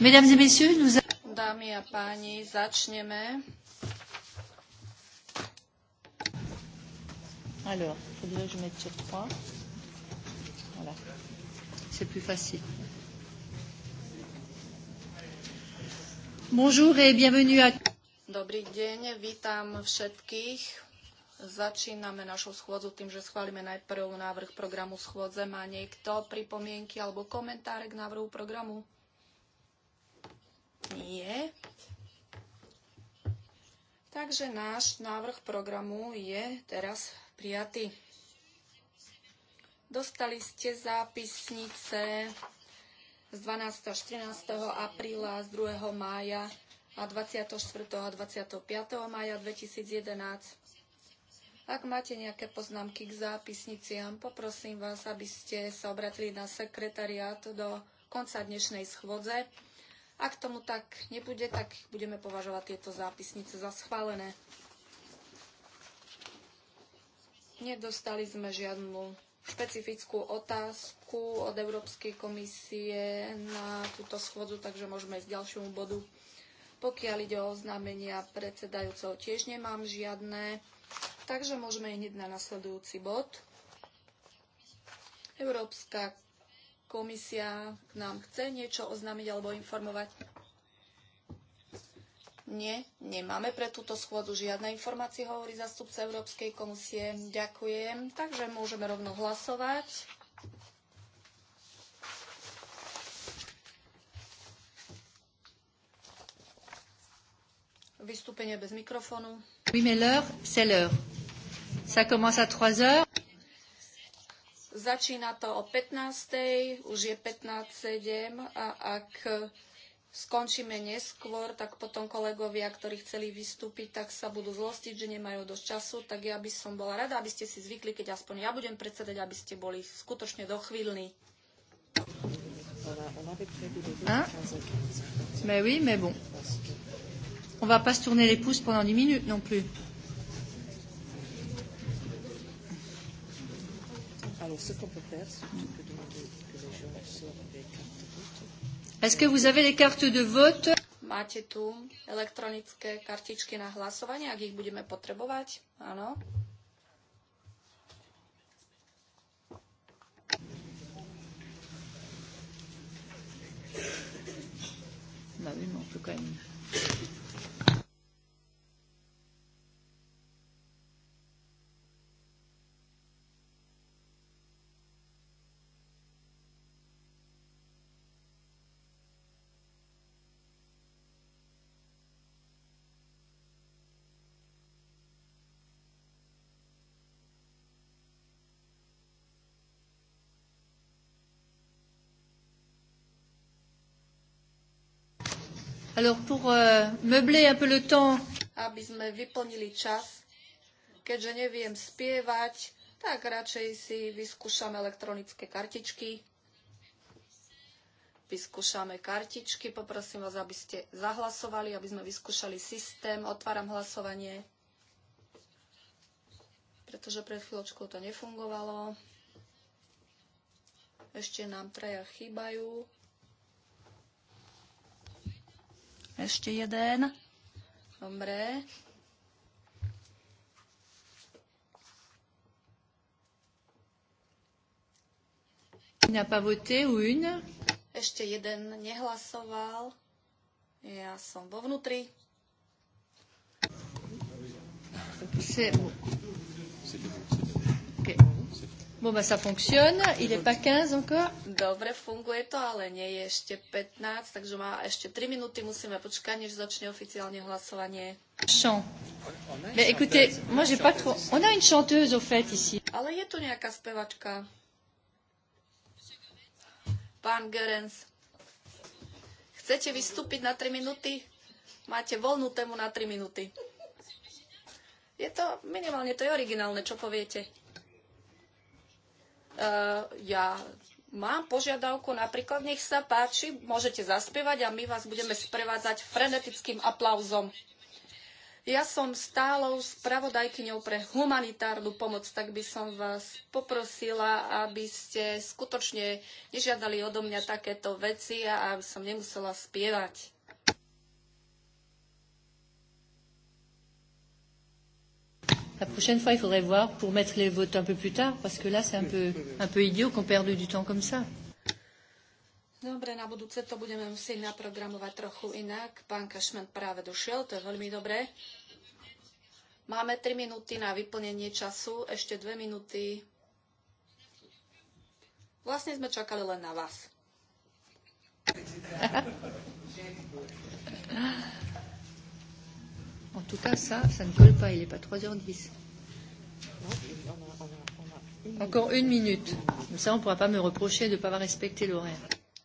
Mesdames et messieurs, nous... Dámy a páni, začneme. Alors, faudrait que je mette sur 3. Voilà. C'est plus facile. Bonjour et bienvenue à... Dobrý deň, vítam všetkých. Začíname našu schôdzu tým, že schválime najprv návrh programu schôdze. Má niekto pripomienky alebo komentáre k návrhu programu? nie. Takže náš návrh programu je teraz prijatý. Dostali ste zápisnice z 12. až 14. apríla, z 2. mája a 24. a 25. mája 2011. Ak máte nejaké poznámky k zápisniciam, poprosím vás, aby ste sa obratili na sekretariát do konca dnešnej schôdze. Ak tomu tak nebude, tak budeme považovať tieto zápisnice za schválené. Nedostali sme žiadnu špecifickú otázku od Európskej komisie na túto schôdzu, takže môžeme ísť k ďalšiemu bodu. Pokiaľ ide o oznámenia predsedajúceho, tiež nemám žiadne, takže môžeme hneď na nasledujúci bod. Európska Komisia nám chce niečo oznámiť alebo informovať? Nie, nemáme pre túto schôdzu žiadne informácie, hovorí zastupca Európskej komisie. Ďakujem, takže môžeme rovno hlasovať. Vystúpenie bez mikrofónu. Oui, mais l'heure, c'est l'heure. Ça commence à 3 heures. Začína to o 15. už je 15.07 a ak skončíme neskôr, tak potom kolegovia, ktorí chceli vystúpiť, tak sa budú zlostiť, že nemajú dosť času, tak ja by som bola rada, aby ste si zvykli, keď aspoň ja budem predsedať, aby ste boli skutočne dochvíľní. Hein? Mais oui, mais bon. On va pas se tourner les pouces pendant 10 minutes non plus. Alors, ce qu'on peut faire, c'est que tu peux demander que les gens sortent des cartes de vote. Est-ce que vous avez les cartes de vote Máte tu elektronické kartičky na hlasovanie, ak ich budeme potrebovať? Áno. Bah oui, mais on peut quand Alors pour euh, meubler un peu le temps, aby sme vyplnili čas, keďže neviem spievať, tak radšej si vyskúšam elektronické kartičky. Vyskúšame kartičky. Poprosím vás, aby ste zahlasovali, aby sme vyskúšali systém. Otváram hlasovanie, pretože pred chvíľočkou to nefungovalo. Ešte nám traja chýbajú. Ešte jeden. Dobre. Na pavote, Ešte jeden nehlasoval. Ja som vo vnútri. Bon, bah, ça fonctionne. Il n'est pas 15 encore. Dobre, funguje to, ale nie je ešte 15, takže má ešte 3 minúty, musíme počkať, než začne oficiálne hlasovanie. Chant. Mais écoutez, moi j'ai pas trop... On a une chanteuse au fait ici. Ale je tu nejaká spevačka. Pán Gerens. Chcete vystúpiť na 3 minúty? Máte voľnú tému na 3 minúty. Je to minimálne, to je originálne, čo poviete. Eh, ja mám požiadavku, napríklad nech sa páči, môžete zaspievať a my vás budeme sprevádzať frenetickým aplauzom. Ja som stálou spravodajkyňou pre humanitárnu pomoc, tak by som vás poprosila, aby ste skutočne nežiadali odo mňa takéto veci a aby som nemusela spievať. La prochaine fois, il faudrait voir pour mettre les votes un peu plus tard, parce que là, c'est un peu, un peu idiot qu'on perde du temps comme ça. Dobre, na budúce to budeme musieť naprogramovať trochu inak. Pán Kašman práve došiel, to je veľmi dobré. Máme 3 minúty na vyplnenie času, ešte 2 minúty. Vlastne sme čakali len na vás. En tout cas, ça, ça ne colle pas. Il n'est pas 3h10. Encore une minute. Comme ça, on ne pourra pas me reprocher de ne pas avoir respecté l'horaire.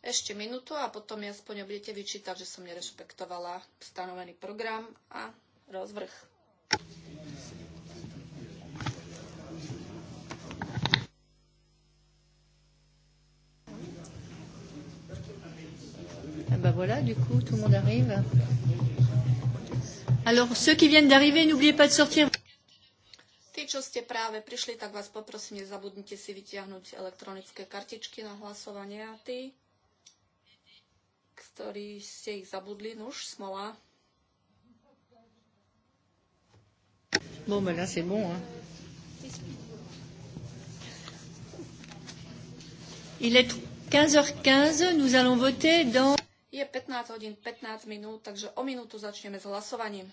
Ešte minútu a potom mi aspoň budete vyčítať, že som nerešpektovala stanovený program a rozvrh. Ah ben voilà, du coup, tout le monde arrive. Alors, ceux qui viennent d'arriver, n'oubliez pas de sortir. Tí, čo ste práve prišli, tak vás poprosím, nezabudnite si vytiahnuť elektronické kartičky na hlasovanie. A tí, ktorí ste ich zabudli, nuž, smola. Bon, ben là, c'est bon, hein. Il est 15h15, nous allons voter dans... Je 15 hodín 15 minút, takže o minútu začneme s hlasovaním.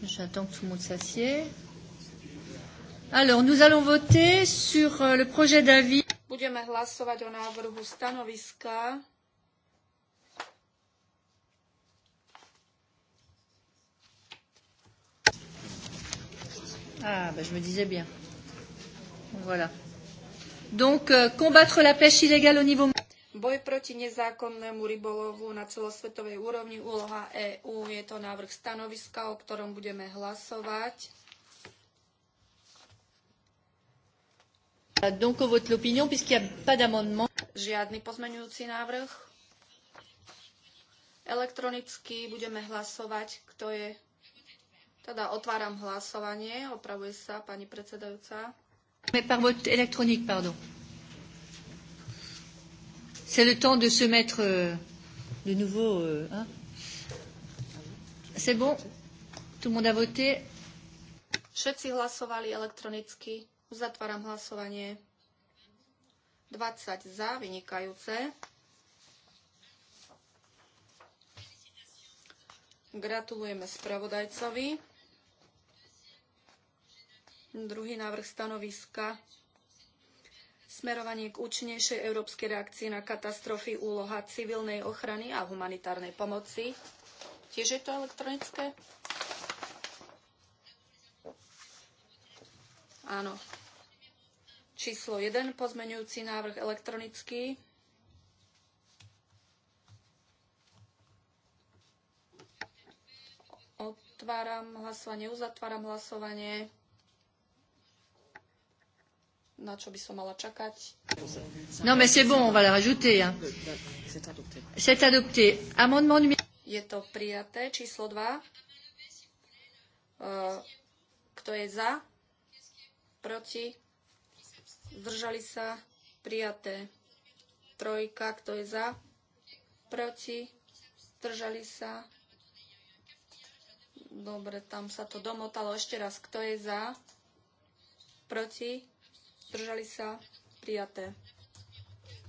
J'attends que tout le monde s'assied. Alors, nous allons voter sur euh, le projet d'avis. Budeme hlasovať o návrhu stanoviska. Ah, ben je me disais bien. Voilà. Donc, euh, combattre la pêche illégale au niveau... Boj proti nezákonnému rybolovu na celosvetovej úrovni úloha EÚ je to návrh stanoviska, o ktorom budeme hlasovať. Euh, donc on vote l'opinion puisqu'il n'y a pas d'amendement. Žiadny pozmeňujúci návrh. Elektronicky budeme hlasovať, kto je... Teda otváram hlasovanie, opravuje sa pani predsedajúca. Mais par vote électronique, pardon. C'est le temps de se mettre euh, de nouveau. Euh, hein C'est bon Tout le monde a voté Všetci hlasovali elektronicky. Uzatváram hlasovanie. 20 za, vynikajúce. Gratulujeme spravodajcovi. Druhý návrh stanoviska smerovanie k účinnejšej európskej reakcii na katastrofy, úloha civilnej ochrany a humanitárnej pomoci. Tiež je to elektronické? Áno. Číslo 1, pozmenujúci návrh elektronický. Otváram hlasovanie, uzatváram hlasovanie na čo by som mala čakať. No, mais c'est bon, on va la rajouter. Hein. C'est adopté. Amendement numéro... Je to prijaté. Číslo 2. E, kto je za? Proti? Zdržali sa? Prijaté. Trojka. Kto je za? Proti? Zdržali sa? Dobre, tam sa to domotalo. Ešte raz. Kto je za? Proti? Zdržali sa? Prijaté.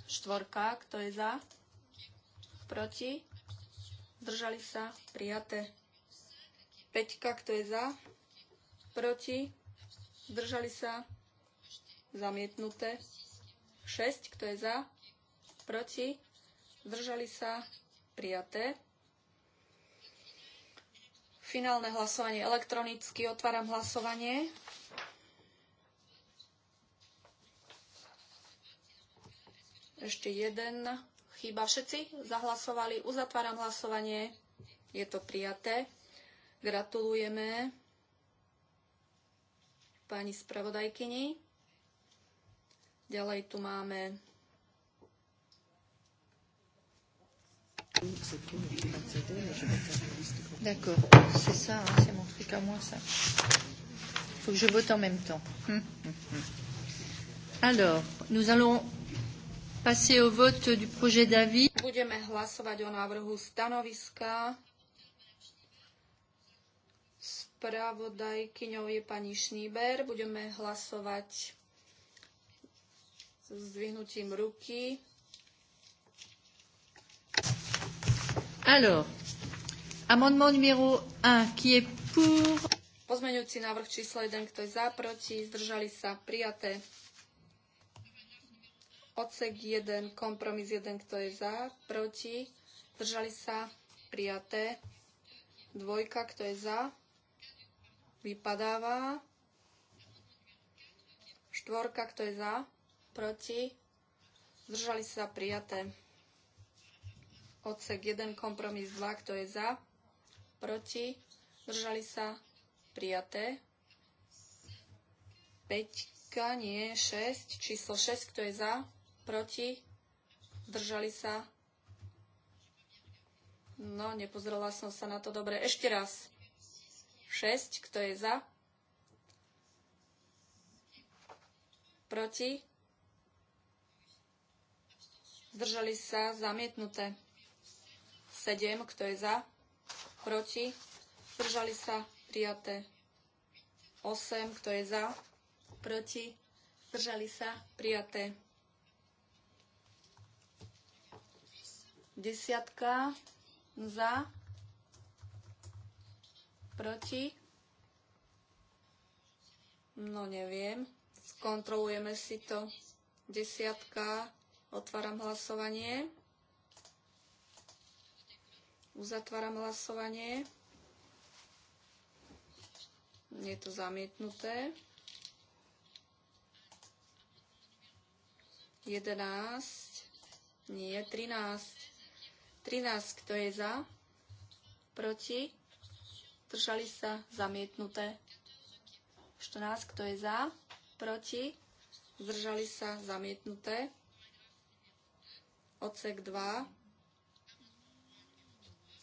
Štvorka. Kto je za? Proti? Zdržali sa? Prijaté. Peťka. Kto je za? Proti? Zdržali sa? Zamietnuté. Šesť, Kto je za? Proti? Zdržali sa? Prijaté. Finálne hlasovanie elektronicky. Otváram hlasovanie. Ešte jeden. Chyba všetci? Zahlasovali. Uzatváram hlasovanie. Je to prijaté. Gratulujeme pani spravodajkyni. Ďalej tu máme D'accord, c'est ça, hein, c'est mon truc à moi, ça. Il faut que je vote en même temps. Hum, hum, hum. Alors, nous allons passer au vote du projet d'avis. Budeme hlasovať o návrhu stanoviska. Spravodajkyňou je pani Šníber. Budeme hlasovať s zdvihnutím ruky. Alors, amendement numéro 1, qui est pour... Pozmeňujúci návrh číslo 1, kto je za, proti, zdržali sa, prijaté. Odsek 1, kompromis 1, kto je za, proti, zdržali sa, prijaté. Dvojka, kto je za, vypadáva. Štvorka, kto je za, proti, zdržali sa, prijaté. Odsek 1, kompromis 2, kto je za, proti, zdržali sa, prijaté. 5, nie, 6, číslo 6, kto je za, proti, držali sa. No, nepozrela som sa na to dobre. Ešte raz. 6, kto je za? Proti? Zdržali sa zamietnuté. 7, kto je za? Proti? Zdržali sa prijaté. 8, kto je za? Proti? Zdržali sa prijaté. Desiatka za, proti. No neviem, skontrolujeme si to. Desiatka, otváram hlasovanie. Uzatváram hlasovanie. Je to zamietnuté. 11, nie 13. 13, kto je za? Proti? Držali sa zamietnuté. 14, kto je za? Proti? Zdržali sa zamietnuté. Odsek 2.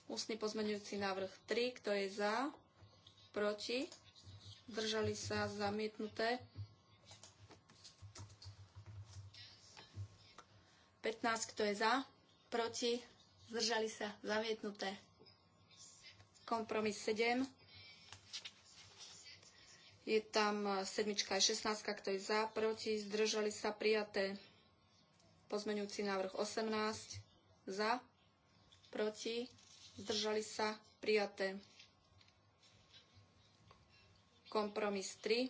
Ústny pozmeňujúci návrh 3, kto je za? Proti? Zdržali sa zamietnuté. 15, kto je za? Proti? zdržali sa, zamietnuté. Kompromis 7. Je tam e, sedmička aj 16, kto je za, proti, zdržali sa, prijaté. Pozmeňujúci návrh 18, za, proti, zdržali sa, prijaté. Kompromis 3,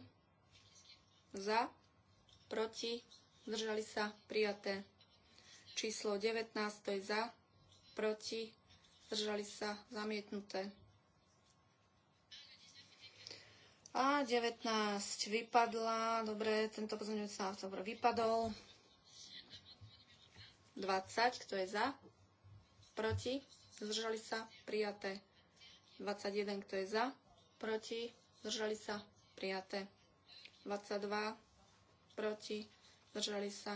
za, proti, zdržali sa, prijaté. Číslo 19, to je za, proti, zdržali sa zamietnuté. A 19 vypadla, dobre, tento pozmeňujúci sa dobre vypadol. 20, kto je za? Proti? Zdržali sa? Prijaté. 21, kto je za? Proti? Zdržali sa? Prijaté. 22, proti? Zdržali sa?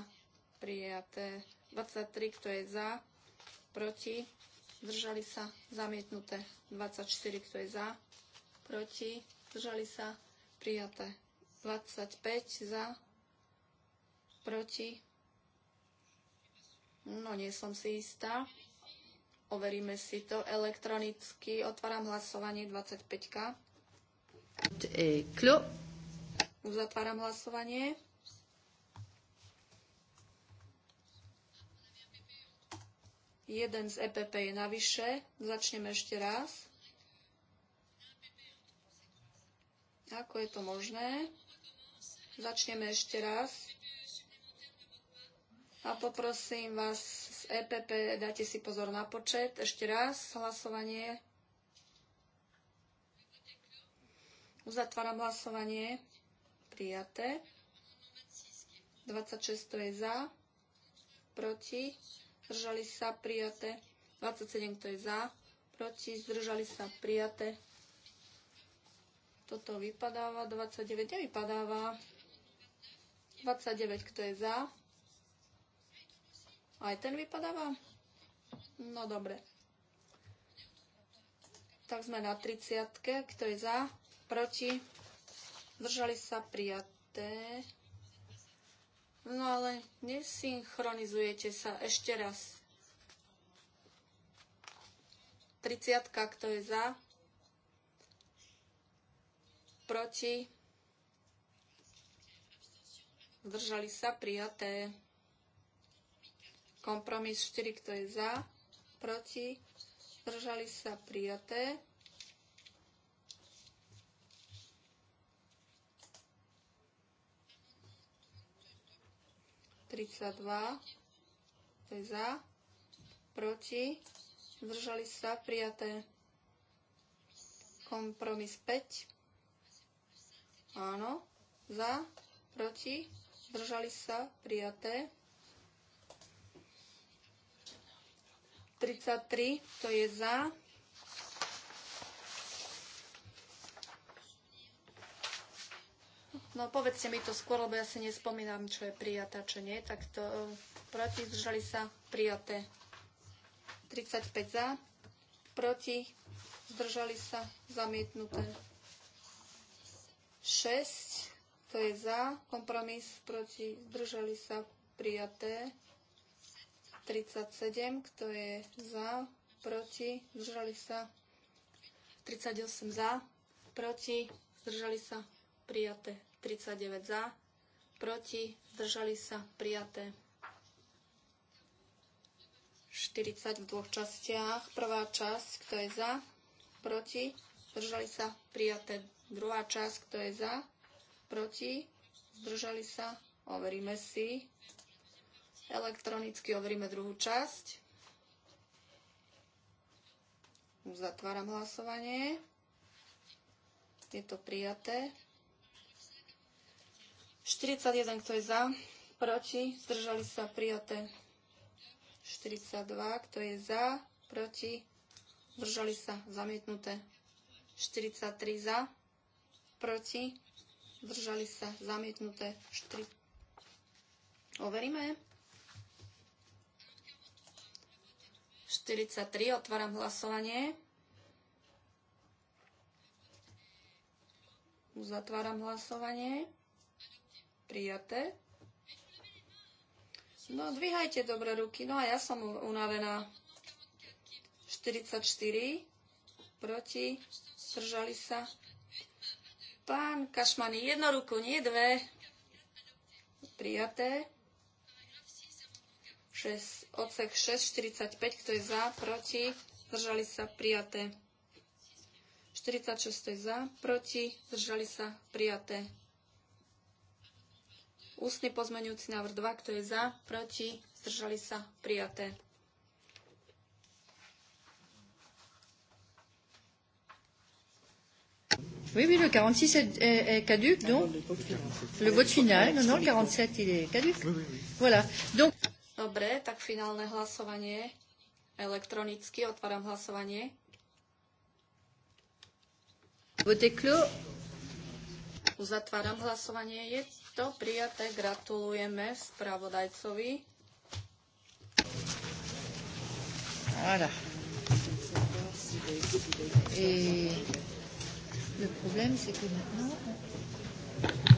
Prijaté. 23, kto je za? proti, zdržali sa, zamietnuté. 24, kto je za, proti, zdržali sa, prijaté. 25 za, proti, no nie som si istá, overíme si to elektronicky, otváram hlasovanie 25. Klo. Uzatváram hlasovanie. Jeden z EPP je navyše. Začneme ešte raz. Ako je to možné? Začneme ešte raz. A poprosím vás z EPP, dajte si pozor na počet. Ešte raz hlasovanie. Uzatváram hlasovanie. Prijaté. 26 je za. Proti zdržali sa prijaté. 27, kto je za, proti, zdržali sa prijaté. Toto vypadáva, 29 nevypadáva. 29, kto je za. Aj ten vypadáva? No dobre. Tak sme na 30, kto je za, proti, zdržali sa prijaté. No ale nesynchronizujete sa ešte raz. 30, kto je za? Proti? Zdržali sa prijaté. Kompromis 4, kto je za? Proti? Zdržali sa prijaté. 32. To je za. Proti. Zdržali sa. Prijaté. Kompromis 5. Áno. Za. Proti. Zdržali sa. Prijaté. 33. To je za. No povedzte mi to skôr, lebo ja si nespomínam, čo je prijaté, čo nie. Tak to e, proti, zdržali sa, prijaté. 35 za, proti, zdržali sa, zamietnuté. 6, to je za, kompromis, proti, zdržali sa, prijaté. 37, kto je za, proti, zdržali sa, 38 za, proti, zdržali sa, prijaté. 39 za, proti, zdržali sa, prijaté. 40 v dvoch častiach. Prvá časť, kto je za, proti, zdržali sa, prijaté. Druhá časť, kto je za, proti, zdržali sa, overíme si. Elektronicky overíme druhú časť. Uzatváram hlasovanie. Je to prijaté. 41, kto je za, proti, zdržali sa prijaté. 42, kto je za, proti, zdržali sa zamietnuté. 43 za, proti, zdržali sa zamietnuté. 4. Overíme. 43, otváram hlasovanie. Uzatváram hlasovanie prijaté. No, dvíhajte dobre ruky. No a ja som unavená. 44 proti, zdržali sa. Pán Kašmany, jedno ruku, nie dve. Prijaté. 6, odsek 6, 45, kto je za, proti, zdržali sa, prijaté. 46, kto je za, proti, zdržali sa, prijaté. Ústny pozmeňujúci návrh 2, kto je za, proti, zdržali sa, prijaté. Oui, oui, le 46 est, est, est caduque, donc le vote final, non, non, le 47 il est caduc. Oui, oui, oui. Voilà. Donc... Dobre, tak finálne hlasovanie elektronicky, otváram hlasovanie. Vote clos. Uzatváram hlasovanie, je takto prijaté. Gratulujeme spravodajcovi. Voilà. Et le problème, c'est que maintenant,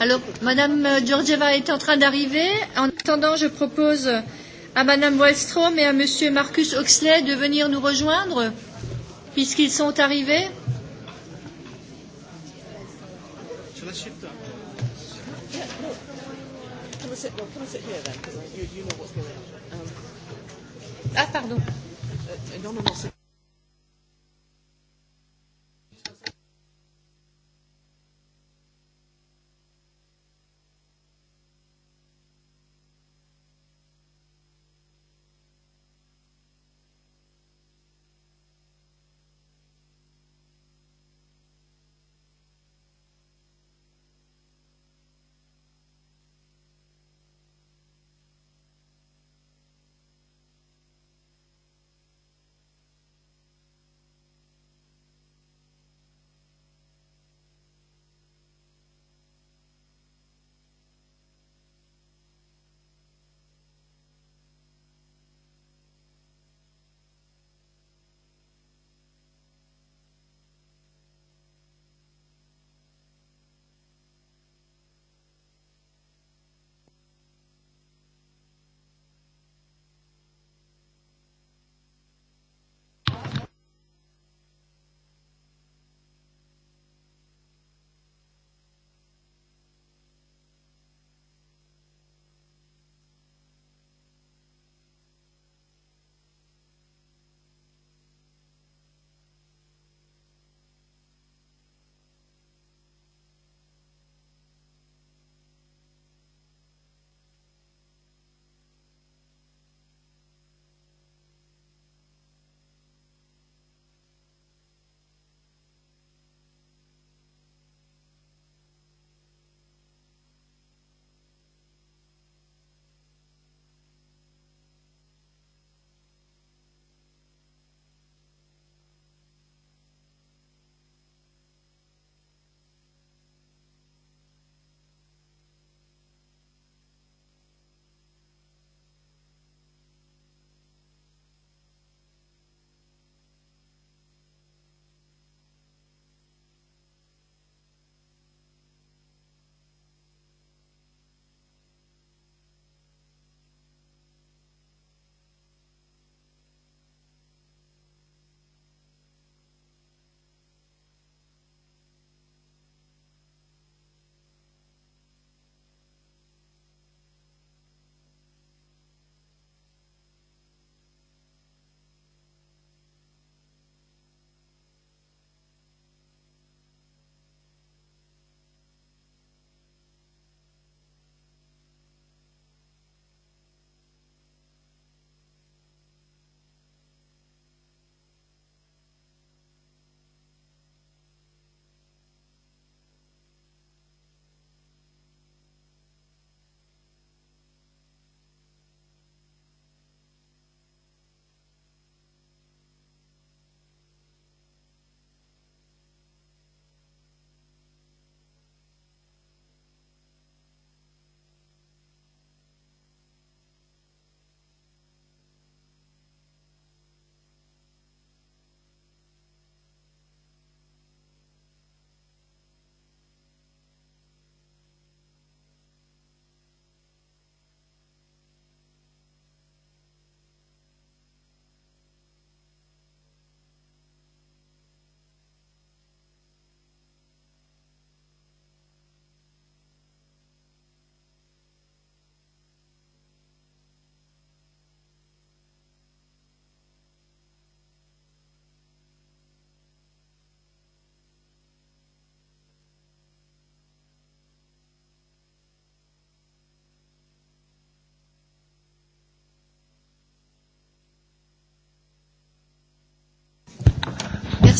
Alors, Madame euh, Georgieva est en train d'arriver. En attendant, je propose à Madame Wallström et à Monsieur Marcus Oxley de venir nous rejoindre, puisqu'ils sont arrivés. Ah, pardon. non, non, non, c'est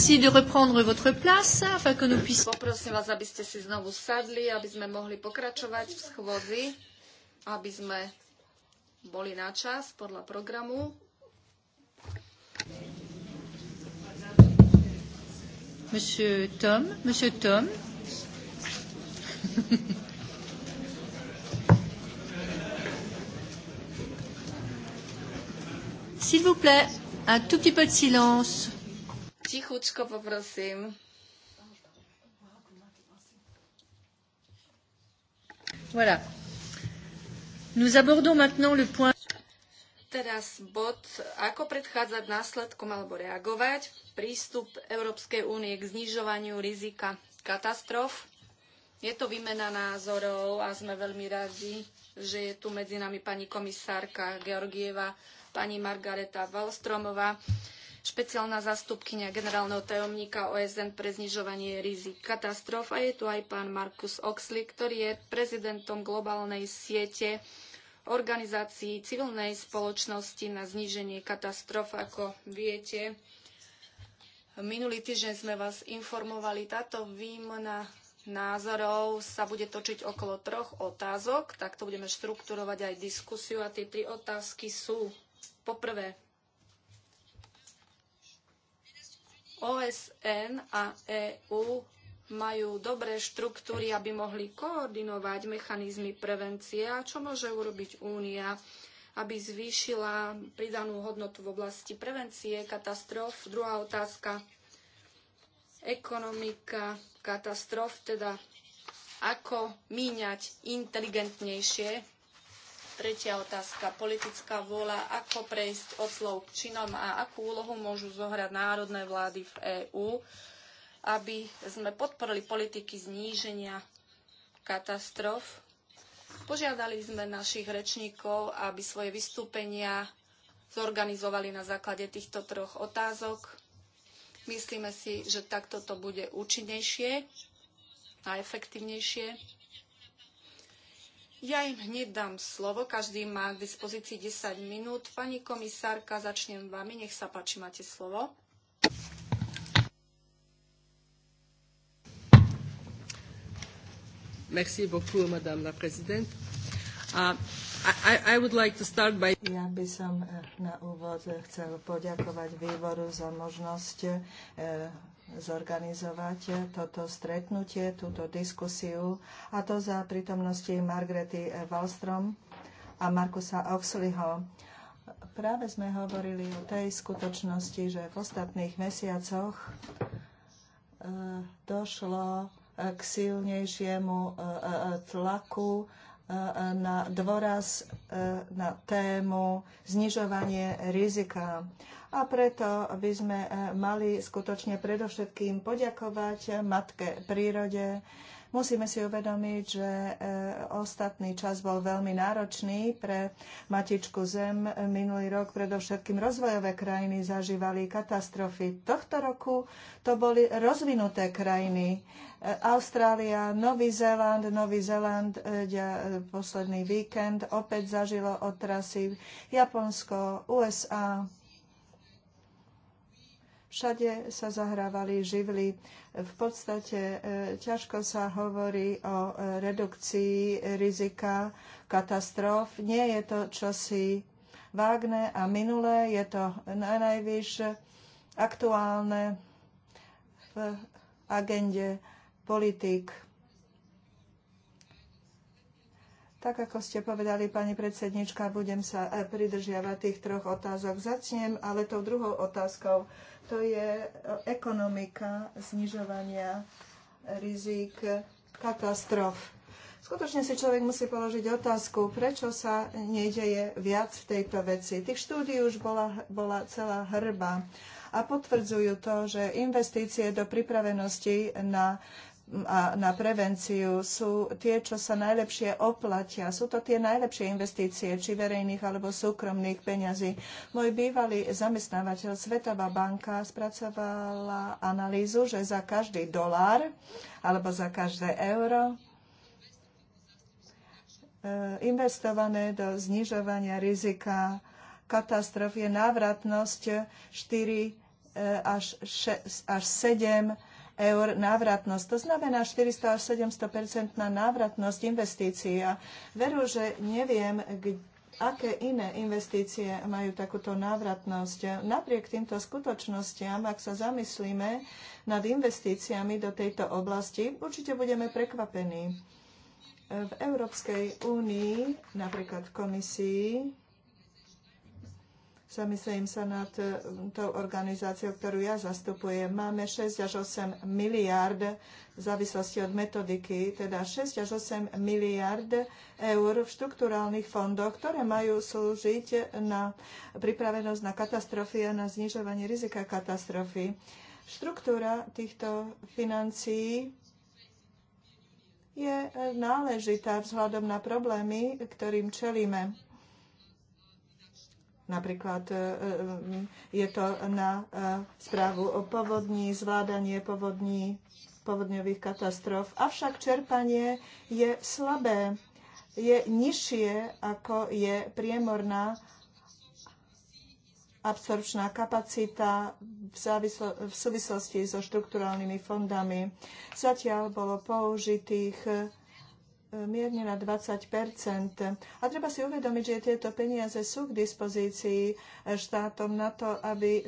de reprendre votre place, afin que nous puissions... Poprosím vás, aby ste si znovu sadli, aby sme mohli pokračovať v schôdzi, aby sme boli na čas podľa programu. Monsieur Tom, Monsieur Tom. S'il vous plaît, un tout petit peu de silence tichučko poprosím. Voilà. Nous abordons maintenant le point teraz bod, ako predchádzať následkom alebo reagovať, prístup Európskej únie k znižovaniu rizika katastrof. Je to výmena názorov a sme veľmi radi, že je tu medzi nami pani komisárka Georgieva, pani Margareta Valstromová špeciálna zastupkynia generálneho tajomníka OSN pre znižovanie rizik katastrof a je tu aj pán Markus Oxley, ktorý je prezidentom globálnej siete organizácií civilnej spoločnosti na zníženie katastrof, ako viete. Minulý týždeň sme vás informovali, táto výmena názorov sa bude točiť okolo troch otázok, takto budeme štrukturovať aj diskusiu a tie tri otázky sú poprvé OSN a EÚ majú dobré štruktúry, aby mohli koordinovať mechanizmy prevencie a čo môže urobiť Únia, aby zvýšila pridanú hodnotu v oblasti prevencie katastrof. Druhá otázka. Ekonomika katastrof, teda ako míňať inteligentnejšie Tretia otázka, politická vôľa, ako prejsť od slov k činom a akú úlohu môžu zohrať národné vlády v EÚ, aby sme podporili politiky zníženia katastrof. Požiadali sme našich rečníkov, aby svoje vystúpenia zorganizovali na základe týchto troch otázok. Myslíme si, že takto to bude účinnejšie a efektívnejšie. Ja im hneď dám slovo, každý má k dispozícii 10 minút. Pani komisárka, začnem vami, nech sa páči, máte slovo. Merci beaucoup, madame la présidente. Uh, i, would like to start by... Ja by som eh, na úvod chcel poďakovať výboru za možnosť eh, zorganizovať toto stretnutie, túto diskusiu, a to za prítomnosti Margrety eh, Wallstrom a Markusa Oxleyho. Práve sme hovorili o tej skutočnosti, že v ostatných mesiacoch došlo k silnejšiemu tlaku na dôraz e, na tému znižovanie rizika. A preto by sme e, mali skutočne predovšetkým poďakovať Matke prírode Musíme si uvedomiť, že e, ostatný čas bol veľmi náročný pre Matičku Zem. Minulý rok predovšetkým rozvojové krajiny zažívali katastrofy. Tohto roku to boli rozvinuté krajiny. E, Austrália, Nový Zéland, Nový Zéland e, posledný víkend opäť zažilo otrasy Japonsko, USA, Všade sa zahrávali živly. V podstate e, ťažko sa hovorí o e, redukcii rizika katastrof. Nie je to čosi vágne a minulé, je to najvyššie aktuálne v agende politik Tak ako ste povedali, pani predsednička, budem sa e, pridržiavať tých troch otázok. Začnem, ale tou druhou otázkou. To je e, ekonomika znižovania rizik katastrof. Skutočne si človek musí položiť otázku, prečo sa nedeje viac v tejto veci. Tých štúdí už bola, bola celá hrba a potvrdzujú to, že investície do pripravenosti na a na prevenciu sú tie, čo sa najlepšie oplatia. Sú to tie najlepšie investície, či verejných alebo súkromných peňazí. Môj bývalý zamestnávateľ Svetová banka spracovala analýzu, že za každý dolár alebo za každé euro e, investované do znižovania rizika katastrof je návratnosť 4 e, až, 6, až 7 eur návratnosť. To znamená 400 až 700 percentná návratnosť investícií. A veru, že neviem, aké iné investície majú takúto návratnosť. Napriek týmto skutočnostiam, ak sa zamyslíme nad investíciami do tejto oblasti, určite budeme prekvapení. V Európskej únii, napríklad komisii, Zamyslím sa nad e, tou organizáciou, ktorú ja zastupujem. Máme 6 až 8 miliard v závislosti od metodiky, teda 6 až 8 miliard eur v štruktúrálnych fondoch, ktoré majú slúžiť na pripravenosť na katastrofy a na znižovanie rizika katastrofy. Štruktúra týchto financií je náležitá vzhľadom na problémy, ktorým čelíme. Napríklad e, e, je to na e, správu o povodní, zvládanie povodní, povodňových katastrof. Avšak čerpanie je slabé, je nižšie, ako je priemorná absorpčná kapacita v, závislo- v súvislosti so štrukturálnymi fondami. Zatiaľ bolo použitých mierne na 20 A treba si uvedomiť, že tieto peniaze sú k dispozícii štátom na to, aby e,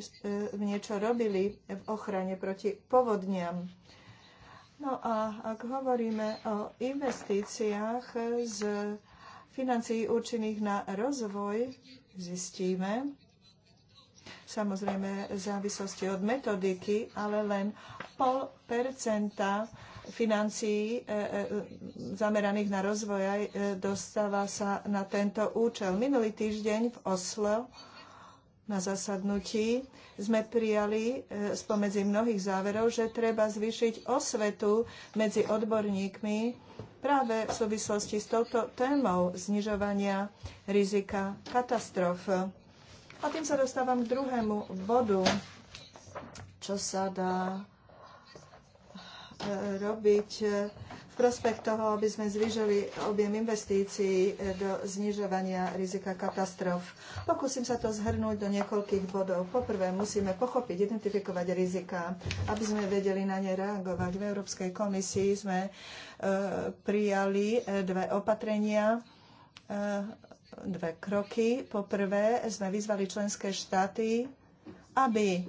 niečo robili v ochrane proti povodniam. No a ak hovoríme o investíciách z financií určených na rozvoj, zistíme, samozrejme v závislosti od metodiky, ale len pol percenta financií e, e, zameraných na rozvoj e, dostáva sa na tento účel. Minulý týždeň v Oslo na zasadnutí sme prijali spomedzi mnohých záverov, že treba zvýšiť osvetu medzi odborníkmi práve v súvislosti s touto témou znižovania rizika katastrof. A tým sa dostávam k druhému bodu, čo sa dá E, robiť e, v prospech toho, aby sme zvýšili objem investícií e, do znižovania rizika katastrof. Pokúsim sa to zhrnúť do niekoľkých bodov. Poprvé, musíme pochopiť, identifikovať rizika, aby sme vedeli na ne reagovať. V Európskej komisii sme prijali dve opatrenia dve kroky. Po prvé sme vyzvali členské štáty, aby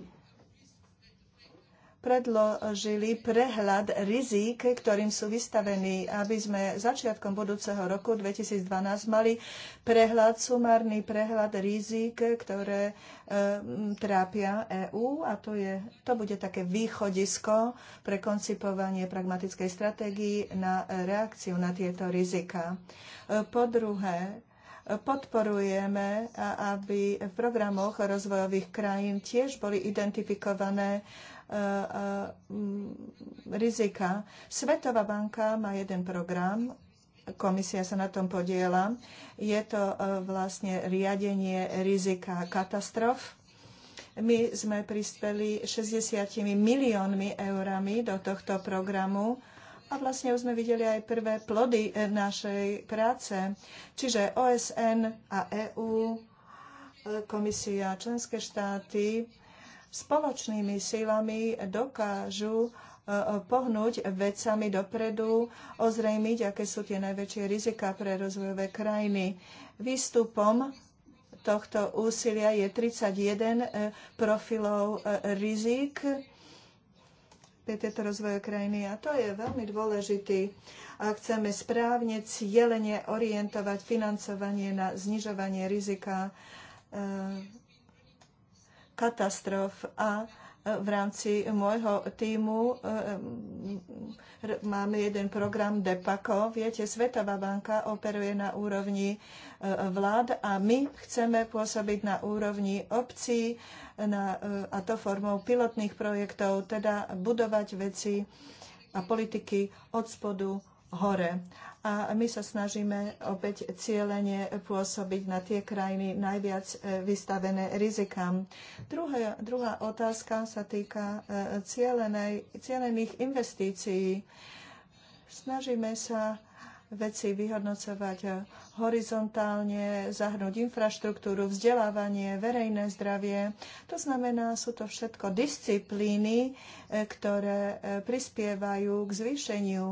predložili prehľad rizík, ktorým sú vystavení, aby sme začiatkom budúceho roku 2012 mali prehľad, sumárny prehľad rizík, ktoré e, trápia EÚ a to, je, to bude také východisko pre koncipovanie pragmatickej stratégii na reakciu na tieto rizika. E, po druhé, podporujeme, aby v programoch rozvojových krajín tiež boli identifikované E, e, rizika. Svetová banka má jeden program, komisia sa na tom podiela. Je to e, vlastne riadenie rizika katastrof. My sme prispeli 60 miliónmi eurami do tohto programu a vlastne už sme videli aj prvé plody našej práce. Čiže OSN a EU, komisia, členské štáty, spoločnými silami dokážu e, pohnúť vecami dopredu, ozrejmiť, aké sú tie najväčšie rizika pre rozvojové krajiny. Výstupom tohto úsilia je 31 e, profilov e, rizik pre tieto rozvojové krajiny. A to je veľmi dôležitý, A chceme správne, cieľene orientovať financovanie na znižovanie rizika katastrof a e, v rámci môjho týmu e, máme jeden program DEPACO. Viete, Svetová banka operuje na úrovni e, vlád a my chceme pôsobiť na úrovni obcí na, a to formou pilotných projektov, teda budovať veci a politiky od spodu hore. A my sa snažíme opäť cieľene pôsobiť na tie krajiny najviac e, vystavené rizikám. Druhá, druhá otázka sa týka e, cieľenej, cieľených investícií. Snažíme sa veci vyhodnocovať eh, horizontálne, zahrnúť infraštruktúru, vzdelávanie, verejné zdravie. To znamená, sú to všetko disciplíny, eh, ktoré eh, prispievajú k zvýšeniu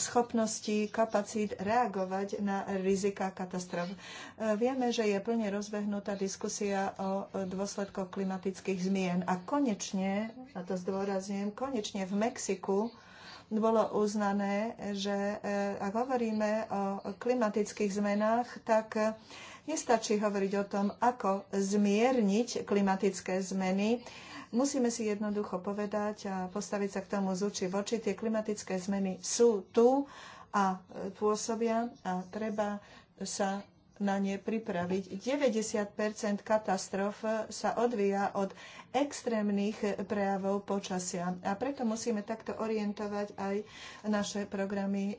schopností, kapacít reagovať na rizika katastrof. Vieme, že je plne rozbehnutá diskusia o dôsledkoch klimatických zmien. A konečne, a to zdôrazňujem, konečne v Mexiku bolo uznané, že eh, ak hovoríme o klimatických zmenách, tak eh, nestačí hovoriť o tom, ako zmierniť klimatické zmeny. Musíme si jednoducho povedať a postaviť sa k tomu z oči v oči. Tie klimatické zmeny sú tu a eh, pôsobia a treba sa na ne pripraviť. 90 katastrof sa odvíja od extrémnych prejavov počasia a preto musíme takto orientovať aj naše programy e,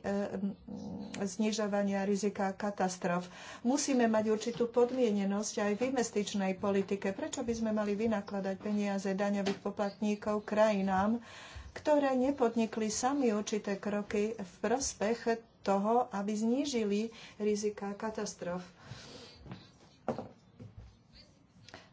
znižovania rizika katastrof. Musíme mať určitú podmienenosť aj v investičnej politike. Prečo by sme mali vynakladať peniaze daňových poplatníkov krajinám, ktoré nepodnikli sami určité kroky v prospech toho, aby znížili rizika katastrof.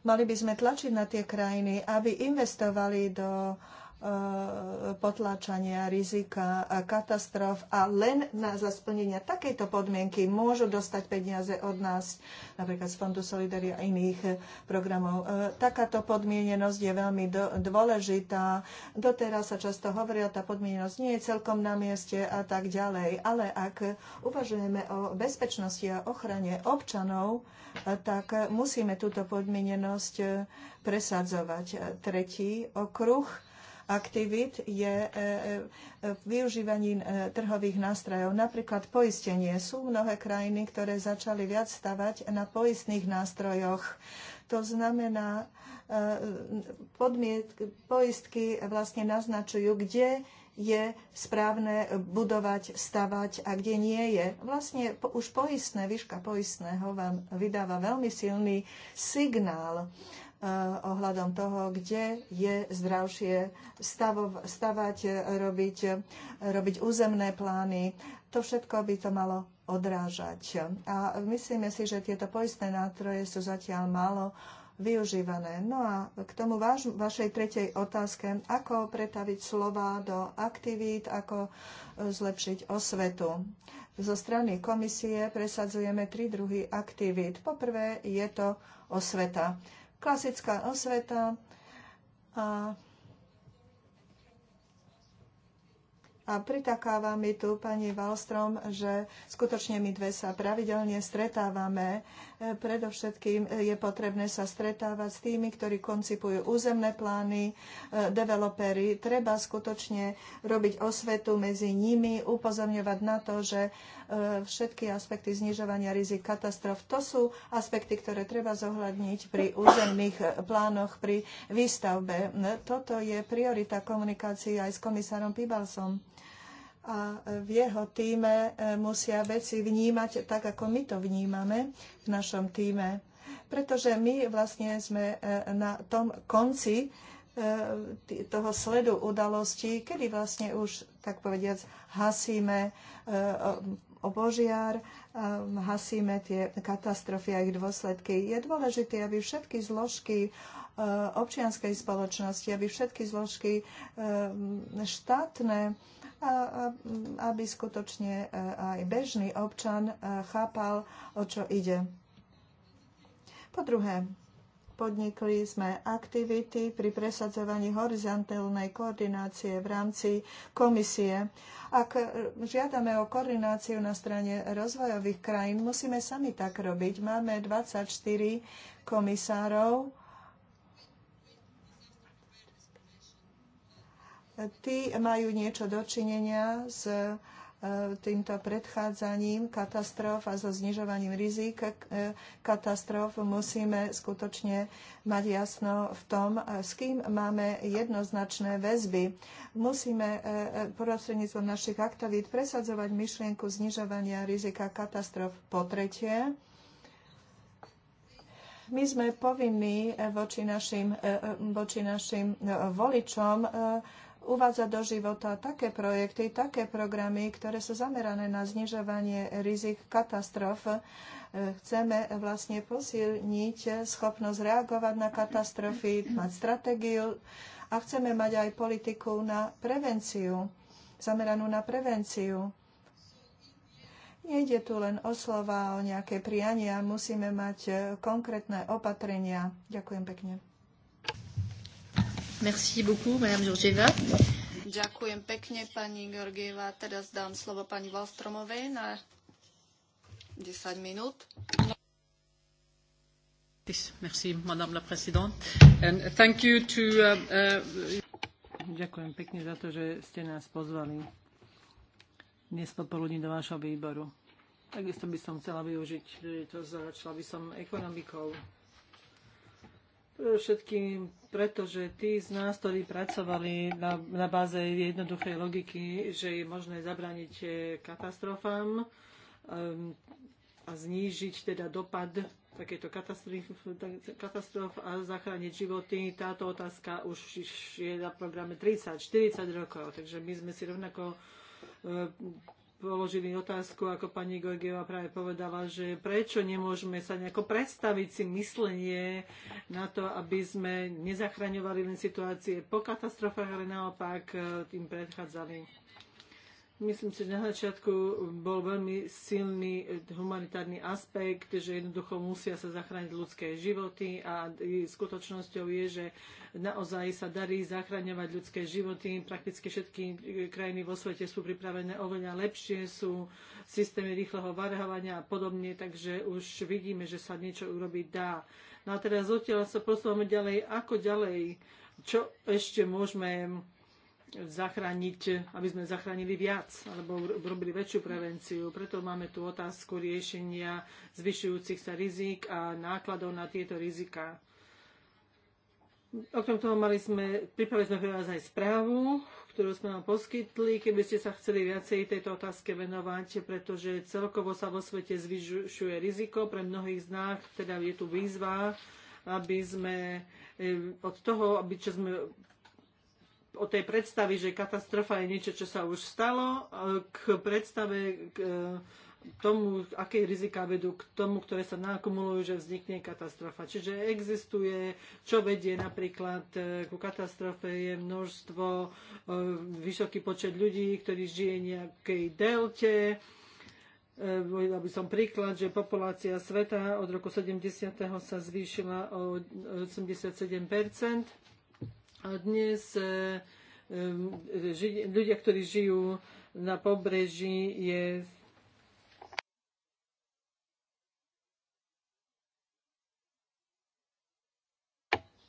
Mali by sme tlačiť na tie krajiny, aby investovali do uh, Eh, potláčania rizika eh, katastrof a len na zasplnenia takejto podmienky môžu dostať peniaze od nás, napríklad z Fondu Solidaria a iných eh, programov. Takáto podmienenosť je veľmi dôležitá. Doteraz sa často hovorilo, tá podmienenosť nie je celkom na mieste a tak ďalej. Ale ak uvažujeme o bezpečnosti a ochrane občanov, tak musíme túto podmienenosť presadzovať. Tretí okruh – aktivít je e, e, využívaním e, trhových nástrojov. Napríklad poistenie. Sú mnohé krajiny, ktoré začali viac stavať na poistných nástrojoch. To znamená, podmiet, poistky vlastne naznačujú, kde je správne budovať, stavať a kde nie je. Vlastne už poistné, výška poistného vám vydáva veľmi silný signál. Eh, ohľadom toho, kde je zdravšie stavov, stavať, robiť, robiť územné plány. To všetko by to malo odrážať. A myslíme si, že tieto poistné nástroje sú zatiaľ málo využívané. No a k tomu vaš, vašej tretej otázke, ako pretaviť slova do aktivít, ako eh, zlepšiť osvetu. Zo strany komisie presadzujeme tri druhy aktivít. Poprvé je to osveta. Klasická osveta a, a pritakáva mi tu pani Wallstrom, že skutočne my dve sa pravidelne stretávame E, predovšetkým e, je potrebné sa stretávať s tými, ktorí koncipujú územné plány, e, developery. Treba skutočne robiť osvetu medzi nimi, upozorňovať na to, že všetky aspekty znižovania rizik katastrof, to sú aspekty, ktoré treba zohľadniť pri územných plánoch, pri výstavbe. Toto je priorita komunikácií aj s komisárom Pibalsom a v jeho týme e, musia veci vnímať tak, ako my to vnímame v našom týme. Pretože my vlastne sme e, na tom konci e, toho sledu udalostí, kedy vlastne už, tak povediac, hasíme obožiar, hasíme tie katastrofy a ich dôsledky. Je dôležité, aby všetky zložky občianskej spoločnosti, aby všetky zložky štátne a aby skutočne e, aj bežný občan e, chápal, o čo ide. Po druhé, podnikli sme aktivity pri presadzovaní horizontálnej koordinácie v rámci komisie. Ak e, žiadame o koordináciu na strane rozvojových krajín, musíme sami tak robiť. Máme 24 komisárov tí majú niečo dočinenia s e, týmto predchádzaním katastrof a so znižovaním rizik e, katastrof musíme skutočne mať jasno v tom, e, s kým máme jednoznačné väzby. Musíme prostredníctvom našich aktivít presadzovať myšlienku znižovania rizika katastrof po tretie. My sme povinní voči našim, voči našim voličom uvádza do života také projekty, také programy, ktoré sú zamerané na znižovanie rizik katastrof. E, chceme vlastne posilniť schopnosť reagovať na katastrofy, mať stratégiu a chceme mať aj politiku na prevenciu, zameranú na prevenciu. Nejde tu len o slova, o nejaké priania, musíme mať konkrétne opatrenia. Ďakujem pekne. Merci beaucoup, Madame Georgieva. Ďakujem pekne, pani Georgieva. Teraz dám slovo pani Valstromovej na 10 minút. Merci, Madame la Présidente. And thank you to, uh, uh... Ďakujem pekne za to, že ste nás pozvali dnes popoludní do vášho výboru. Takisto by som chcela využiť, že to začala by som ekonomikou. Všetkým preto, že tí z nás, ktorí pracovali na, na báze jednoduchej logiky, že je možné zabrániť eh, katastrofám um, a znížiť teda dopad takéto katastrof, a zachrániť životy. Táto otázka už je na programe 30-40 rokov, takže my sme si rovnako eh, položili otázku, ako pani Gorgieva práve povedala, že prečo nemôžeme sa nejako predstaviť si myslenie na to, aby sme nezachraňovali len situácie po katastrofách, ale naopak eh, tým predchádzali. Myslím si, že na začiatku bol veľmi silný humanitárny aspekt, že jednoducho musia sa zachrániť ľudské životy a skutočnosťou je, že naozaj sa darí zachraňovať ľudské životy. Prakticky všetky krajiny vo svete sú pripravené oveľa lepšie, sú systémy rýchleho varhovania a podobne, takže už vidíme, že sa niečo urobiť dá. No a teraz odtiaľ sa posúvame ďalej, ako ďalej, čo ešte môžeme zachrániť, aby sme zachránili viac alebo robili väčšiu prevenciu. Preto máme tu otázku riešenia zvyšujúcich sa rizik a nákladov na tieto rizika. Okrem toho mali sme, pripravili sme pre vás aj správu, ktorú sme vám poskytli, keby ste sa chceli viacej tejto otázke venovať, pretože celkovo sa vo svete zvyšuje riziko pre mnohých z nás, teda je tu výzva, aby sme eh, od toho, aby čo sme od tej predstavy, že katastrofa je niečo, čo sa už stalo, e, k predstave k e, tomu, aké rizika vedú k tomu, ktoré sa nakumulujú, že vznikne katastrofa. Čiže existuje, čo vedie napríklad e, ku katastrofe, je množstvo, vysoký počet ľudí, ktorí žije v nejakej delte, Vojila by som príklad, že populácia sveta od roku 70. sa zvýšila o 87 a dnes e, e, ľudia, ktorí žijú na pobreží, je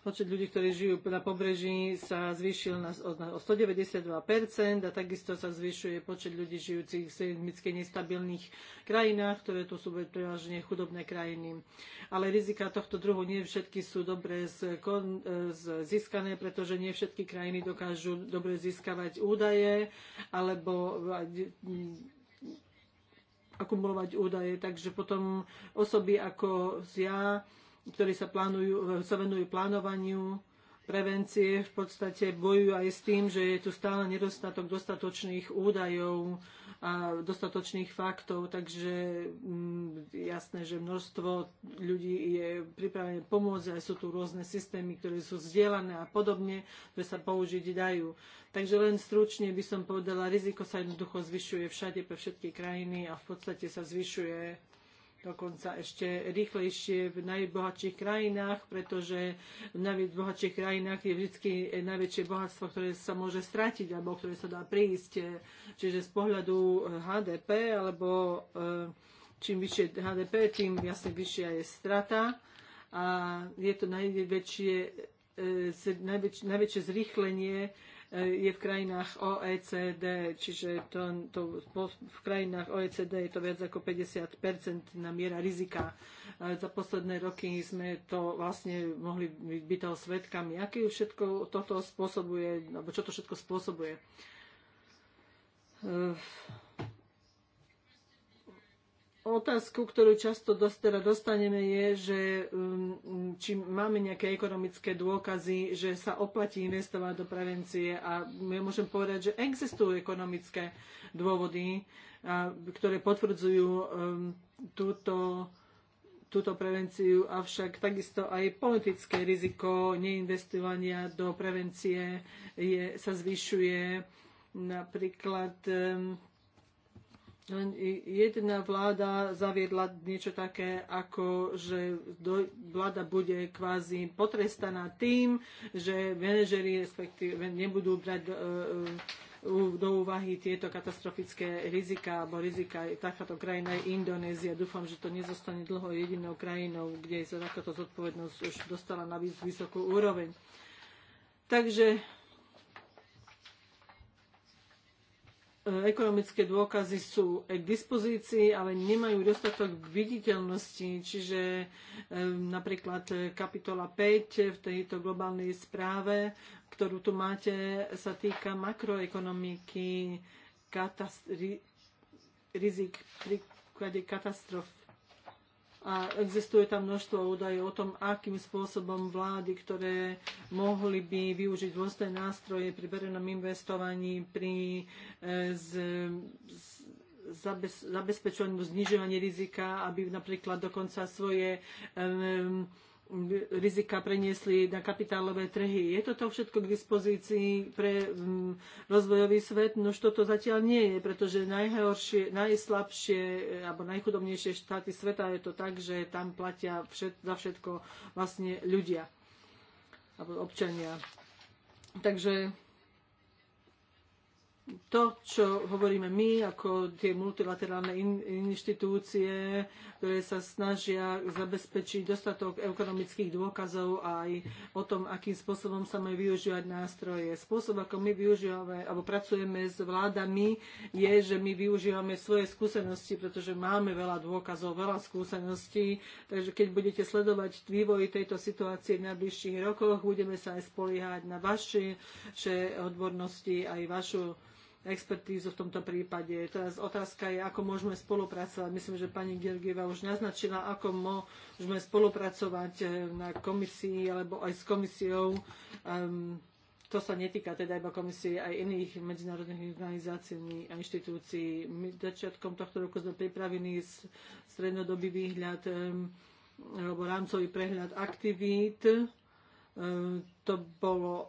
Počet ľudí, ktorí žijú na pobreží, sa zvýšil na, o 192 a takisto sa zvyšuje počet ľudí žijúcich v seismicky nestabilných krajinách, ktoré tu sú prevažne chudobné krajiny. Ale rizika tohto druhu nie všetky sú dobre e, získané, pretože nie všetky krajiny dokážu dobre získavať údaje alebo akumulovať údaje. Takže potom osoby ako ja ktorí sa, plánujú, eh, sa venujú plánovaniu prevencie, v podstate bojujú aj s tým, že je tu stále nedostatok dostatočných údajov a dostatočných faktov, takže mm, jasné, že množstvo ľudí je pripravené pomôcť, aj sú tu rôzne systémy, ktoré sú vzdielané a podobne, ktoré sa použiť dajú. Takže len stručne by som povedala, riziko sa jednoducho zvyšuje všade pre všetky krajiny a v podstate sa zvyšuje dokonca ešte rýchlejšie v najbohatších krajinách, pretože v najbohatších krajinách je vždy najväčšie bohatstvo, ktoré sa môže stratiť alebo ktoré sa dá prísť. Čiže z pohľadu HDP eh, alebo eh, čím vyššie HDP, tým jasne vyššia je strata a je to najväčšie, eh, najväčšie, zrýchlenie Eh, je v krajinách OECD, čiže to, to, v krajinách OECD je to viac ako 50 na miera rizika. Eh, za posledné roky sme to vlastne mohli byť toho svetkami. Aké všetko toto spôsobuje, alebo čo to všetko spôsobuje? Eh, otázku, ktorú často teda dostaneme, je, že um, či máme nejaké ekonomické dôkazy, že sa oplatí investovať do prevencie. A ja môžem povedať, že existujú ekonomické dôvody, ktoré potvrdzujú um, túto túto prevenciu, avšak takisto aj politické riziko neinvestovania do prevencie je, sa zvyšuje. Napríklad um, len jedna vláda zaviedla niečo také, ako že do, vláda bude kvázi potrestaná tým, že manažeri respektíve nebudú brať uh, do úvahy tieto katastrofické rizika alebo rizika. Takáto krajina je Indonézia. Dúfam, že to nezostane dlho jedinou krajinou, kde sa takáto zodpovednosť už dostala na vysokú úroveň. Takže E, ekonomické dôkazy sú k dispozícii, ale nemajú dostatok viditeľnosti, čiže e, napríklad kapitola 5 v tejto globálnej správe, ktorú tu máte, sa týka makroekonomiky, rizik v príklade katastrof a existuje tam množstvo údajov o tom, akým spôsobom vlády, ktoré mohli by využiť rôzne nástroje pri verejnom investovaní, pri e, z, z, zabez, zabezpečovaní znižovaní rizika, aby napríklad dokonca svoje um, rizika preniesli na kapitálové trhy. Je toto všetko k dispozícii pre mm, rozvojový svet? už toto zatiaľ nie je, pretože najhoršie, najslabšie e, alebo najchudobnejšie štáty sveta je to tak, že tam platia všet, za všetko vlastne ľudia alebo občania. Takže to, čo hovoríme my, ako tie multilaterálne inštitúcie, ktoré sa snažia zabezpečiť dostatok ekonomických dôkazov aj o tom, akým spôsobom sa majú využívať nástroje. Spôsob, ako my využívame alebo pracujeme s vládami, je, že my využívame svoje skúsenosti, pretože máme veľa dôkazov, veľa skúseností, takže keď budete sledovať vývoj tejto situácie v najbližších rokoch, budeme sa aj spoliehať na vaše odbornosti, aj vašu expertízu v tomto prípade. Teraz otázka je, ako môžeme spolupracovať. Myslím, že pani Gergieva už naznačila, ako môžeme spolupracovať eh, na komisii alebo aj s komisiou. Um, to sa netýka teda iba komisie aj iných medzinárodných organizácií a inštitúcií. My začiatkom tohto roku sme pripravili strednodobý výhľad um, alebo rámcový prehľad aktivít um, to bolo eh,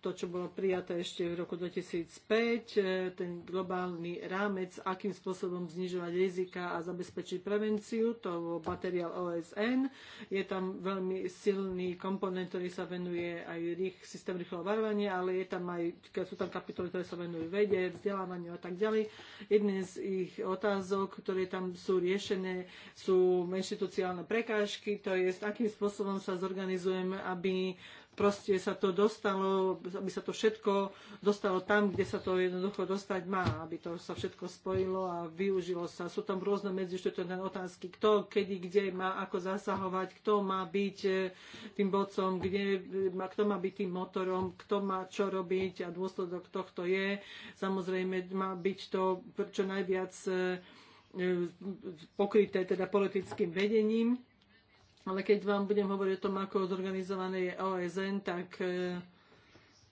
to, čo bolo prijaté ešte v roku 2005, eh, ten globálny rámec, akým spôsobom znižovať rizika a zabezpečiť prevenciu, to bol materiál OSN. Je tam veľmi silný komponent, ktorý sa venuje aj rých, systém rýchleho varovania, ale je tam aj, sú tam kapitoly, ktoré sa venujú vede, vzdelávaniu a tak ďalej. Jedné z ich otázok, ktoré tam sú riešené, sú inštitúciálne prekážky, to je, akým spôsobom sa zorganizujeme, aby proste sa to dostalo, aby sa to všetko dostalo tam, kde sa to jednoducho dostať má, aby to sa všetko spojilo a využilo sa. Sú tam rôzne medzištátne otázky, kto, kedy, kde má ako zasahovať, kto má byť e, tým bodcom, kde, kto má byť tým motorom, kto má čo robiť a dôsledok tohto je. Samozrejme má byť to čo najviac e, e, pokryté teda politickým vedením ale keď vám budem hovoriť o tom, ako zorganizované je OSN, tak e,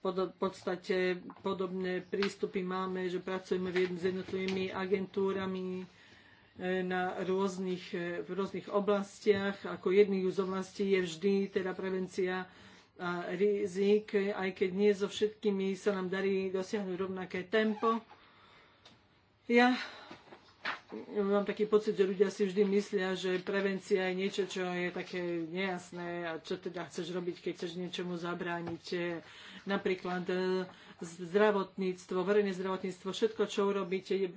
v podstate podobné prístupy máme, že pracujeme s jednotlivými agentúrami e, na rôznych, e, v rôznych oblastiach. Ako jedných z oblastí je vždy teda prevencia a rizik, aj keď nie so všetkými sa nám darí dosiahnuť rovnaké tempo. Ja mám taký pocit, že ľudia si vždy myslia, že prevencia je niečo, čo je také nejasné a čo teda chceš robiť, keď chceš niečomu zabrániť. Napríklad e, zdravotníctvo, verejné zdravotníctvo, všetko, čo urobíte e,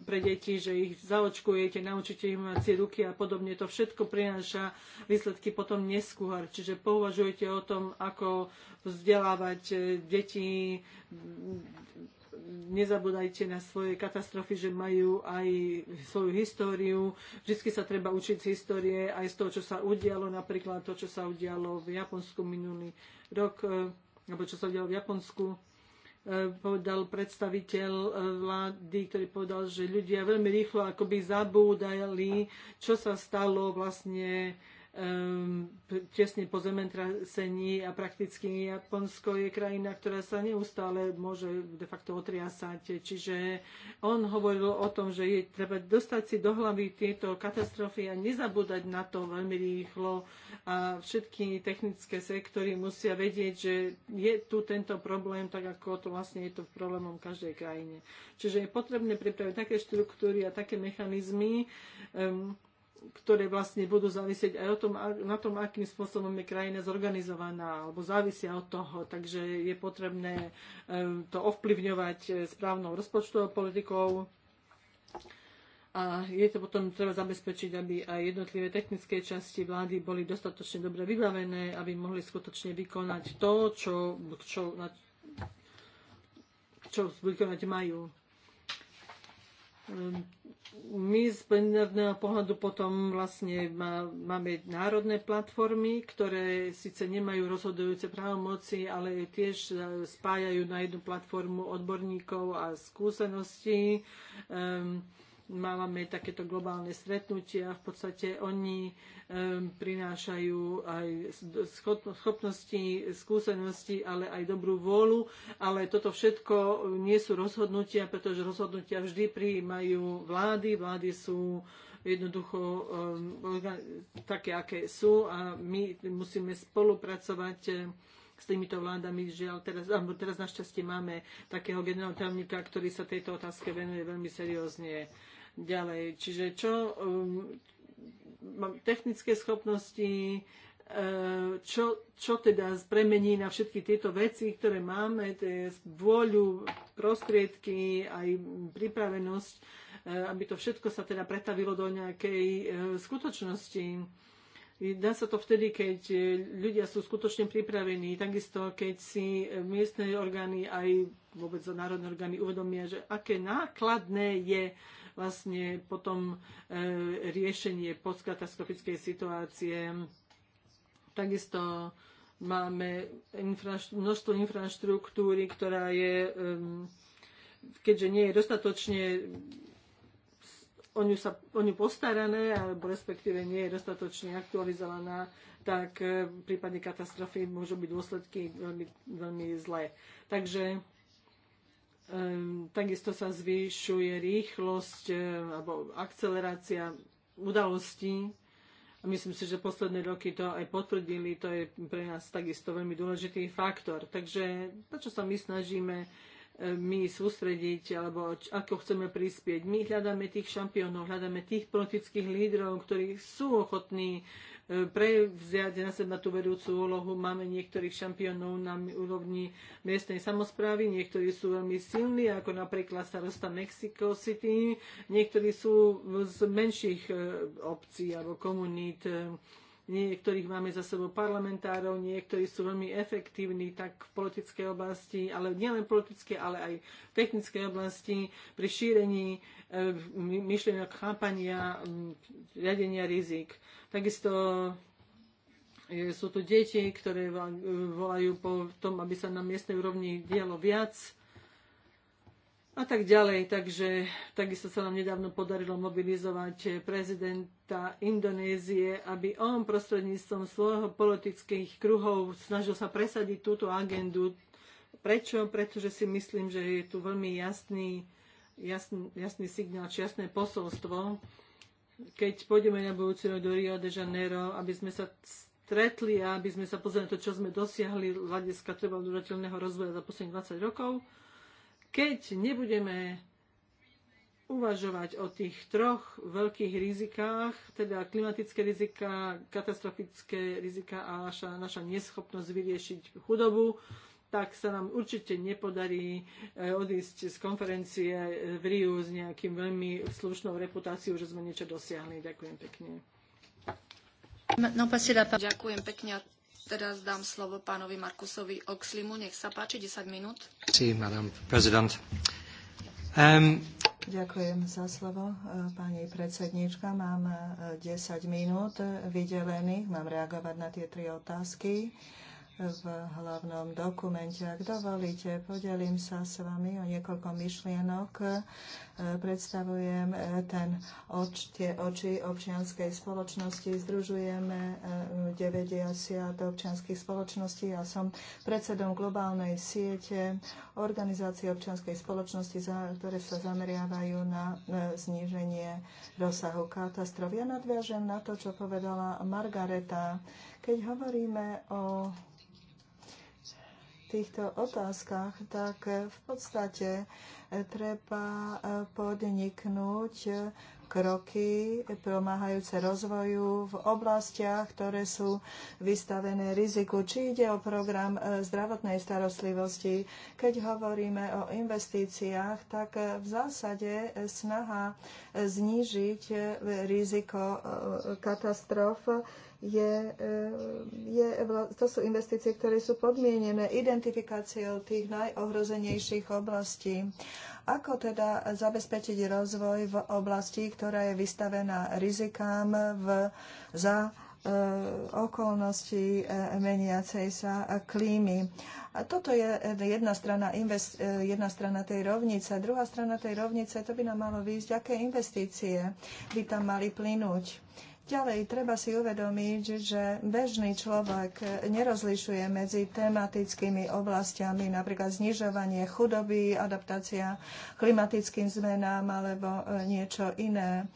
pre deti, že ich zaočkujete, naučíte im macie ruky a podobne, to všetko prináša výsledky potom neskôr. Čiže pouvažujete o tom, ako vzdelávať e, deti nezabudajte na svoje katastrofy, že majú aj svoju históriu. Vždy sa treba učiť z histórie aj z toho, čo sa udialo, napríklad to, čo sa udialo v Japonsku minulý rok, e, alebo čo sa udialo v Japonsku e, povedal predstaviteľ e, vlády, ktorý povedal, že ľudia veľmi rýchlo akoby zabúdali, čo sa stalo vlastne tesne po zemetrasení a prakticky Japonsko je krajina, ktorá sa neustále môže de facto otriasať. Čiže on hovoril o tom, že je treba dostať si do hlavy tieto katastrofy a nezabúdať na to veľmi rýchlo a všetky technické sektory musia vedieť, že je tu tento problém, tak ako to vlastne je to problémom v každej krajine. Čiže je potrebné pripraviť také štruktúry a také mechanizmy, um, ktoré vlastne budú závisieť aj o tom, na tom, akým spôsobom je krajina zorganizovaná, alebo závisia od toho. Takže je potrebné e, to ovplyvňovať e, správnou rozpočtovou politikou. A je to potom treba zabezpečiť, aby aj jednotlivé technické časti vlády boli dostatočne dobre vybavené, aby mohli skutočne vykonať to, čo, čo, na, čo vykonať majú ehm, my z plenárneho pohľadu potom vlastne má, máme národné platformy, ktoré síce nemajú rozhodujúce právomoci, ale tiež spájajú na jednu platformu odborníkov a skúseností. Um, Máme takéto globálne stretnutia. a V podstate oni um, prinášajú aj schopnosti, skúsenosti, ale aj dobrú vôľu. Ale toto všetko nie sú rozhodnutia, pretože rozhodnutia vždy prijímajú vlády. Vlády sú jednoducho um, také, aké sú a my musíme spolupracovať s týmito vládami. Žiaľ, teraz, alebo teraz našťastie máme takého generálneho tajomníka, ktorý sa tejto otázke venuje veľmi seriózne ďalej. Čiže čo um, mám technické schopnosti, eh, čo, čo teda premení na všetky tieto veci, ktoré máme, to je vôľu, prostriedky, aj pripravenosť, eh, aby to všetko sa teda pretavilo do nejakej eh, skutočnosti. Dá sa to vtedy, keď ľudia sú skutočne pripravení, takisto keď si miestne orgány aj vôbec národné orgány uvedomia, že aké nákladné je vlastne potom e, riešenie postkatastrofickej situácie. Takisto máme množstvo infraštruktúry, ktorá je, e, keďže nie je dostatočne o ňu, sa, o ňu postarané, alebo respektíve nie je dostatočne aktualizovaná, tak v e, prípade katastrofy môžu byť dôsledky veľmi, veľmi zlé. Takže Ehm, takisto sa zvýšuje rýchlosť ehm, alebo akcelerácia udalostí. A myslím si, že posledné roky to aj potvrdili, to je pre nás takisto veľmi dôležitý faktor. Takže to, čo sa my snažíme ehm, my sústrediť, alebo ako chceme prispieť. My hľadáme tých šampiónov, hľadáme tých politických lídrov, ktorí sú ochotní prevziať na seba tú vedúcu úlohu. Máme niektorých šampiónov na úrovni miestnej samozprávy, niektorí sú veľmi silní, ako napríklad starosta Mexico City, niektorí sú z menších e, obcí alebo komunít niektorých máme za sebou parlamentárov, niektorí sú veľmi efektívni tak v politickej oblasti, ale nielen politické, ale aj v technickej oblasti, pri šírení e, myšlienok chápania, riadenia rizik. Takisto e, sú tu deti, ktoré e, volajú po tom, aby sa na miestnej úrovni dialo viac a tak ďalej. Takže takisto sa nám nedávno podarilo mobilizovať prezidenta Indonézie, aby on prostredníctvom svojho politických kruhov snažil sa presadiť túto agendu. Prečo? Pretože si myslím, že je tu veľmi jasný, jasný, jasný signál, či jasné posolstvo, keď pôjdeme na budúci rok do Rio de Janeiro, aby sme sa stretli a aby sme sa pozreli to, čo sme dosiahli z hľadiska treba udržateľného rozvoja za posledných 20 rokov. Keď nebudeme uvažovať o tých troch veľkých rizikách, teda klimatické rizika, katastrofické rizika a naša, naša neschopnosť vyriešiť chudobu, tak sa nám určite nepodarí e, odísť z konferencie e, v Riu s nejakým veľmi slušnou reputáciou, že sme niečo dosiahli. Ďakujem pekne. No, Ďakujem pekne. A teraz dám slovo pánovi Markusovi Oxlimu. Nech sa páči, 10 minút. Sí, madam president. Um... Ďakujem za slovo, e, pani predsednička. Mám 10 minút vydelených, mám reagovať na tie tri otázky v hlavnom dokumente. Ak dovolíte, podelím sa s vami o niekoľko myšlienok. E, predstavujem e, ten oč, tie oči občianskej spoločnosti. Združujeme 90 e, občianských spoločností a ja som predsedom globálnej siete organizácií občianskej spoločnosti, ktoré sa zameriavajú na zníženie rozsahu katastrof. Ja nadviažem na to, čo povedala Margareta. Keď hovoríme o týchto otázkach, tak eh, v podstate eh, treba eh, podniknúť kroky pomáhajúce rozvoju v oblastiach, ktoré sú vystavené riziku. Či ide o program zdravotnej starostlivosti, keď hovoríme o investíciách, tak v zásade snaha znížiť riziko katastrof je, eh, je, to sú investície, ktoré sú podmienené identifikáciou tých najohrozenejších oblastí. Ako teda zabezpečiť rozvoj v oblasti, ktorá je vystavená rizikám v, za eh, okolnosti eh, meniacej sa klímy. A toto je jedna strana, invest, jedna strana tej rovnice. Druhá strana tej rovnice, to by nám malo výjsť, aké investície by tam mali plynúť Ďalej, treba si uvedomiť, že bežný človek nerozlišuje medzi tematickými oblastiami, napríklad znižovanie chudoby, adaptácia klimatickým zmenám alebo niečo iné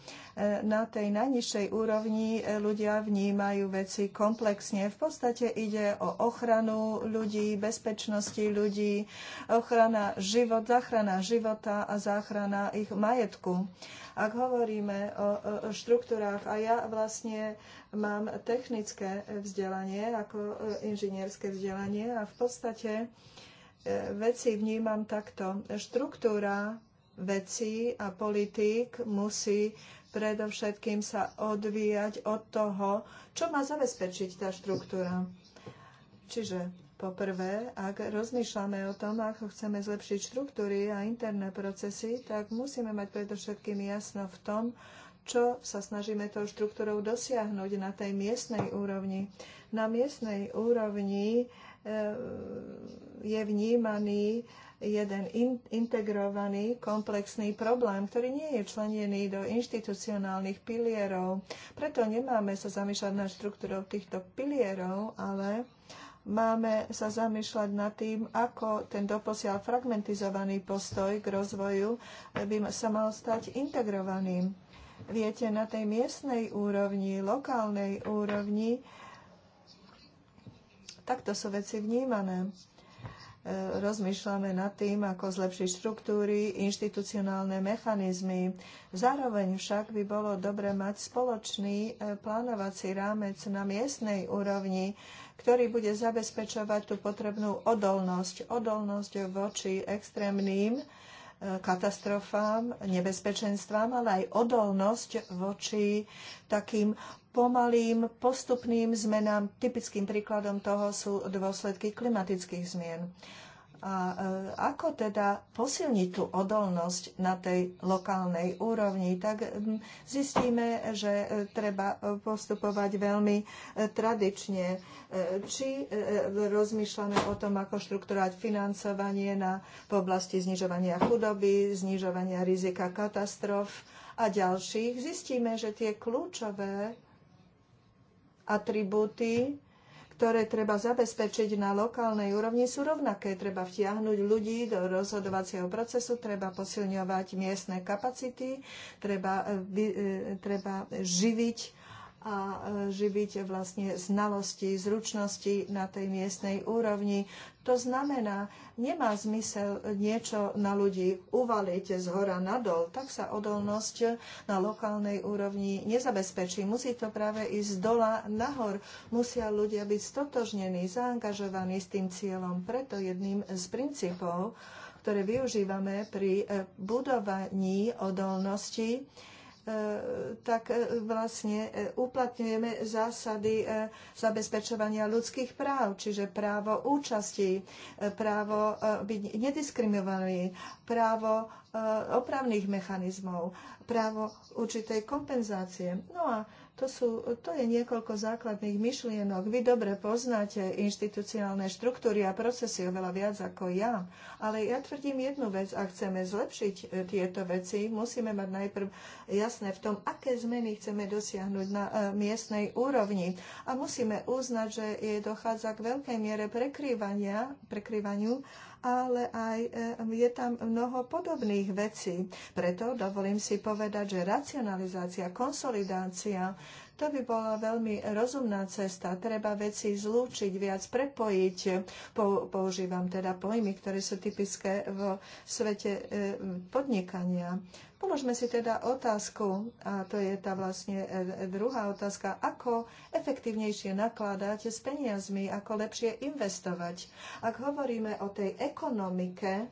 na tej najnižšej úrovni ľudia vnímajú veci komplexne. V podstate ide o ochranu ľudí, bezpečnosti ľudí, ochrana život, záchrana života a záchrana ich majetku. Ak hovoríme o, štruktúrách, a ja vlastne mám technické vzdelanie, ako e, inžinierské vzdelanie a v podstate e, veci vnímam takto. Štruktúra vecí a politík musí predovšetkým sa odvíjať od toho, čo má zabezpečiť tá štruktúra. Čiže poprvé, ak rozmýšľame o tom, ako chceme zlepšiť štruktúry a interné procesy, tak musíme mať predovšetkým jasno v tom, čo sa snažíme tou štruktúrou dosiahnuť na tej miestnej úrovni. Na miestnej úrovni eh, je vnímaný jeden in, integrovaný komplexný problém, ktorý nie je členený do inštitucionálnych pilierov. Preto nemáme sa zamýšľať nad štruktúrou týchto pilierov, ale máme sa zamýšľať nad tým, ako ten doposiaľ fragmentizovaný postoj k rozvoju by sa mal stať integrovaným. Viete, na tej miestnej úrovni, lokálnej úrovni, takto sú veci vnímané rozmýšľame nad tým, ako zlepšiť štruktúry, inštitucionálne mechanizmy. Zároveň však by bolo dobre mať spoločný e, plánovací rámec na miestnej úrovni, ktorý bude zabezpečovať tú potrebnú odolnosť. Odolnosť voči extrémnym katastrofám, nebezpečenstvám, ale aj odolnosť voči takým pomalým, postupným zmenám. Typickým príkladom toho sú dôsledky klimatických zmien. A e, ako teda posilniť tú odolnosť na tej lokálnej úrovni, tak mm, zistíme, že e, treba e, postupovať veľmi tradične. Či rozmýšľame o tom, ako štruktúrať financovanie na, v oblasti znižovania chudoby, znižovania rizika katastrof a ďalších, zistíme, že tie kľúčové atribúty ktoré treba zabezpečiť na lokálnej úrovni, sú rovnaké. Treba vtiahnuť ľudí do rozhodovacieho procesu, treba posilňovať miestne kapacity, treba, e, e, treba živiť a e, živiť vlastne znalosti, zručnosti na tej miestnej úrovni. To znamená, nemá zmysel niečo na ľudí uvaliť z hora nadol, tak sa odolnosť na lokálnej úrovni nezabezpečí. Musí to práve ísť z dola nahor. Musia ľudia byť stotožnení, zaangažovaní s tým cieľom. Preto jedným z princípov, ktoré využívame pri budovaní odolnosti, E, tak e, vlastne e, uplatňujeme zásady zabezpečovania ľudských práv, čiže právo účasti, právo byť nediskriminovaný, právo opravných mechanizmov, právo určitej kompenzácie. No a to, sú, to je niekoľko základných myšlienok. Vy dobre poznáte inštitucionálne štruktúry a procesy oveľa viac ako ja. Ale ja tvrdím jednu vec. Ak chceme zlepšiť e, tieto veci, musíme mať najprv jasné v tom, aké zmeny chceme dosiahnuť na e, miestnej úrovni. A musíme uznať, že je dochádza k veľkej miere prekrývania, prekrývaniu ale aj e, je tam mnoho podobných vecí. Preto dovolím si povedať, že racionalizácia, konsolidácia, to by bola veľmi rozumná cesta. Treba veci zlúčiť, viac prepojiť. Používam teda pojmy, ktoré sú typické v svete e, podnikania. Položme si teda otázku, a to je tá vlastne e, e, druhá otázka, ako efektívnejšie nakladať s peniazmi, ako lepšie investovať. Ak hovoríme o tej ekonomike e,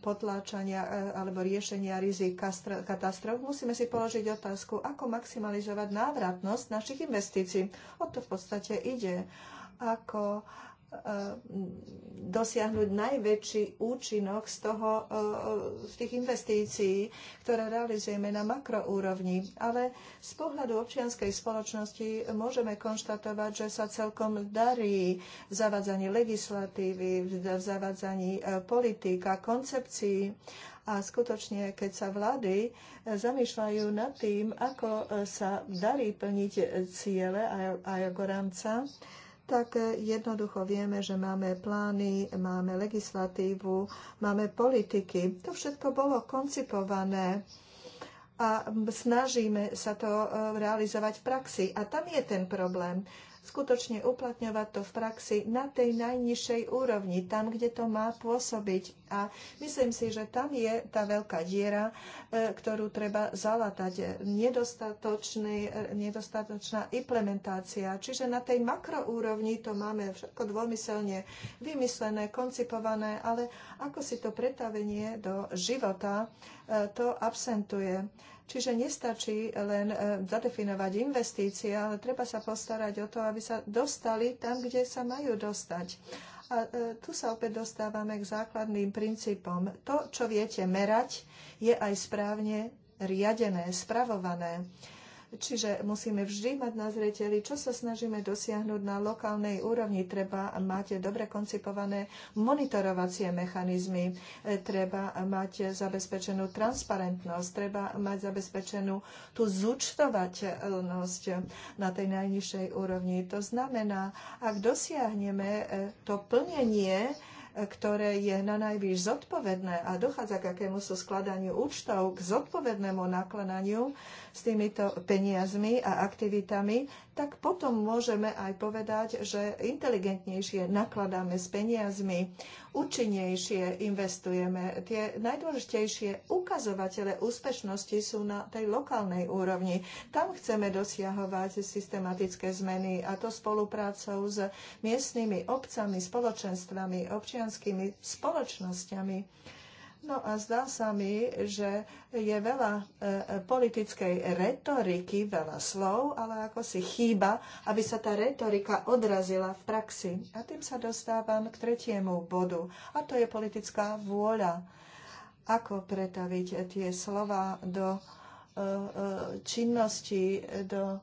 potláčania alebo riešenia rizik katastrof, musíme si položiť otázku, ako maximalizovať návratnosť našich investícií. O to v podstate ide. Ako Eh, dosiahnuť najväčší účinok z, toho, eh, z tých investícií, ktoré realizujeme na makroúrovni. Ale z pohľadu občianskej spoločnosti môžeme konštatovať, že sa celkom darí v zavadzaní legislatívy, v zavadzaní eh, politík a koncepcií a skutočne, keď sa vlády zamýšľajú nad tým, ako sa darí plniť ciele aj, aj rámca, tak e, jednoducho vieme, že máme plány, máme legislatívu, máme politiky. To všetko bolo koncipované a snažíme sa to e, realizovať v praxi. A tam je ten problém skutočne uplatňovať to v praxi na tej najnižšej úrovni, tam, kde to má pôsobiť. A myslím si, že tam je tá veľká diera, e, ktorú treba zalatať. E, nedostatočná implementácia. Čiže na tej makroúrovni to máme všetko dvomyselne vymyslené, koncipované, ale ako si to pretavenie do života, e, to absentuje. Čiže nestačí len e, zadefinovať investície, ale treba sa postarať o to, aby sa dostali tam, kde sa majú dostať. A e, tu sa opäť dostávame k základným princípom. To, čo viete merať, je aj správne riadené, spravované. Čiže musíme vždy mať na zreteli, čo sa snažíme dosiahnuť na lokálnej úrovni. Treba mať dobre koncipované monitorovacie mechanizmy, e, treba mať zabezpečenú transparentnosť, treba mať zabezpečenú tú zúčtovateľnosť na tej najnižšej úrovni. To znamená, ak dosiahneme e, to plnenie, ktoré je na najvýš zodpovedné a dochádza k akému sú skladaniu účtov, k zodpovednému nakladaniu s týmito peniazmi a aktivitami, tak potom môžeme aj povedať, že inteligentnejšie nakladáme s peniazmi, účinnejšie investujeme. Tie najdôležitejšie ukazovatele úspešnosti sú na tej lokálnej úrovni. Tam chceme dosiahovať systematické zmeny a to spoluprácou s miestnymi obcami, spoločenstvami, občianskými spoločnosťami No a zdá sa mi, že je veľa e, politickej retoriky, veľa slov, ale ako si chýba, aby sa tá retorika odrazila v praxi. A tým sa dostávam k tretiemu bodu, a to je politická vôľa. Ako pretaviť tie slova do e, e, činnosti, do,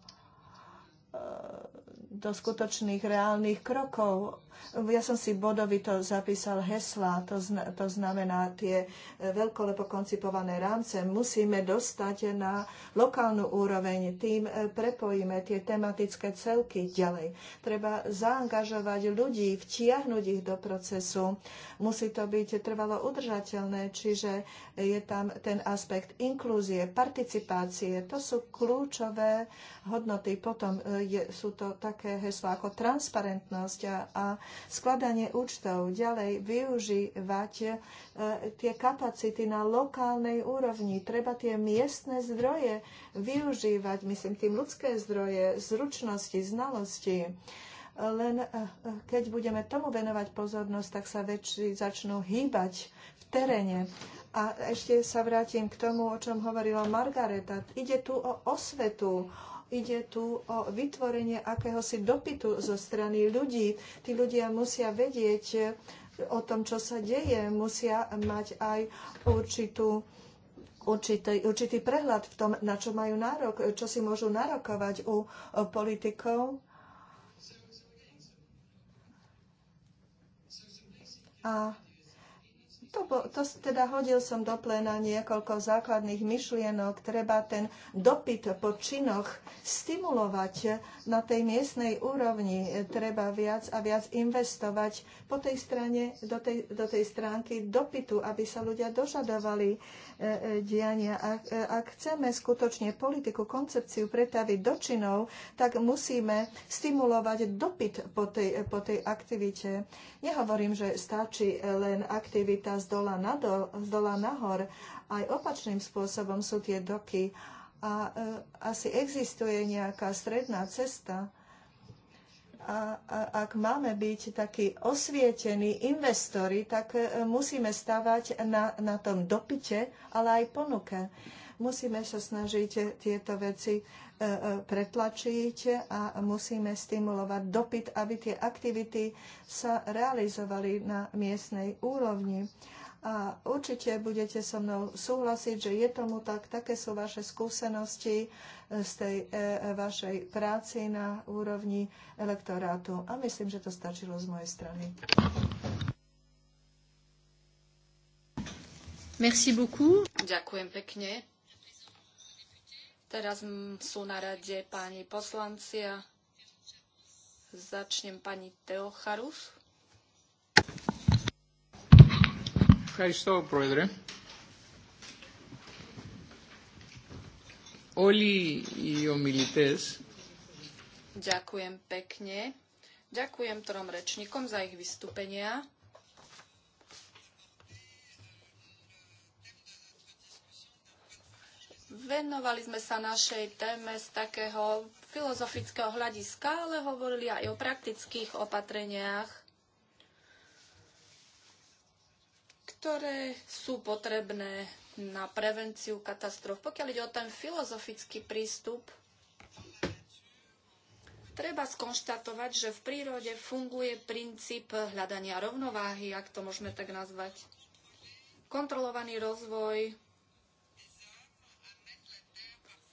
do skutočných reálnych krokov ja som si bodovi to zapísal hesla, to, zna, to znamená tie e, veľkolepo koncipované rámce musíme dostať na lokálnu úroveň, tým e, prepojíme tie tematické celky ďalej. Treba zaangažovať ľudí, vtiahnuť ich do procesu. Musí to byť trvalo udržateľné, čiže je tam ten aspekt inklúzie, participácie. To sú kľúčové hodnoty. Potom e, je, sú to také hesla ako transparentnosť a, a skladanie účtov, ďalej využívať e, tie kapacity na lokálnej úrovni. Treba tie miestne zdroje využívať, myslím tým ľudské zdroje, zručnosti, znalosti len e, e, keď budeme tomu venovať pozornosť, tak sa väčší začnú hýbať v teréne. A ešte sa vrátim k tomu, o čom hovorila Margareta. Ide tu o osvetu, Ide tu o vytvorenie akéhosi dopytu zo strany ľudí. Tí ľudia musia vedieť o tom, čo sa deje, musia mať aj určitú určitý, určitý prehľad v tom, na čo majú nárok, čo si môžu narokovať u politikov. A to, to teda hodil som do plena niekoľko základných myšlienok. Treba ten dopyt po činoch stimulovať na tej miestnej úrovni. Treba viac a viac investovať po tej strane, do tej, do tej stránky dopytu, aby sa ľudia dožadovali e, e, diania. e, ak chceme skutočne politiku, koncepciu pretaviť do činov, tak musíme stimulovať dopyt po tej, po tej aktivite. Nehovorím, že stačí len aktivita z dola, nadol, z dola nahor. Aj opačným spôsobom sú tie doky. A e, asi existuje nejaká stredná cesta. A, a ak máme byť takí osvietení investori, tak e, musíme stavať na, na tom dopite, ale aj ponuke. E, Musíme sa snažiť tieto veci e, e, pretlačiť a musíme stimulovať dopyt, aby tie aktivity sa realizovali na miestnej úrovni. A určite budete so mnou súhlasiť, že je tomu tak. Také sú vaše skúsenosti e, z tej e, vašej práci na úrovni elektorátu. A myslím, že to stačilo z mojej strany. Merci beaucoup. Ďakujem pekne. Teraz sú na rade páni poslanci a začnem pani Teocharus. Ďakujem pekne. Ďakujem trom rečníkom za ich vystúpenia. Venovali sme sa našej téme z takého filozofického hľadiska, ale hovorili aj o praktických opatreniach, ktoré sú potrebné na prevenciu katastrof. Pokiaľ ide o ten filozofický prístup, treba skonštatovať, že v prírode funguje princíp hľadania rovnováhy, ak to môžeme tak nazvať. Kontrolovaný rozvoj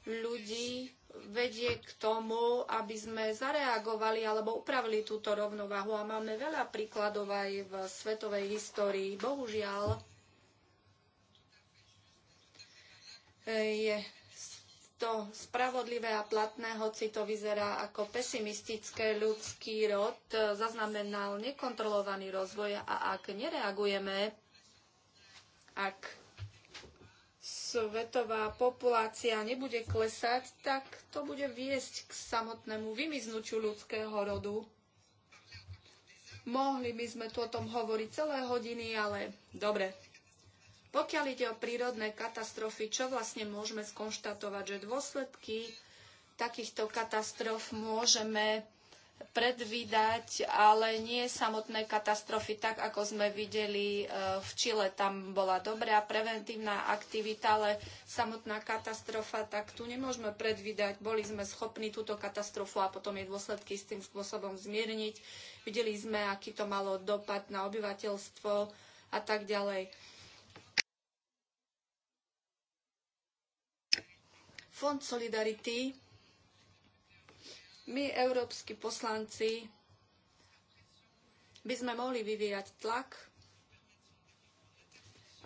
ľudí vedie k tomu, aby sme zareagovali alebo upravili túto rovnovahu. A máme veľa príkladov aj v svetovej histórii. Bohužiaľ, je to spravodlivé a platné, hoci to vyzerá ako pesimistické. Ľudský rod zaznamenal nekontrolovaný rozvoj a ak nereagujeme, ak svetová populácia nebude klesať, tak to bude viesť k samotnému vymiznutiu ľudského rodu. Mohli by sme tu o tom hovoriť celé hodiny, ale dobre. Pokiaľ ide o prírodné katastrofy, čo vlastne môžeme skonštatovať, že dôsledky takýchto katastrof môžeme predvídať, ale nie samotné katastrofy, tak ako sme videli e, v Čile. Tam bola dobrá preventívna aktivita, ale samotná katastrofa, tak tu nemôžeme predvídať. Boli sme schopní túto katastrofu a potom jej dôsledky s tým spôsobom zmierniť. Videli sme, aký to malo dopad na obyvateľstvo a tak ďalej. Fond Solidarity my, európsky poslanci, by sme mohli vyvíjať tlak,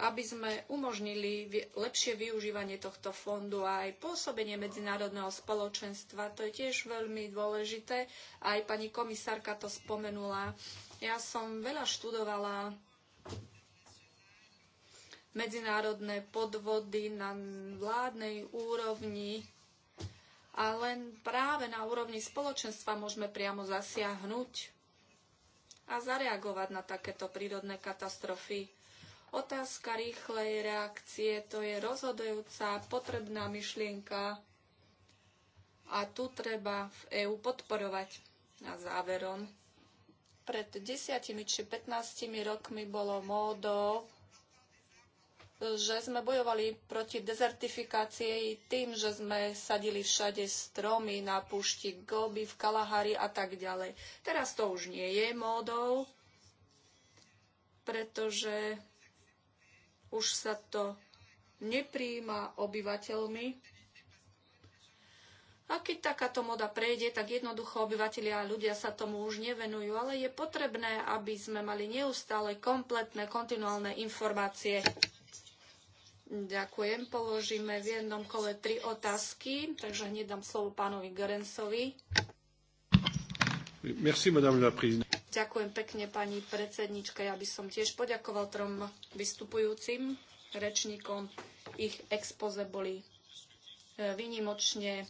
aby sme umožnili lepšie využívanie tohto fondu a aj pôsobenie medzinárodného spoločenstva. To je tiež veľmi dôležité. Aj pani komisárka to spomenula. Ja som veľa študovala medzinárodné podvody na vládnej úrovni a len práve na úrovni spoločenstva môžeme priamo zasiahnuť a zareagovať na takéto prírodné katastrofy. Otázka rýchlej reakcie to je rozhodujúca potrebná myšlienka a tu treba v EÚ podporovať. A záverom, pred 10 či 15 rokmi bolo módou že sme bojovali proti dezertifikácii tým, že sme sadili všade stromy na púšti Gobi, v Kalahari a tak ďalej. Teraz to už nie je módou, pretože už sa to nepríjima obyvateľmi. A keď takáto moda prejde, tak jednoducho obyvateľia a ľudia sa tomu už nevenujú, ale je potrebné, aby sme mali neustále kompletné, kontinuálne informácie. Ďakujem. Položíme v jednom kole tri otázky, takže hneď dám slovo pánovi Gerencovi. Merci, madame la Ďakujem pekne, pani predsednička. Ja by som tiež poďakoval trom vystupujúcim rečníkom. Ich expoze boli e, vynimočne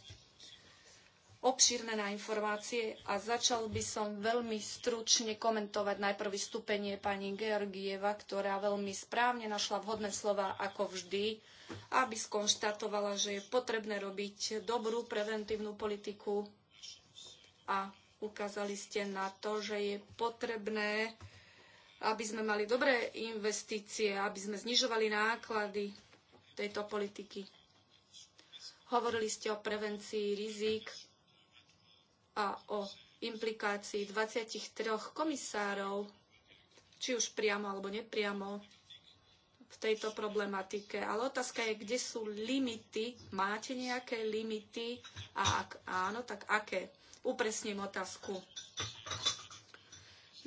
obšírne na informácie a začal by som veľmi stručne komentovať najprv vystúpenie pani Georgieva, ktorá veľmi správne našla vhodné slova ako vždy, aby skonštatovala, že je potrebné robiť dobrú preventívnu politiku a ukázali ste na to, že je potrebné, aby sme mali dobré investície, aby sme znižovali náklady tejto politiky. Hovorili ste o prevencii rizik a o implikácii 23 komisárov, či už priamo alebo nepriamo v tejto problematike. Ale otázka je, kde sú limity? Máte nejaké limity? A ak áno, tak aké? Upresním otázku.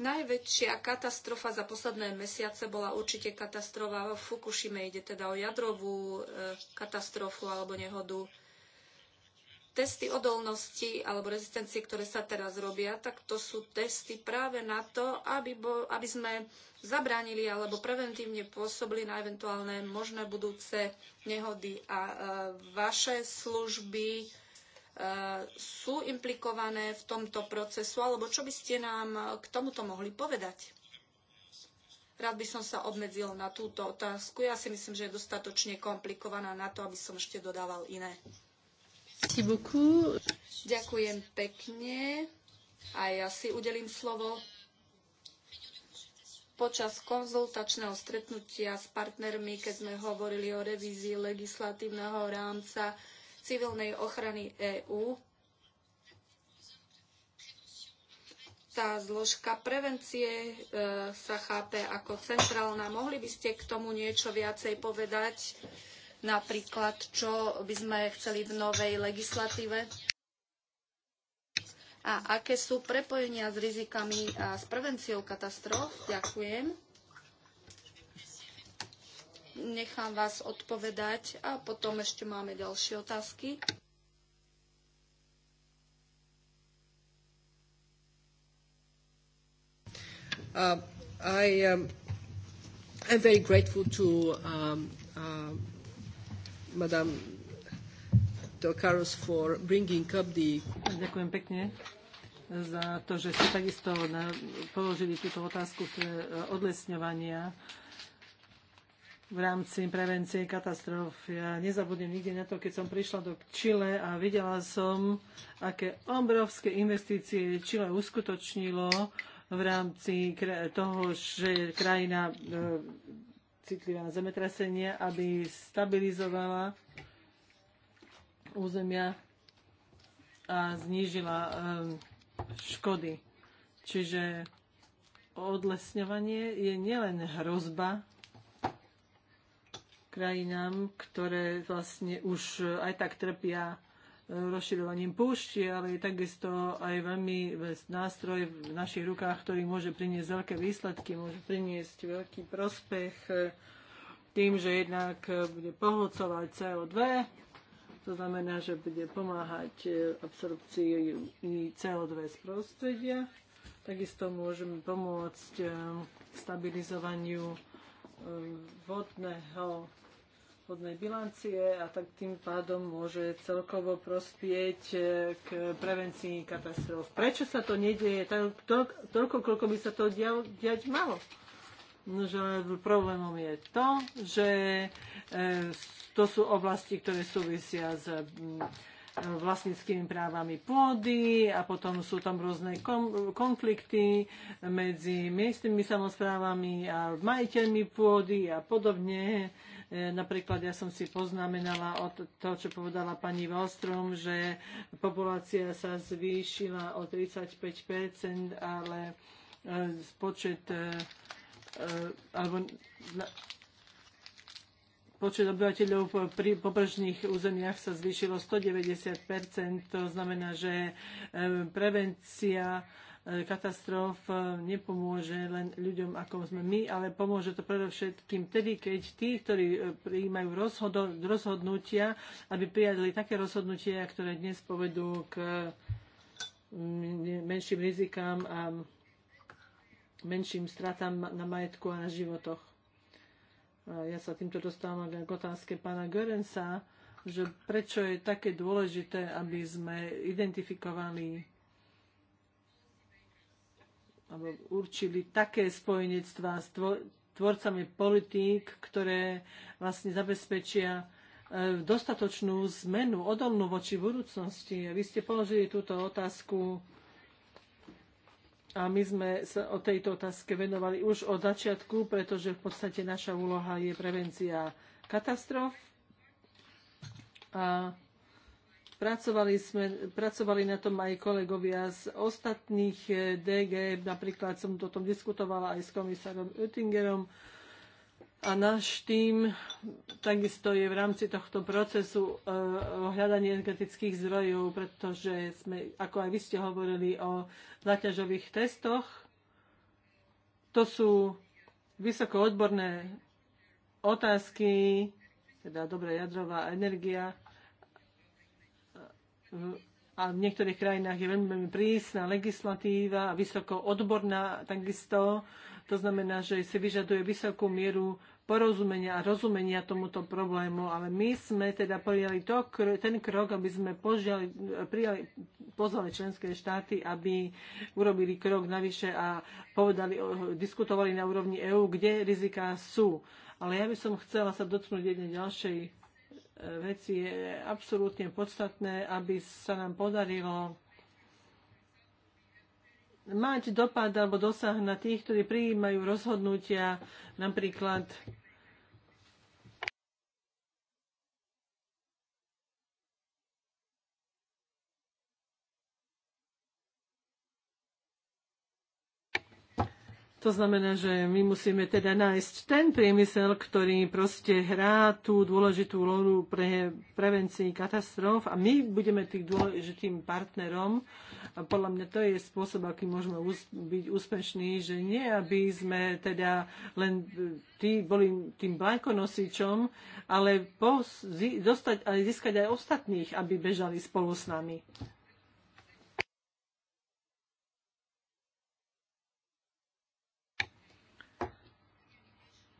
Najväčšia katastrofa za posledné mesiace bola určite katastrofa v Fukushime. Ide teda o jadrovú e, katastrofu alebo nehodu testy odolnosti alebo rezistencie, ktoré sa teraz robia, tak to sú testy práve na to, aby, bo, aby sme zabránili alebo preventívne pôsobili na eventuálne možné budúce nehody. A e, vaše služby e, sú implikované v tomto procesu, alebo čo by ste nám k tomuto mohli povedať? Rád by som sa obmedzil na túto otázku. Ja si myslím, že je dostatočne komplikovaná na to, aby som ešte dodával iné. Ďakujem pekne a ja si udelím slovo počas konzultačného stretnutia s partnermi, keď sme hovorili o revízii legislatívneho rámca civilnej ochrany EÚ. Tá zložka prevencie e, sa chápe ako centrálna. Mohli by ste k tomu niečo viacej povedať? napríklad, čo by sme chceli v novej legislatíve a aké sú prepojenia s rizikami a s prevenciou katastrof. Ďakujem. Nechám vás odpovedať a potom ešte máme ďalšie otázky. Uh, I um, am very grateful to um, uh, Tokaros for bringing up the... Ďakujem pekne za to, že ste takisto položili túto otázku e, odlesňovania v rámci prevencie katastrof. Ja nezabudnem nikde na to, keď som prišla do Čile a videla som, aké obrovské investície Čile uskutočnilo v rámci toho, že krajina e, citlivá na zemetrasenie, aby stabilizovala územia a znížila ehm, škody. Čiže odlesňovanie je nielen hrozba krajinám, ktoré vlastne už aj tak trpia rozširovaním púšti, ale je takisto aj veľmi nástroj v našich rukách, ktorý môže priniesť veľké výsledky, môže priniesť veľký prospech e, tým, že jednak e, bude pohľcovať CO2, to znamená, že bude pomáhať e, absorpcii CO2 z prostredia. Takisto môžeme pomôcť stabilizovaniu vodného obchodnej bilancie a tak tým pádom môže celkovo prospieť eh, k prevencii katastrof. Prečo sa to nedieje to, toľko, koľko by sa to dial, diať malo? No, že problémom je to, že eh, to sú oblasti, ktoré súvisia s mm, vlastníckými právami pôdy a potom sú tam rôzne kom- konflikty medzi miestnymi samozprávami a majiteľmi pôdy a podobne. E, napríklad ja som si poznamenala od toho, čo povedala pani Wallström, že populácia sa zvýšila o 35 ale e, počet e, alebo počet obyvateľov pri pobrežných územiach sa zvýšilo 190 To znamená, že prevencia E, katastrof e, nepomôže len ľuďom, ako sme my, ale pomôže to predovšetkým tedy, keď tí, ktorí e, prijímajú rozhodnutia, aby prijadli také rozhodnutia, ktoré dnes povedú k mm, menším rizikám a menším stratám na majetku a na životoch. Ja sa týmto dostávam k otázke pána Görensa, že prečo je také dôležité, aby sme identifikovali alebo určili také spojenectvá s tvorcami politík, ktoré vlastne zabezpečia e, dostatočnú zmenu, odolnú voči budúcnosti. Vy ste položili túto otázku a my sme sa o tejto otázke venovali už od začiatku, pretože v podstate naša úloha je prevencia katastrof. A Pracovali, sme, pracovali na tom aj kolegovia z ostatných eh, DG, napríklad som o tom diskutovala aj s komisárom Oettingerom, a náš tým takisto je v rámci tohto procesu eh, o hľadaní energetických zdrojov, pretože sme, ako aj vy ste hovorili, o záťažových testoch. To sú vysokoodborné otázky, teda dobrá jadrová energia, a v niektorých krajinách je veľmi, veľmi prísna legislatíva a vysoko odborná takisto. To znamená, že si vyžaduje vysokú mieru porozumenia a rozumenia tomuto problému, ale my sme teda prijali to, ten krok, aby sme požiali, prijali, pozvali členské štáty, aby urobili krok navyše a povedali, diskutovali na úrovni EÚ, kde riziká sú. Ale ja by som chcela sa dotknúť jednej ďalšej veci je absolútne podstatné, aby sa nám podarilo mať dopad alebo dosah na tých, ktorí prijímajú rozhodnutia napríklad To znamená, že my musíme teda nájsť ten priemysel, ktorý proste hrá tú dôležitú rolu pre prevencii katastrof a my budeme tým dôležitým partnerom. A podľa mňa to je spôsob, aký môžeme byť úspešní, že nie, aby sme teda len e, tí boli tým blankonosičom, ale dostať, ale získať aj ostatných, aby bežali spolu s nami.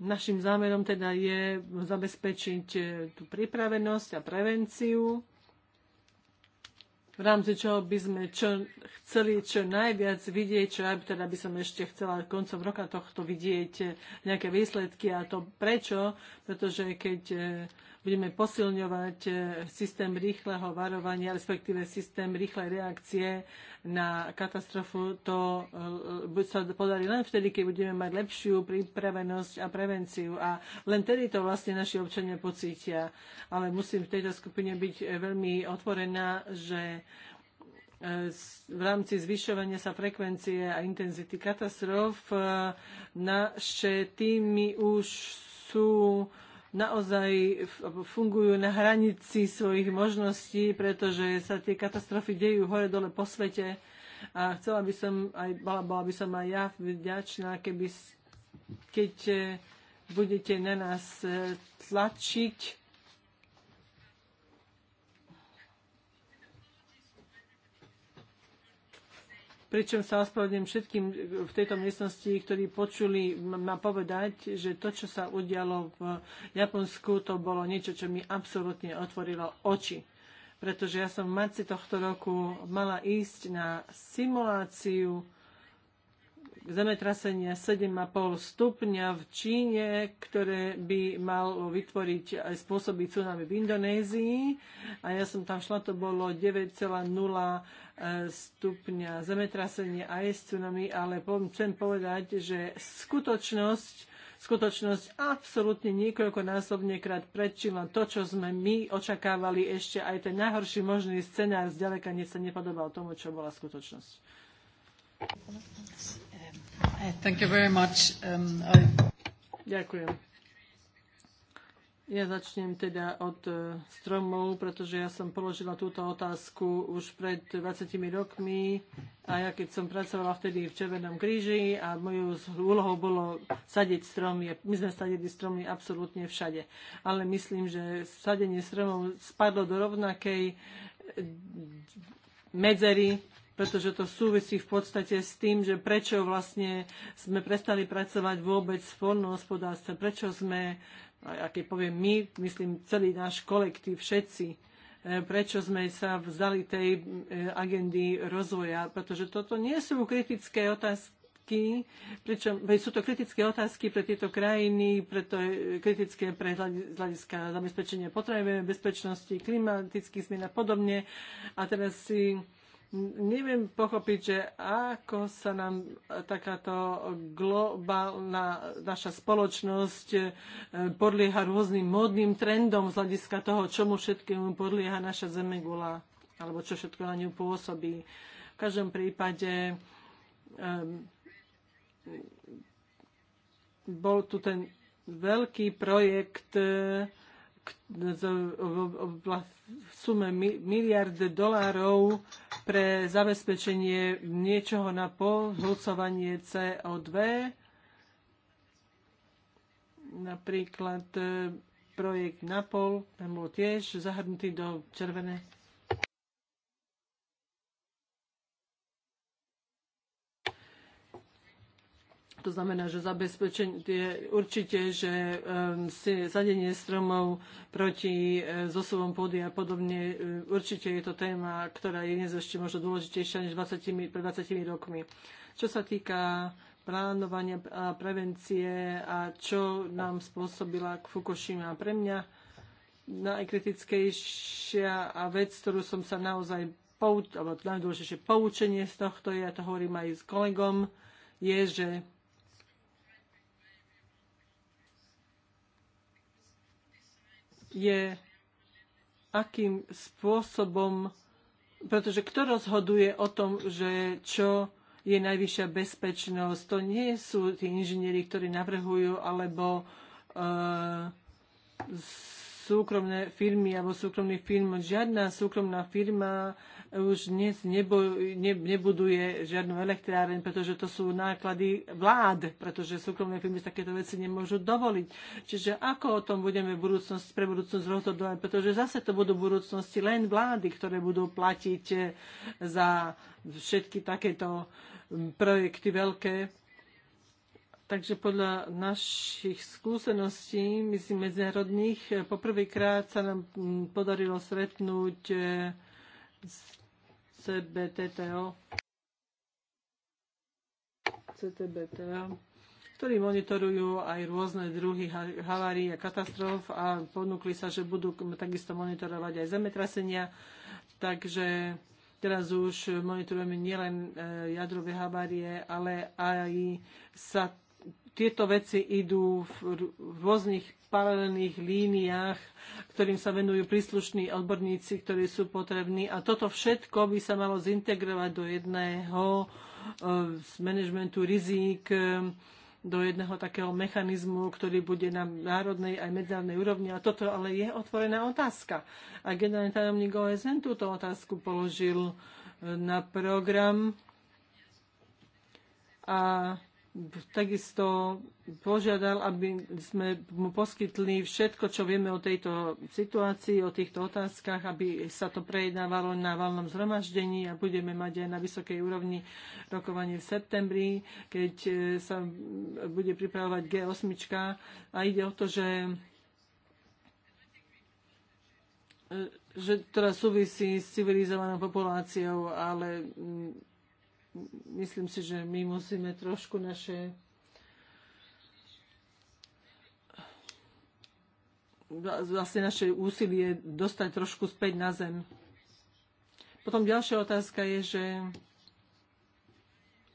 Našim zámerom teda je zabezpečiť e, tú pripravenosť a prevenciu, v rámci čoho by sme čo, chceli čo najviac vidieť, čo ja teda by som ešte chcela koncom roka tohto vidieť e, nejaké výsledky a to prečo, pretože keď e, budeme posilňovať e, systém rýchleho varovania, respektíve systém rýchlej reakcie na katastrofu. To e, e, sa podarí len vtedy, keď budeme mať lepšiu pripravenosť a prevenciu. A len tedy to vlastne naši občania pocítia. Ale musím v tejto skupine byť veľmi otvorená, že v rámci zvyšovania sa frekvencie a intenzity katastrof naše týmy už sú naozaj fungujú na hranici svojich možností, pretože sa tie katastrofy dejú hore-dole po svete. A chcela by som, aj, bola, bola by som aj ja vďačná, keby, keď eh, budete na nás eh, tlačiť, pričom sa ospravedlňujem všetkým eh, v tejto miestnosti, ktorí počuli ma povedať, že to, čo sa udialo v Japonsku, to bolo niečo, čo mi absolútne otvorilo oči. Pretože ja som v marci tohto roku mala ísť na simuláciu zemetrasenia 7,5 stupňa v Číne, ktoré by malo vytvoriť aj spôsoby tsunami v Indonézii. A ja som tam šla, to bolo 9,0 stupňa zemetrasenie aj s tsunami, ale chcem povedať, že skutočnosť skutočnosť absolútne niekoľkonásobne krát predčila to, čo sme my očakávali ešte aj ten najhorší možný scenár zďaleka nie sa nepodobal tomu, čo bola skutočnosť. Thank you very much. Um, I... Ďakujem. Ja začnem teda od e, stromov, pretože ja som položila túto otázku už pred 20 rokmi a ja keď som pracovala vtedy v Červenom kríži a mojou úlohou bolo sadiť stromy, my sme sadili stromy absolútne všade. Ale myslím, že sadenie stromov spadlo do rovnakej e, medzery, pretože to súvisí v podstate s tým, že prečo vlastne sme prestali pracovať vôbec v poľnohospodárstve, prečo sme a keď poviem my, myslím celý náš kolektív, všetci, e, prečo sme sa vzdali tej e, agendy rozvoja, pretože toto nie sú kritické otázky, pričom sú to kritické otázky pre tieto krajiny, preto je kritické pre hľadiska zabezpečenia potreby, bezpečnosti, klimatických zmien a podobne. A teraz si Neviem pochopiť, že ako sa nám takáto globálna naša spoločnosť eh, podlieha rôznym módnym trendom z hľadiska toho, čomu všetkému podlieha naša zemegula, alebo čo všetko na ňu pôsobí. V každom prípade um, bol tu ten veľký projekt uh, v sume miliardy dolárov pre zabezpečenie niečoho na pohľucovanie CO2. Napríklad e, projekt NAPOL, ten bol tiež zahrnutý do červené To znamená, že zabezpečenie určite, že um, sadenie stromov proti e, zosuvom pôdy a podobne, e, určite je to téma, ktorá je dnes ešte možno dôležitejšia než 20, pred 20 rokmi. Čo sa týka plánovania a prevencie a čo nám spôsobila Fukushima pre mňa, najkritickejšia a vec, ktorú som sa naozaj pouč, alebo najdôležitejšie poučenie z tohto, ja to hovorím aj s kolegom, je, že je akým spôsobom, pretože kto rozhoduje o tom, že čo je najvyššia bezpečnosť. To nie sú tí inžinieri, ktorí navrhujú, alebo z, eh, súkromné firmy alebo súkromných firm. Žiadna súkromná firma už dnes nebo, ne, nebuduje žiadnu elektráreň, pretože to sú náklady vlád, pretože súkromné firmy takéto veci nemôžu dovoliť. Čiže ako o tom budeme budúcnosť, pre budúcnosť rozhodovať, pretože zase to budú v budúcnosti len vlády, ktoré budú platiť eh, za všetky takéto hm, projekty veľké Takže podľa našich skúseností, myslím medzinárodných, eh, poprvýkrát sa nám mm, podarilo stretnúť z eh, CBTTO, CTBTO, ktorí monitorujú aj rôzne druhy havárií a katastrof a ponúkli sa, že budú takisto monitorovať aj zemetrasenia. Takže Teraz už monitorujeme nielen eh, jadrové havárie, ale aj sa tieto veci idú v rôznych paralelných líniách, ktorým sa venujú príslušní odborníci, ktorí sú potrební. A toto všetko by sa malo zintegrovať do jedného e, z manažmentu rizík, e, do jedného takého mechanizmu, ktorý bude na národnej aj medzinárodnej úrovni. A toto ale je otvorená otázka. A generálny tajomník OSN túto otázku položil e, na program a takisto požiadal, aby sme mu poskytli všetko, čo vieme o tejto situácii, o týchto otázkach, aby sa to prejednávalo na valnom zhromaždení a budeme mať aj na vysokej úrovni rokovanie v septembri, keď e, sa bude pripravovať G8. A ide o to, že e, že teraz súvisí s civilizovanou populáciou, ale myslím si, že my musíme trošku naše vlastne naše úsilie dostať trošku späť na zem. Potom ďalšia otázka je, že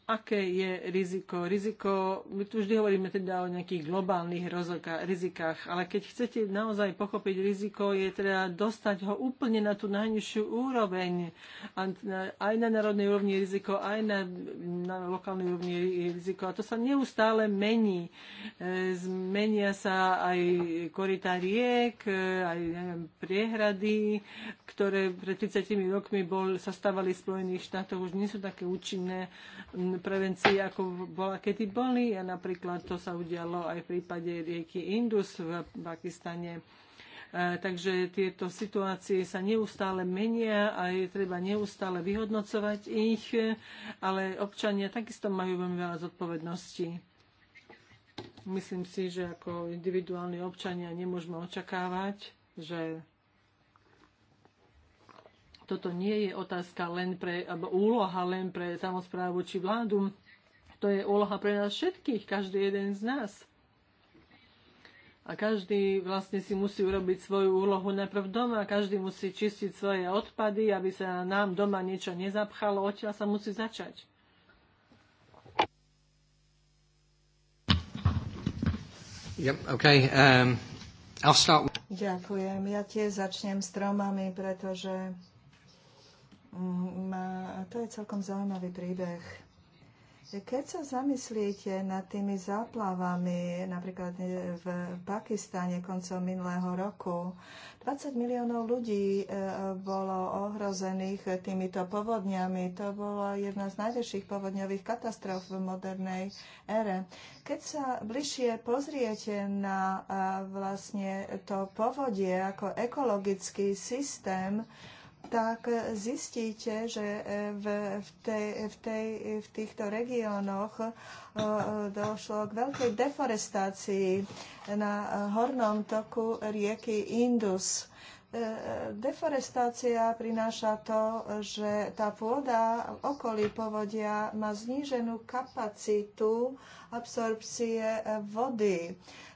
aké je riziko. Riziko, my tu vždy hovoríme teda o nejakých globálnych rizikách, ale keď chcete naozaj pochopiť riziko, je teda dostať ho úplne na tú najnižšiu úroveň. Aj na národnej úrovni je riziko, aj na, na lokálnej úrovni je riziko. A to sa neustále mení. E, zmenia sa aj korita riek, e, aj neviem, priehrady, ktoré pred 30 rokmi bol, sa stávali v Spojených štátoch, už nie sú také účinné prevencii, ako bola kedy boli. A napríklad to sa udialo aj v prípade rieky Indus v Pakistane. E, takže tieto situácie sa neustále menia a je treba neustále vyhodnocovať ich, ale občania takisto majú veľmi veľa zodpovedností. Myslím si, že ako individuálni občania nemôžeme očakávať, že toto nie je otázka len pre, alebo úloha len pre samozprávu či vládu. To je úloha pre nás všetkých, každý jeden z nás. A každý vlastne si musí urobiť svoju úlohu najprv doma, každý musí čistiť svoje odpady, aby sa nám doma niečo nezapchalo, odtiaľ sa musí začať. Yep, okay. um, I'll start... Ďakujem. Ja tiež začnem s tromami, pretože Mm, to je celkom zaujímavý príbeh. Keď sa zamyslíte nad tými záplavami, napríklad e, v Pakistane koncom minulého roku, 20 miliónov ľudí e, bolo ohrozených týmito povodňami. To bola jedna z najväčších povodňových katastrof v modernej ére. Keď sa bližšie pozriete na e, vlastne to povodie ako ekologický systém, tak zistíte, že eh, v, v, tej, v, tej, v týchto regiónoch eh, došlo k veľkej deforestácii na eh, hornom toku rieky Indus deforestácia prináša to, že tá pôda v okolí povodia má zníženú kapacitu absorpcie vody.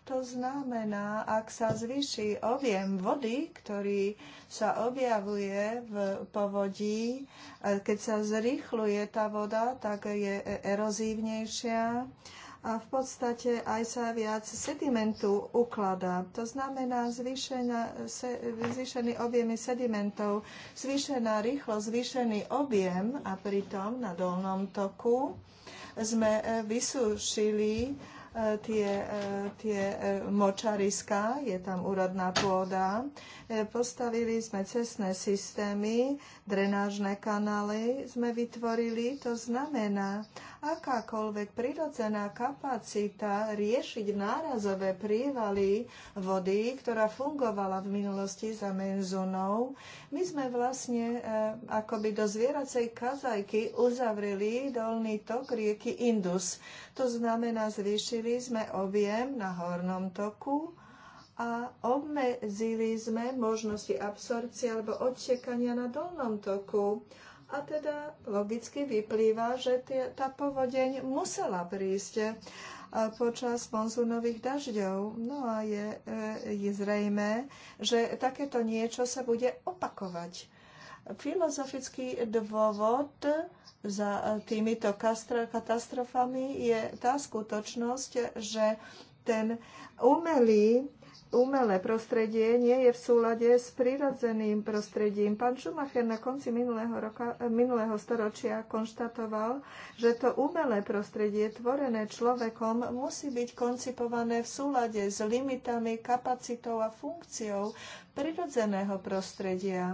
To znamená, ak sa zvýši objem vody, ktorý sa objavuje v povodí, keď sa zrýchluje tá voda, tak je e, erozívnejšia a v podstate aj sa viac sedimentu ukladá. To znamená zvýšený objem sedimentov, zvýšená rýchlosť, zvýšený objem a pritom na dolnom toku sme e, vysúšili E, tie, e, tie e, močariska, je tam úrodná pôda. Postavili sme cestné systémy, drenážne kanály sme vytvorili. To znamená, akákoľvek prirodzená kapacita riešiť nárazové prívaly vody, ktorá fungovala v minulosti za menzunou. My sme vlastne e, akoby do zvieracej kazajky uzavreli dolný tok rieky Indus. To znamená, zvýšili sme objem na hornom toku a obmedzili sme možnosti absorpcie alebo odtekania na dolnom toku. A teda logicky vyplýva, že tá povodeň musela prísť e, počas monzunových dažďov. No a je, e, je zrejme, že takéto niečo sa bude opakovať. Filozofický dôvod za e, týmito katastrofami je tá skutočnosť, že ten umelý umelé prostredie nie je v súlade s prirodzeným prostredím. Pán Schumacher na konci minulého, roka, minulého storočia konštatoval, že to umelé prostredie tvorené človekom musí byť koncipované v súlade s limitami, kapacitou a funkciou prirodzeného prostredia.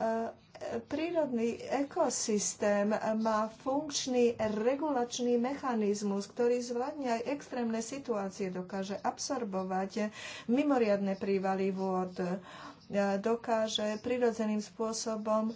E prírodný ekosystém má funkčný regulačný mechanizmus, ktorý zvládne aj extrémne situácie, dokáže absorbovať mimoriadne prívaly vôd, e, dokáže prirodzeným spôsobom e,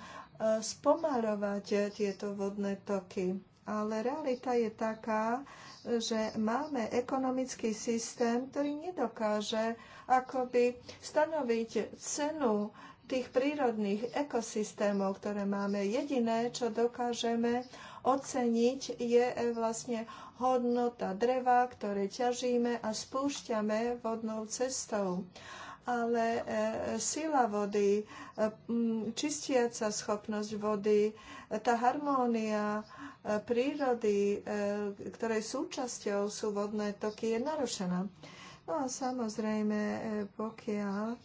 spomalovať tieto vodné toky. Ale realita je taká, že máme ekonomický systém, ktorý nedokáže akoby stanoviť cenu tých prírodných ekosystémov, ktoré máme. Jediné, čo dokážeme oceniť, je e, vlastne hodnota dreva, ktoré ťažíme a spúšťame vodnou cestou ale e, sila vody, e, čistiaca schopnosť vody, tá harmónia prírody, ktorej súčasťou sú vodné toky, je narušená. No a samozrejme, pokiaľ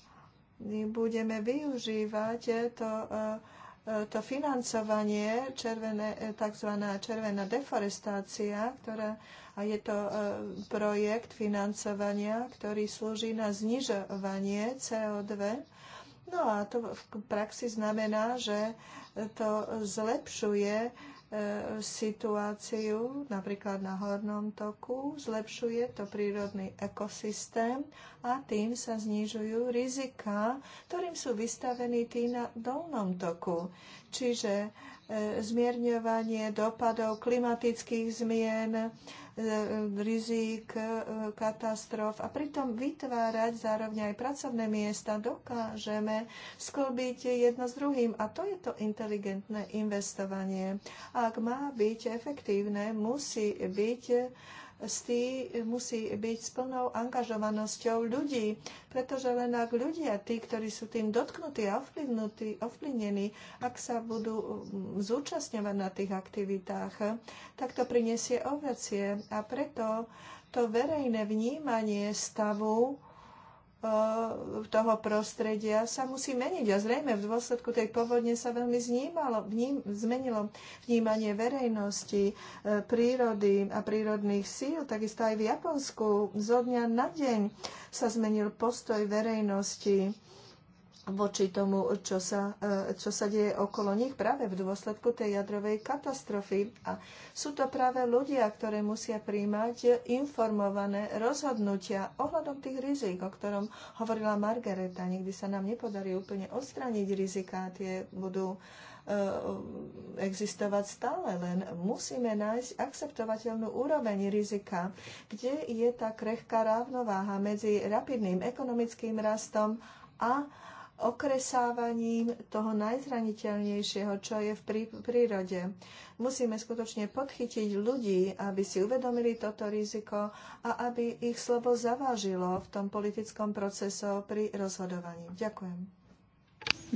budeme využívať to, e, e, to financovanie, červené, e, tzv. červená deforestácia, ktorá, a je to projekt financovania, ktorý slúži na znižovanie CO2. No a to v praxi znamená, že to zlepšuje E, situáciu napríklad na hornom toku, zlepšuje to prírodný ekosystém a tým sa znižujú rizika, ktorým sú vystavení tí na dolnom toku. Čiže e, zmierňovanie dopadov klimatických zmien, E, rizik, e, katastrof a pritom vytvárať zároveň aj pracovné miesta. Dokážeme sklbiť jedno s druhým a to je to inteligentné investovanie. Ak má byť efektívne, musí byť stý musí byť s plnou angažovanosťou ľudí, pretože len ak ľudia, tí, ktorí sú tým dotknutí a ovplyvnení, ak sa budú mm, zúčastňovať na tých aktivitách, tak to prinesie ovecie. A preto to verejné vnímanie stavu toho prostredia sa musí meniť. A zrejme v dôsledku tej povodne sa veľmi znímalo, vním, zmenilo vnímanie verejnosti, e, prírody a prírodných síl. Takisto aj v Japonsku zo dňa na deň sa zmenil postoj verejnosti voči tomu, čo sa, e, čo sa deje okolo nich práve v dôsledku tej jadrovej katastrofy. A sú to práve ľudia, ktoré musia príjmať informované rozhodnutia ohľadom tých rizik, o ktorom hovorila Margareta. Nikdy sa nám nepodarí úplne odstrániť rizika, tie budú e, existovať stále, len musíme nájsť akceptovateľnú úroveň rizika, kde je tá krehká rovnováha medzi rapidným ekonomickým rastom a okresávaním toho najzraniteľnejšieho, čo je v prírode. Musíme skutočne podchytiť ľudí, aby si uvedomili toto riziko a aby ich slovo zavážilo v tom politickom procese pri rozhodovaní. Ďakujem.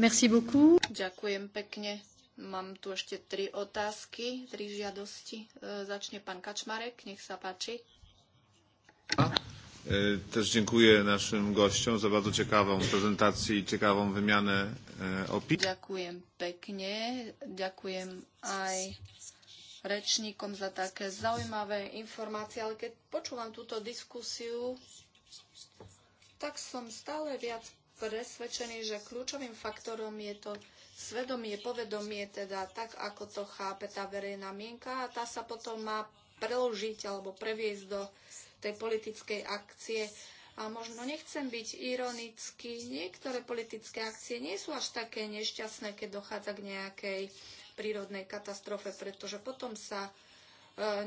Merci beaucoup. Ďakujem pekne. Mám tu ešte tri otázky, tri žiadosti. E, začne pán Kačmarek, nech sa páči. A? E, też dziękuję naszym gościom za bardzo ciekawą prezentację i ciekawą wymianę e, opinii. Ďakujem pekne, ďakujem aj rečníkom za také zaujímavé informácie, ale keď počúvam túto diskusiu, tak som stále viac presvedčený, že kľúčovým faktorom je to svedomie, povedomie, teda tak, ako to chápe tá verejná mienka a tá sa potom má preložiť alebo previesť do tej politickej akcie. A možno nechcem byť ironický, niektoré politické akcie nie sú až také nešťastné, keď dochádza k nejakej prírodnej katastrofe, pretože potom sa e,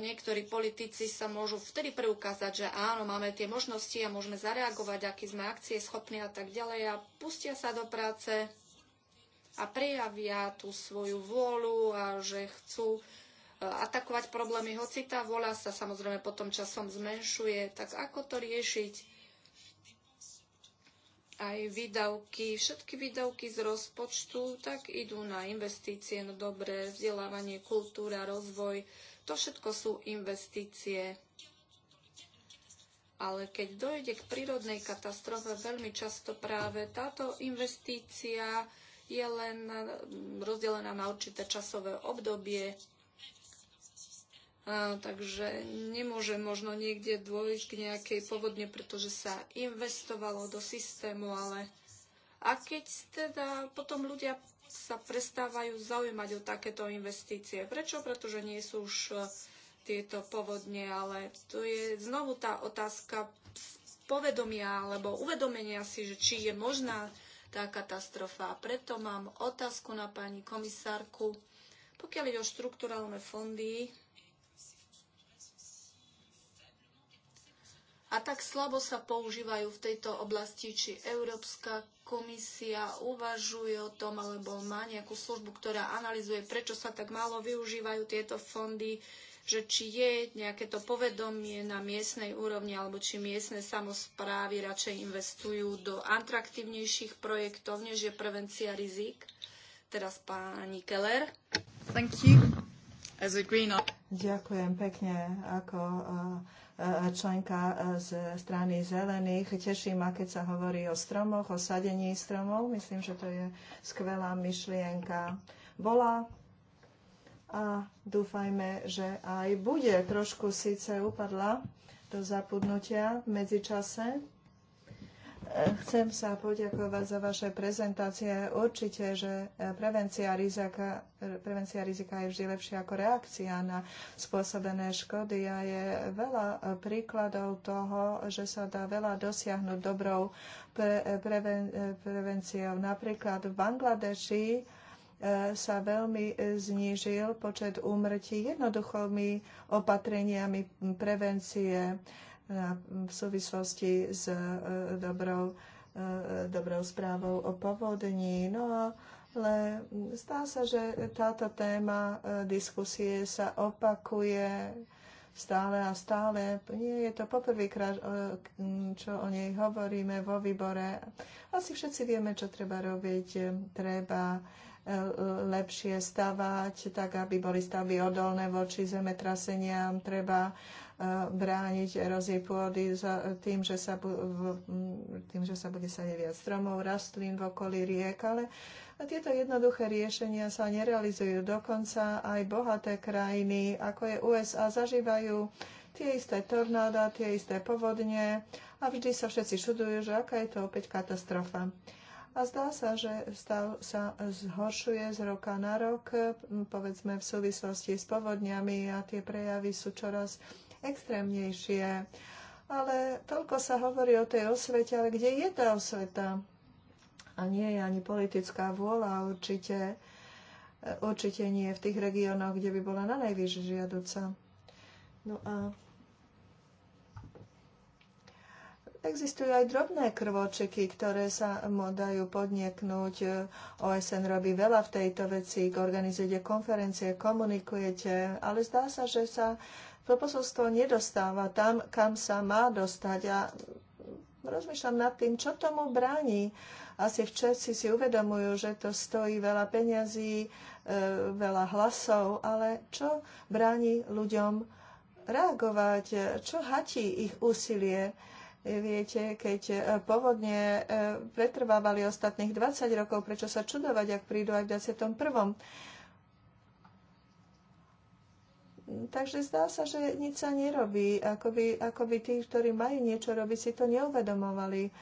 niektorí politici sa môžu vtedy preukázať, že áno, máme tie možnosti a môžeme zareagovať, aký sme akcie schopní a tak ďalej a pustia sa do práce a prejavia tú svoju vôľu a že chcú atakovať problémy, hoci tá vola sa samozrejme potom časom zmenšuje, tak ako to riešiť? Aj výdavky, všetky výdavky z rozpočtu, tak idú na investície, no dobré, vzdelávanie, kultúra, rozvoj, to všetko sú investície. Ale keď dojde k prírodnej katastrofe, veľmi často práve táto investícia je len rozdelená na určité časové obdobie a, takže nemôže možno niekde dôjsť k nejakej povodne, pretože sa investovalo do systému, ale a keď teda potom ľudia sa prestávajú zaujímať o takéto investície. Prečo? Pretože nie sú už e, tieto povodne, ale tu je znovu tá otázka povedomia alebo uvedomenia si, že či je možná tá katastrofa. A preto mám otázku na pani komisárku. Pokiaľ ide o štrukturálne fondy, a tak slabo sa používajú v tejto oblasti, či Európska komisia uvažuje o tom, alebo má nejakú službu, ktorá analizuje, prečo sa tak málo využívajú tieto fondy, že či je nejaké to povedomie na miestnej úrovni, alebo či miestne samozprávy radšej investujú do atraktívnejších projektov, než je prevencia rizik. Teraz pani Keller. Thank you. Ďakujem pekne ako e, e, členka e, z strany zelených. Teší ma, keď sa hovorí o stromoch, o sadení stromov. Myslím, že to je skvelá myšlienka. Bola a dúfajme, že aj bude. Trošku síce upadla do zapudnutia v medzičase, Chcem sa poďakovať za vaše prezentácie. Určite, že prevencia rizika, prevencia rizika je vždy lepšia ako reakcia na spôsobené škody a je veľa príkladov toho, že sa dá veľa dosiahnuť dobrou pre, preven, prevenciou. Napríklad v Bangladeši e, sa veľmi znížil počet úmrtí jednoduchými opatreniami prevencie v súvislosti s e, dobrou, e, dobrou správou o povodní. No ale zdá sa, že táto téma e, diskusie sa opakuje stále a stále. Nie je to poprvýkrát, čo o nej hovoríme vo výbore. Asi všetci vieme, čo treba robiť. Treba lepšie stavať, tak aby boli stavby odolné voči zemetraseniam. Treba brániť erózii pôdy tým, že sa, tým, že sa bude sadiť viac stromov, rastlín v okolí riek, ale tieto jednoduché riešenia sa nerealizujú. Dokonca aj bohaté krajiny, ako je USA, zažívajú tie isté tornáda, tie isté povodne a vždy sa všetci čudujú, že aká je to opäť katastrofa. A zdá sa, že stav sa zhoršuje z roka na rok, povedzme v súvislosti s povodňami a tie prejavy sú čoraz extrémnejšie. Ale toľko sa hovorí o tej osvete, ale kde je tá osveta? A nie je ani politická vôľa určite, určite nie v tých regiónoch, kde by bola na najvyššie žiaduca. No a Existujú aj drobné krvočeky, ktoré sa dajú podnieknúť. OSN robí veľa v tejto veci, organizujete konferencie, komunikujete, ale zdá sa, že sa to posolstvo nedostáva tam, kam sa má dostať. A rozmýšľam nad tým, čo tomu bráni. Asi v Česi si uvedomujú, že to stojí veľa peňazí, e, veľa hlasov, ale čo bráni ľuďom reagovať? Čo hatí ich úsilie? Viete, keď povodne e, pretrvávali ostatných 20 rokov, prečo sa čudovať, ak prídu aj v 21. Takže zdá sa, že nič sa nerobí. Ako by tí, ktorí majú niečo robiť, si to neuvedomovali.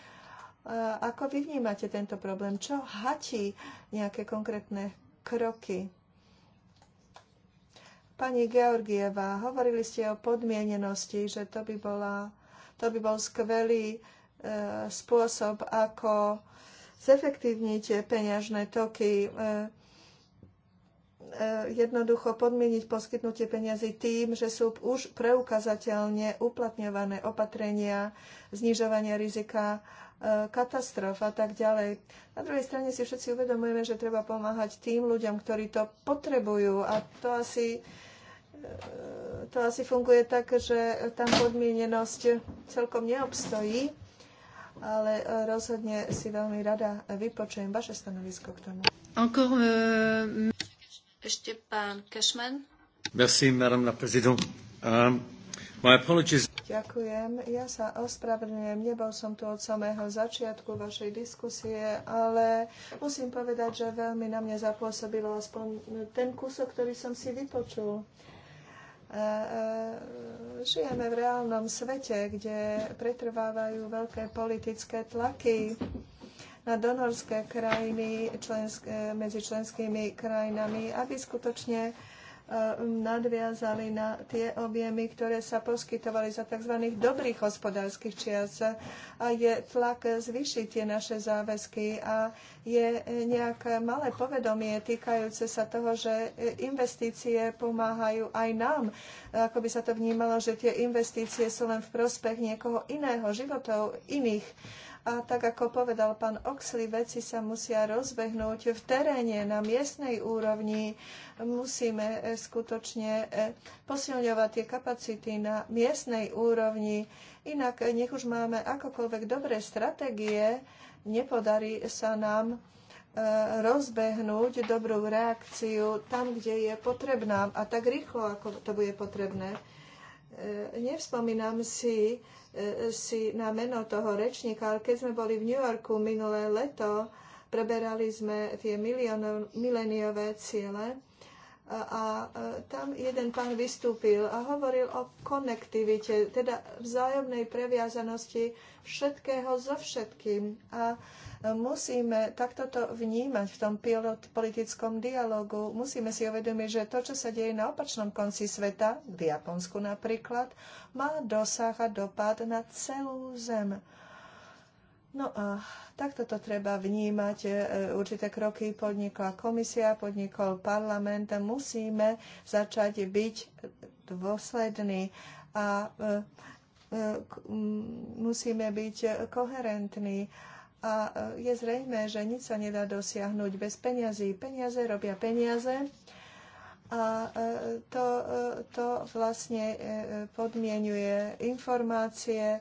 Ako vy vnímate tento problém? Čo hatí nejaké konkrétne kroky? Pani Georgieva, hovorili ste o podmienenosti, že to by, bola, to by bol skvelý e, spôsob, ako zefektívniť peňažné toky. E, E, jednoducho podmieniť poskytnutie peniazy tým, že sú už preukazateľne uplatňované opatrenia, znižovania rizika e, katastrof a tak ďalej. Na druhej strane si všetci uvedomujeme, že treba pomáhať tým ľuďom, ktorí to potrebujú a to asi, e, to asi funguje tak, že tam podmienenosť celkom neobstojí, ale rozhodne si veľmi rada vypočujem vaše stanovisko k tomu. Encore, euh... Ešte pán Cashman. Merci, madame la présidente. Um, my apologies. Ďakujem. Ja sa ospravedlňujem. Nebol som tu od samého začiatku vašej diskusie, ale musím povedať, že veľmi na mňa zapôsobilo aspoň ten kúsok, ktorý som si vypočul. E, e, žijeme v reálnom svete, kde pretrvávajú veľké politické tlaky na donorské krajiny e, medzi členskými krajinami, aby skutočne e, nadviazali na tie objemy, ktoré sa poskytovali za tzv. dobrých hospodárskych čias. A je tlak zvyšiť tie naše záväzky a je nejaké malé povedomie týkajúce sa toho, že investície pomáhajú aj nám. Ako by sa to vnímalo, že tie investície sú len v prospech niekoho iného, životov iných. A tak ako povedal pán Oxley, veci sa musia rozbehnúť v teréne, na miestnej úrovni. Musíme e, skutočne e, posilňovať tie kapacity na miestnej úrovni. Inak e, nech už máme akokoľvek dobré stratégie, nepodarí sa nám rozbehnúť dobrú reakciu tam, kde je potrebná a tak rýchlo, ako to bude potrebné. Nevspomínam si E, si na meno toho rečníka, ale keď sme boli v New Yorku minulé leto, preberali sme tie mileniové ciele a e, tam jeden pán vystúpil a hovoril o konektivite, teda vzájomnej previazanosti všetkého so všetkým. A Musíme takto to vnímať v tom pilot politickom dialogu. Musíme si uvedomiť, že to, čo sa deje na opačnom konci sveta, v Japonsku napríklad, má dosah a dopad na celú zem. No a takto to treba vnímať. E, určité kroky podnikla komisia, podnikol parlament. Musíme začať byť dôslední a e, e, musíme byť koherentní a e, je zrejme, že nič sa nedá dosiahnuť bez peňazí. Peniaze robia peniaze a e, to, e, to vlastne podmienuje informácie,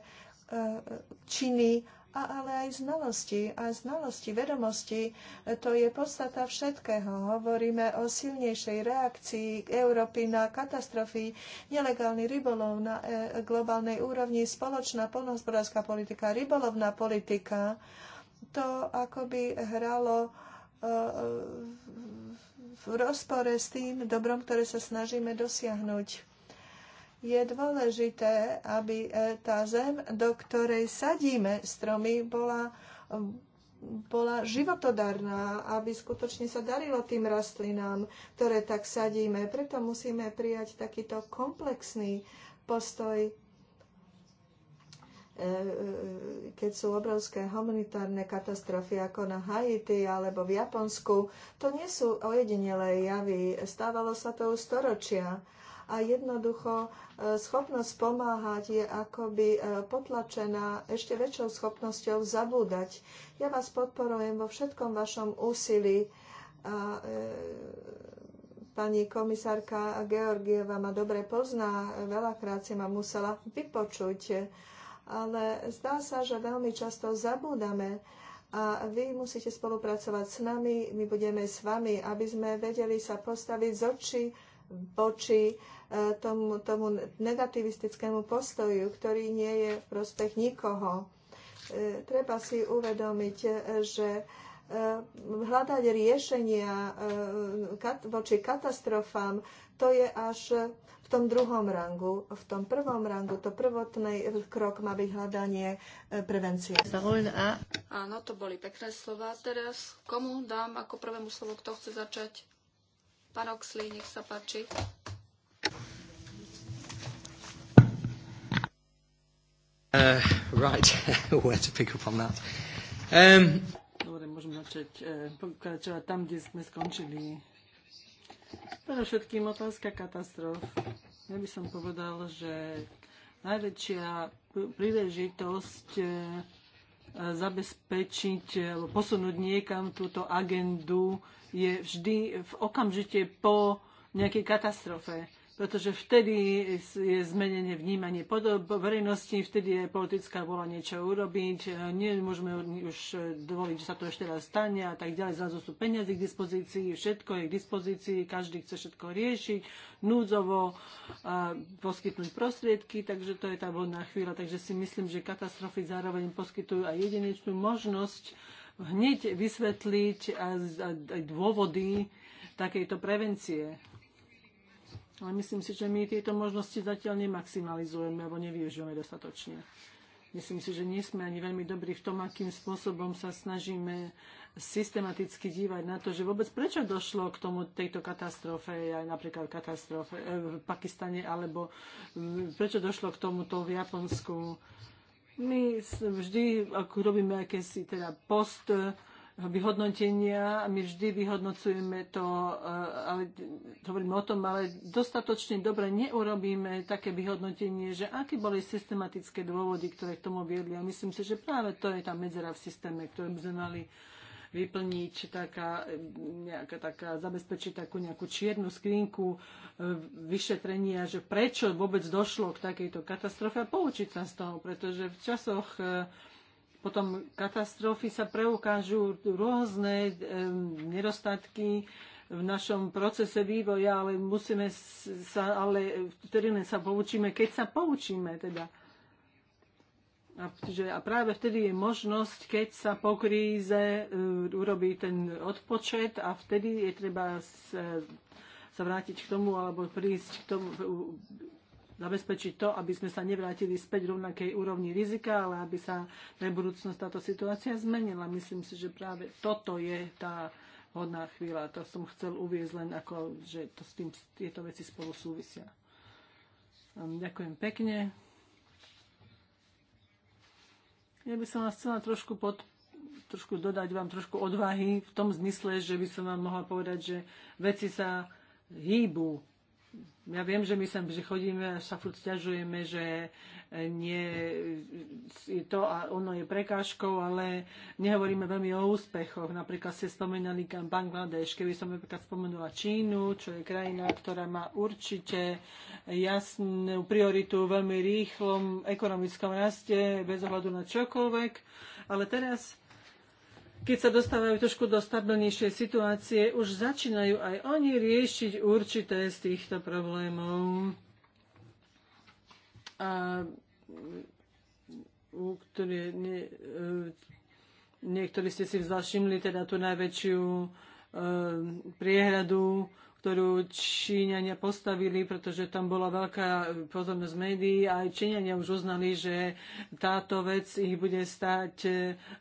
činy a ale aj znalosti a znalosti, vedomosti. To je podstata všetkého. Hovoríme o silnejšej reakcii Európy na katastrofy, nelegálny rybolov na e, globálnej úrovni, spoločná polnohospodárska politika, rybolovná politika. To akoby hralo e, e, v rozpore s tým dobrom, ktoré sa snažíme dosiahnuť je dôležité, aby e, tá zem, do ktorej sadíme stromy, bola, bola životodarná, aby skutočne sa darilo tým rastlinám, ktoré tak sadíme. Preto musíme prijať takýto komplexný postoj, e, e, keď sú obrovské humanitárne katastrofy ako na Haiti alebo v Japonsku. To nie sú ojedinelé javy. Stávalo sa to už storočia a jednoducho e, schopnosť pomáhať je akoby e, potlačená ešte väčšou schopnosťou zabúdať. Ja vás podporujem vo všetkom vašom úsilí. A, e, pani komisárka Georgieva ma dobre pozná, veľakrát si ma musela vypočuť, ale zdá sa, že veľmi často zabúdame a vy musíte spolupracovať s nami, my budeme s vami, aby sme vedeli sa postaviť z očí voči e, tomu, tomu negativistickému postoju, ktorý nie je v prospech nikoho. E, treba si uvedomiť, e, že hľadať riešenia voči katastrofám, to je až v tom druhom rangu. V tom prvom rangu, to prvotný krok má byť hľadanie prevencie. Áno, to boli pekné slova. Teraz komu dám ako prvému slovo, kto chce začať? Pán Oxley, nech sa páči. Uh, right, where to pick up on that. Um, Dobre, môžem začať eh, pokračovať tam, kde sme skončili. Pre všetkým otázka katastrof. Ja by som povedal, že najväčšia príležitosť eh, zabezpečiť, alebo posunúť niekam túto agendu eh, je vždy v okamžite po nejakej katastrofe pretože vtedy je zmenené vnímanie verejnosti, vtedy je politická vola niečo urobiť, e, nemôžeme už e, dovoliť, že sa to ešte raz stane a tak ďalej. Zrazu sú peniaze k dispozícii, všetko je k dispozícii, každý chce všetko riešiť, núdzovo a e, poskytnúť prostriedky, takže to je tá vhodná chvíľa. Takže si myslím, že katastrofy zároveň poskytujú aj jedinečnú možnosť hneď vysvetliť aj dôvody takejto prevencie. Ale myslím si, že my tieto možnosti zatiaľ nemaximalizujeme alebo nevyužívame dostatočne. Myslím si, že nie sme ani veľmi dobrí v tom, akým spôsobom sa snažíme systematicky dívať na to, že vôbec prečo došlo k tomu tejto katastrofe, aj napríklad katastrofe e, v Pakistane, alebo prečo došlo k tomuto v Japonsku my vždy, ako robíme akési teda post, eh, vyhodnotenia, my vždy vyhodnocujeme to, eh, ale hovoríme o tom, ale dostatočne dobre neurobíme také vyhodnotenie, že aké boli systematické dôvody, ktoré k tomu viedli. A myslím si, že práve to je tá medzera v systéme, ktorú by sme mali vyplniť taká, nejaká, taká, zabezpečiť takú nejakú čiernu skrinku e, vyšetrenia, že prečo vôbec došlo k takejto katastrofe a poučiť sa z toho, pretože v časoch e, potom katastrofy sa preukážu rôzne e, nedostatky, v našom procese vývoja, ale musíme sa, ale vtedy len sa poučíme, keď sa poučíme teda. A, že, a práve vtedy je možnosť, keď sa po kríze uh, urobí ten odpočet a vtedy je treba sa, sa vrátiť k tomu alebo prísť k tomu, uh, zabezpečiť to, aby sme sa nevrátili späť rovnakej úrovni rizika, ale aby sa pre budúcnosť táto situácia zmenila. Myslím si, že práve toto je tá hodná chvíľa. To som chcel uviezť len ako, že to s tým tieto veci spolu súvisia. Ďakujem pekne. Ja by som vás chcela trošku, pod, trošku dodať vám trošku odvahy v tom zmysle, že by som vám mohla povedať, že veci sa hýbu ja viem, že my sem že chodíme, sa furt stiažujeme, že e, nie je to a ono je prekážkou, ale nehovoríme veľmi o úspechoch. Napríklad ste spomínali Bangladeš, keby som napríklad spomenula Čínu, čo je krajina, ktorá má určite jasnú prioritu v veľmi rýchlom ekonomickom raste, bez ohľadu na čokoľvek. Ale teraz keď sa dostávajú trošku do stabilnejšej situácie, už začínajú aj oni riešiť určité z týchto problémov, a, ktoré nie, e, niektorí ste si vzal všimli, teda tú najväčšiu e, priehradu ktorú Číňania postavili, pretože tam bola veľká pozornosť médií a aj Číňania už uznali, že táto vec ich bude stať e,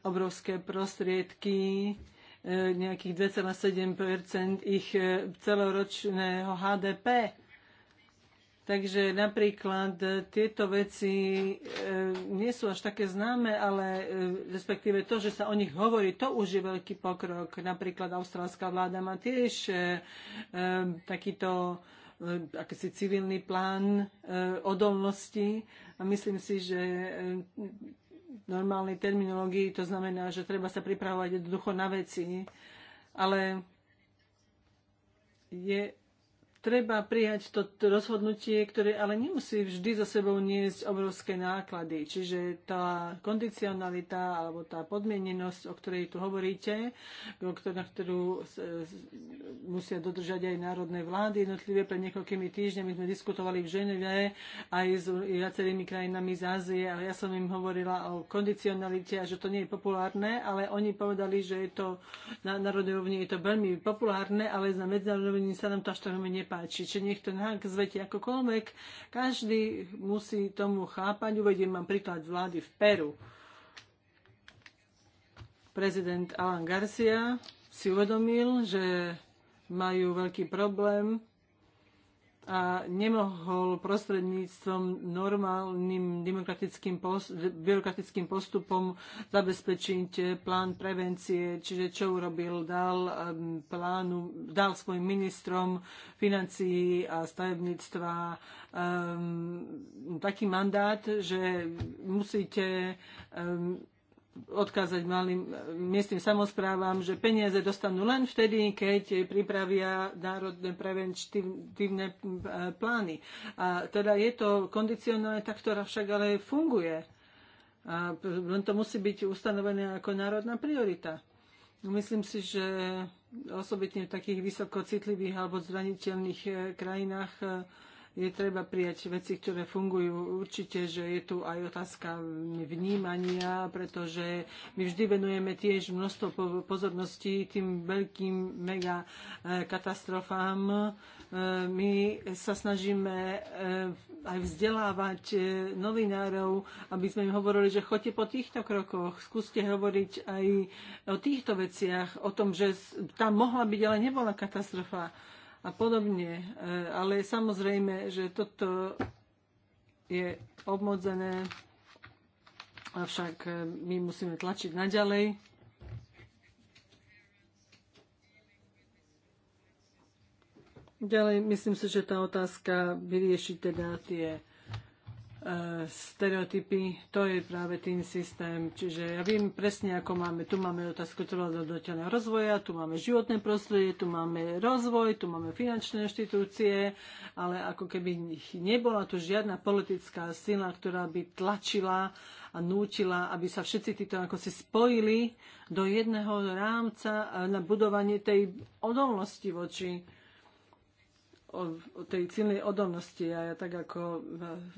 obrovské prostriedky e, nejakých 2,7 ich e, celoročného HDP. Takže napríklad e, tieto veci e, nie sú až také známe, ale e, respektíve to, že sa o nich hovorí, to už je veľký pokrok. Napríklad austrálska vláda má tiež e, e takýto e, akýsi civilný plán odolnosti a myslím si, že v normálnej terminológii to znamená, že treba sa pripravovať jednoducho na veci, ale je treba prijať to rozhodnutie, ktoré ale nemusí vždy za sebou niesť obrovské náklady. Čiže tá kondicionalita alebo tá podmienenosť, o ktorej tu hovoríte, na ktorú musia dodržať aj národné vlády jednotlivé. Pred niekoľkými týždňami sme diskutovali v Ženeve aj s viacerými krajinami z Ázie a ja som im hovorila o kondicionalite a že to nie je populárne, ale oni povedali, že je to na národnej rovni je to veľmi populárne, ale na medzinárodnej rovni sa nám to až tak nepáči, či nech to hák zvete akokoľvek. Každý musí tomu chápať. Uvediem vám príklad vlády v Peru. Prezident Alan Garcia si uvedomil, že majú veľký problém a nemohol prostredníctvom normálnym demokratickým post, byrokratickým postupom zabezpečiť eh, plán prevencie. Čiže čo urobil? Dal, ehm, plánu, dal svojim ministrom financií a stavebníctva um, taký mandát, že musíte um, odkázať malým miestnym samozprávam, že peniaze dostanú len vtedy, keď pripravia národné preventívne e, plány. A teda je to kondicionálne tak, ktorá však ale funguje. A len to musí byť ustanovené ako národná priorita. Myslím si, že osobitne v takých vysokocitlivých alebo zraniteľných e, krajinách e, je treba prijať veci, ktoré fungujú. Určite, že je tu aj otázka vnímania, pretože my vždy venujeme tiež množstvo pozorností tým veľkým mega e, katastrofám. E, my sa snažíme e, aj vzdelávať novinárov, aby sme im hovorili, že choďte po týchto krokoch, skúste hovoriť aj o týchto veciach, o tom, že tam mohla byť, ale nebola katastrofa a podobne. E, ale samozrejme, že toto je obmodzené, avšak e, my musíme tlačiť naďalej. Ďalej, myslím si, že tá otázka vyriešiť teda tie E, stereotypy, to je práve tým systém. Čiže ja viem presne, ako máme. Tu máme otázku trvalodržateľného rozvoja, tu máme životné prostredie, tu máme rozvoj, tu máme finančné inštitúcie, ale ako keby nebola tu žiadna politická sila, ktorá by tlačila a nútila, aby sa všetci títo ako si spojili do jedného rámca e, na budovanie tej odolnosti voči o, o tej silnej odolnosti. A ja tak ako e,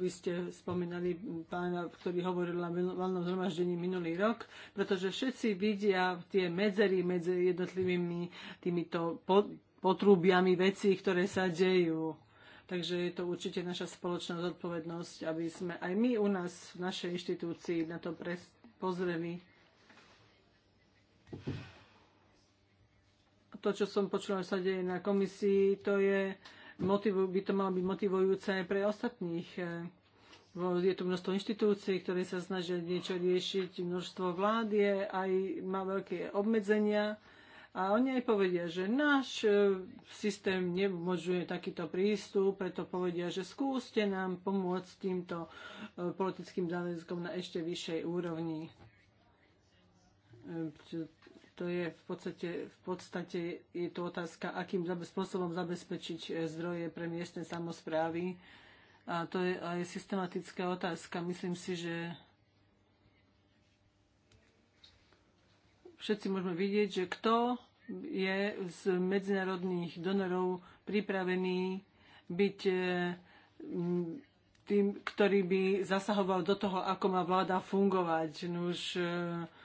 vy ste spomínali pána, ktorý hovoril na valnom zhromaždení minulý rok, pretože všetci vidia tie medzery medzi jednotlivými týmito potrubiami vecí, ktoré sa dejú. Takže je to určite naša spoločná zodpovednosť, aby sme aj my u nás v našej inštitúcii na to pozreli. To, čo som počula, sa deje na komisii, to je motivu, by to malo byť motivujúce aj pre ostatných. E, je tu množstvo inštitúcií, ktoré sa snažia niečo riešiť, množstvo vlád je, aj má veľké obmedzenia. A oni aj povedia, že náš e, systém nemožuje takýto prístup, preto povedia, že skúste nám pomôcť týmto e, politickým záväzkom na ešte vyššej úrovni to je v podstate, v podstate je to otázka, akým spôsobom zabezpečiť eh, zdroje pre miestne samozprávy. A to je aj systematická otázka. Myslím si, že všetci môžeme vidieť, že kto je z medzinárodných donorov pripravený byť eh, tým, ktorý by zasahoval do toho, ako má vláda fungovať. No už, eh,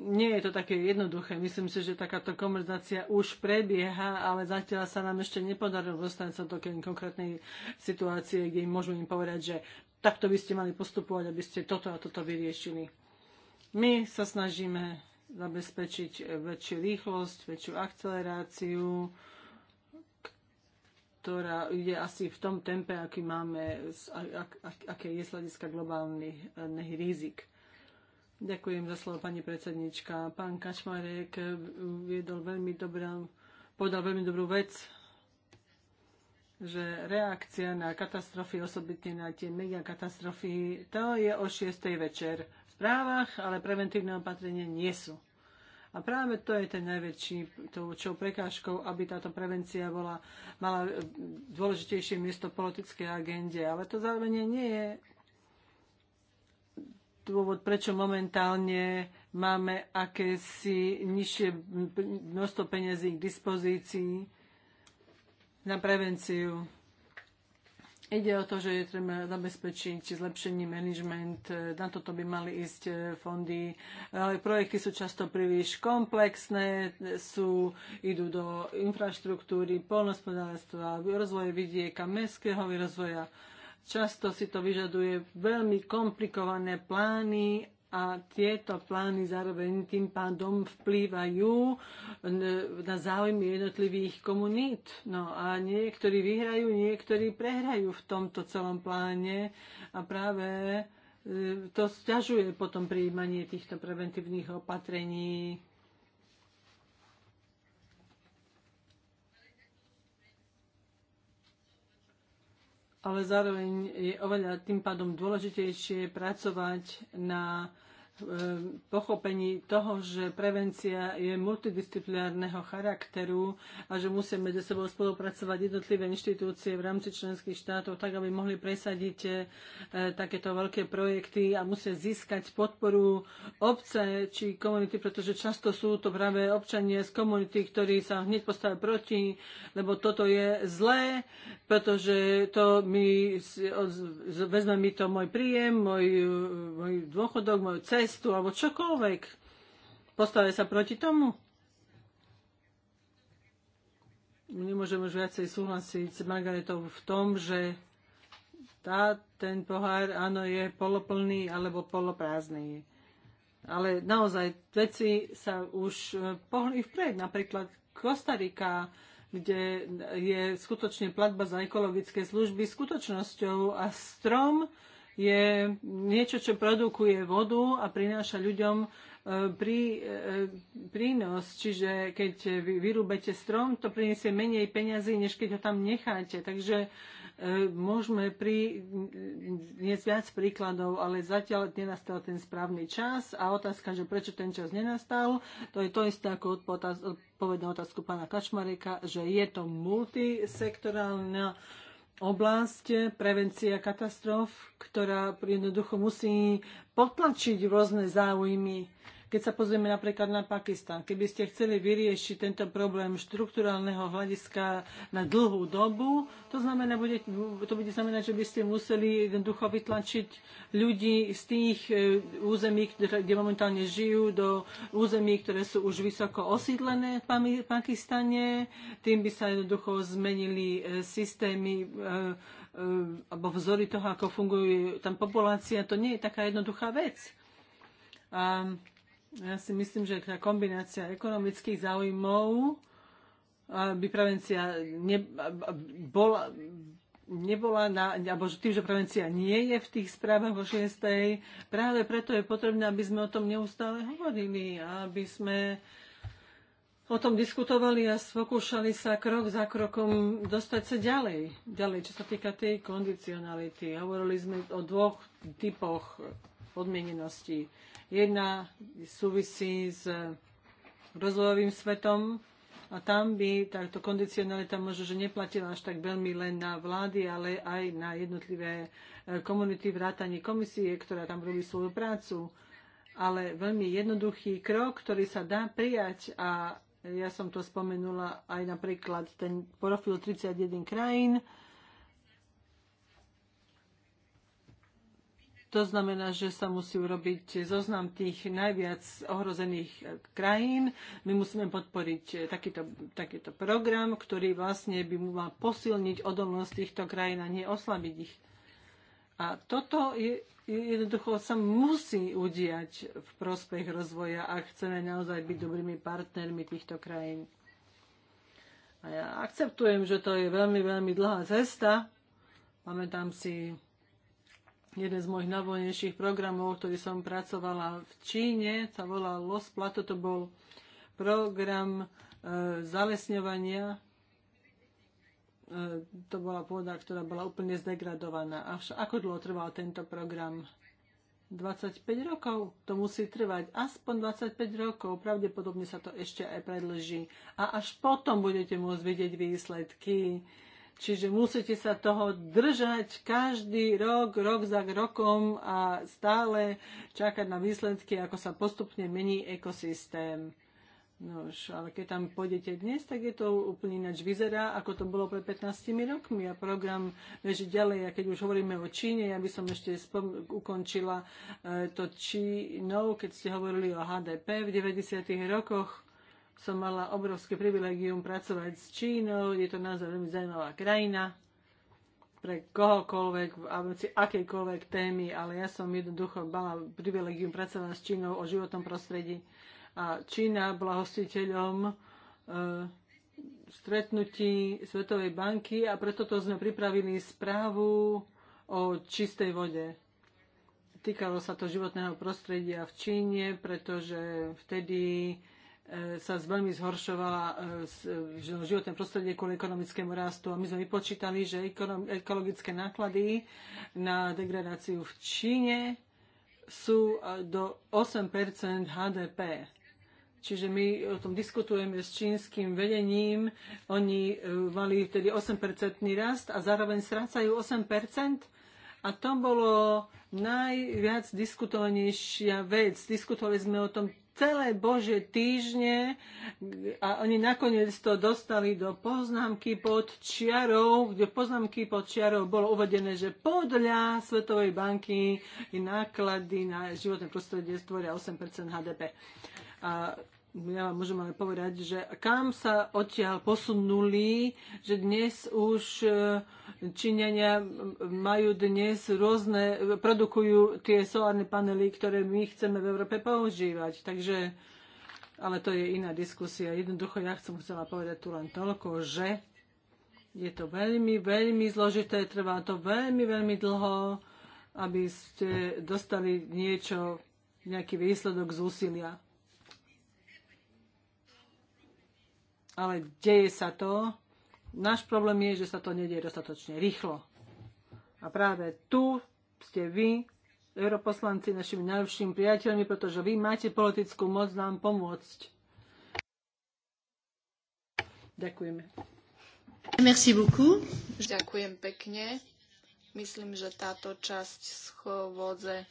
nie je to také jednoduché. Myslím si, že takáto konverzácia už prebieha, ale zatiaľ sa nám ešte nepodarilo dostať sa do konkrétnej situácie, kde im môžu im povedať, že takto by ste mali postupovať, aby ste toto a toto vyriešili. My sa snažíme zabezpečiť väčšiu rýchlosť, väčšiu akceleráciu, ktorá ide asi v tom tempe, aký máme, aké je z hľadiska globálnych rizik. Ďakujem za slovo, pani predsednička. Pán Kašmarek viedol veľmi dobrá, povedal veľmi dobrú vec, že reakcia na katastrofy, osobitne na tie megakatastrofy, to je o 6. večer v správach, ale preventívne opatrenia nie sú. A práve to je ten najväčší tou čo prekážkou, aby táto prevencia bola, mala dôležitejšie miesto v politickej agende. Ale to zároveň nie je dôvod, prečo momentálne máme akési nižšie množstvo peniazí k dispozícii na prevenciu. Ide o to, že je treba zabezpečiť zlepšený manažment, na toto by mali ísť e, fondy, ale projekty sú často príliš komplexné, sú, idú do infraštruktúry, polnospodárstva, rozvoje vidieka, mestského rozvoja, Často si to vyžaduje veľmi komplikované plány a tieto plány zároveň tým pádom vplývajú na záujmy jednotlivých komunít. No a niektorí vyhrajú, niektorí prehrajú v tomto celom pláne a práve e, to sťažuje potom prijímanie týchto preventívnych opatrení. ale zároveň je oveľa tým pádom dôležitejšie pracovať na pochopení toho, že prevencia je multidisciplinárneho charakteru a že musíme medzi sebou spolupracovať jednotlivé inštitúcie v rámci členských štátov, tak aby mohli presadiť e, takéto veľké projekty a musia získať podporu obce či komunity, pretože často sú to práve občania z komunity, ktorí sa hneď postavia proti, lebo toto je zlé, pretože to mi, vezme mi to môj príjem, môj, môj dôchodok, môj cest, cestu alebo čokoľvek. Postavia sa proti tomu. Nemôžeme už viacej súhlasiť s Margaretou v tom, že tá, ten pohár, áno, je poloplný alebo poloprázdny. Ale naozaj veci sa už e, pohli vpred. Napríklad Kostarika, kde je skutočne platba za ekologické služby skutočnosťou a strom, je niečo, čo produkuje vodu a prináša ľuďom e, prí, e, prínos. Čiže keď vy vyrúbete strom, to priniesie menej peňazí, než keď ho tam necháte. Takže e, môžeme pri, dnes viac príkladov, ale zatiaľ nenastal ten správny čas a otázka, že prečo ten čas nenastal, to je to isté ako odpoveď na otázku pána Kačmareka, že je to multisektorálna oblasť prevencia katastrof, ktorá jednoducho musí potlačiť rôzne záujmy keď sa pozrieme napríklad na Pakistan, keby ste chceli vyriešiť tento problém štruktúrálneho hľadiska na dlhú dobu, to, znamená, bude, to bude znamenať, že by ste museli jednoducho vytlačiť ľudí z tých e, území, kde momentálne žijú, do území, ktoré sú už vysoko osídlené v Pakistane. Tým by sa jednoducho zmenili e, systémy e, alebo vzory toho, ako funguje tam populácia, to nie je taká jednoduchá vec. A ja si myslím, že tá kombinácia ekonomických záujmov, aby prevencia ne, bola, nebola, na, alebo tým, že prevencia nie je v tých správach o 6. Práve preto je potrebné, aby sme o tom neustále hovorili, aby sme o tom diskutovali a spokúšali sa krok za krokom dostať sa ďalej. Ďalej, čo sa týka tej kondicionality. Hovorili sme o dvoch typoch podmienenosti Jedna súvisí s eh, rozvojovým svetom a tam by táto kondicionalita možno, že neplatila až tak veľmi len na vlády, ale aj na jednotlivé eh, komunity vrátanie komisie, ktorá tam robí svoju prácu. Ale veľmi jednoduchý krok, ktorý sa dá prijať a ja som to spomenula aj napríklad ten profil 31 krajín, To znamená, že sa musí urobiť zoznam tých najviac ohrozených krajín. My musíme podporiť eh, takýto, takýto program, ktorý vlastne by mal posilniť odolnosť týchto krajín a neoslabiť oslabiť ich. A toto je, jednoducho sa musí udiať v prospech rozvoja, ak chceme naozaj byť dobrými partnermi týchto krajín. A ja akceptujem, že to je veľmi, veľmi dlhá cesta. Pamätám si jeden z mojich najvoľnejších programov, ktorý som pracovala v Číne, sa volal Los Plato, to bol program e, zalesňovania. E, to bola pôda, ktorá bola úplne zdegradovaná. A ako dlho trval tento program? 25 rokov. To musí trvať aspoň 25 rokov. Pravdepodobne sa to ešte aj predlží. A až potom budete môcť vidieť výsledky. E, Čiže musíte sa toho držať každý rok, rok za rokom a stále čakať na výsledky, ako sa postupne mení ekosystém. Nož, ale keď tam pôjdete dnes, tak je to úplne ináč vyzerá, ako to bolo pred 15 rokmi a program beží ďalej. A keď už hovoríme o Číne, ja by som ešte spom- ukončila e, to Čínou, keď ste hovorili o HDP v 90. rokoch som mala obrovské privilegium pracovať s Čínou. Je to naozaj veľmi zaujímavá krajina pre kohokoľvek v rámci akejkoľvek témy, ale ja som jednoducho mala privilegium pracovať s Čínou o životnom prostredí. A Čína bola hostiteľom e, stretnutí Svetovej banky a preto to sme pripravili správu o čistej vode. Týkalo sa to životného prostredia v Číne, pretože vtedy E, sa veľmi zhoršovala e, e, životné prostredie kvôli ekonomickému rastu. A my sme vypočítali, že ekologické náklady na degradáciu v Číne sú do 8 HDP. Čiže my o tom diskutujeme s čínskym vedením. Oni mali vtedy 8 rast a zároveň strácajú 8 a to bolo najviac diskutovanejšia vec. Diskutovali sme o tom celé Bože týždne a oni nakoniec to dostali do poznámky pod čiarou, kde poznámky pod čiarou bolo uvedené, že podľa Svetovej banky náklady na životné prostredie stvoria 8% HDP. A ja vám môžem ale povedať, že kam sa odtiaľ posunuli, že dnes už e, Číňania majú dnes rôzne, produkujú tie solárne panely, ktoré my chceme v Európe používať. Takže, ale to je iná diskusia. Jednoducho ja som chcela povedať tu len toľko, že je to veľmi, veľmi zložité, trvá to veľmi, veľmi dlho, aby ste dostali niečo, nejaký výsledok z úsilia. ale deje sa to. Náš problém je, že sa to nedieje dostatočne rýchlo. A práve tu ste vy, europoslanci, našimi najlepšími priateľmi, pretože vy máte politickú moc nám pomôcť. Ďakujeme. Merci beaucoup. Ďakujem pekne. Myslím, že táto časť schôdze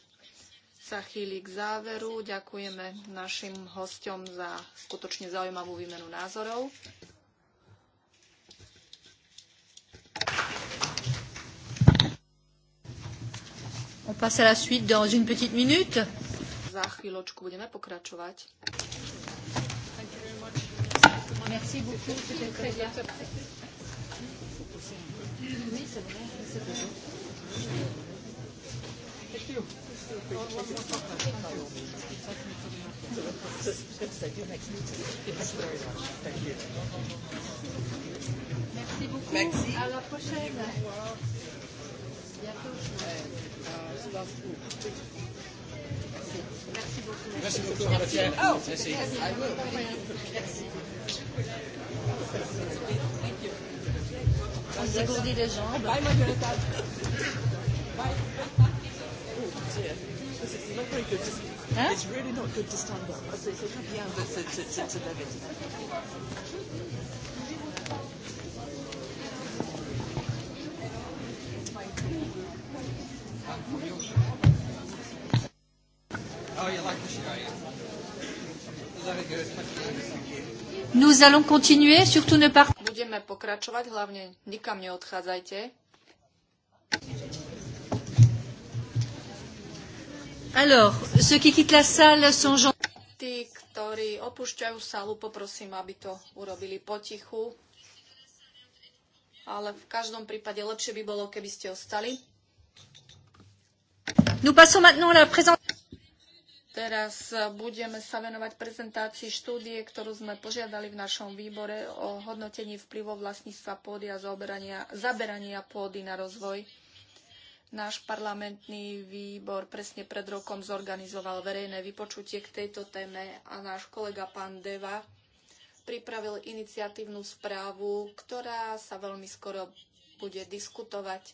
sa chýli k záveru. Ďakujeme našim hostom za skutočne zaujímavú výmenu názorov. On passe à la suite dans une petite minute. Za chvíľočku budeme pokračovať. Merci beaucoup, c'était très bien. Oui, c'est vrai, c'est toujours. Thank you. Merci beaucoup. Merci. À la prochaine. Bientôt. Merci beaucoup. Merci beaucoup. Merci. Oh, merci. Merci. will. Merci. Thank you. On Merci. gourdi Merci. jambes. Merci. Margarita. not very good. To, stand huh? It's really not good to stand up. It's, it's a happy hour to, to, to, to live it. Nous allons continuer, surtout ne pas... Budeme pokračovať, hlavne nikam neodchádzajte. Alors, ceux qui quittent la salle sont Tí, ktorí opúšťajú salu, poprosím, aby to urobili potichu. Ale v každom prípade lepšie by bolo, keby ste ostali. Nous passons maintenant la Teraz eh, budeme sa venovať prezentácii štúdie, ktorú sme požiadali v našom výbore o hodnotení vplyvov vlastníctva pôdy a zaberania pôdy na rozvoj. Náš parlamentný výbor presne pred rokom zorganizoval verejné vypočutie k tejto téme a náš kolega pán Deva pripravil iniciatívnu správu, ktorá sa veľmi skoro bude diskutovať. E,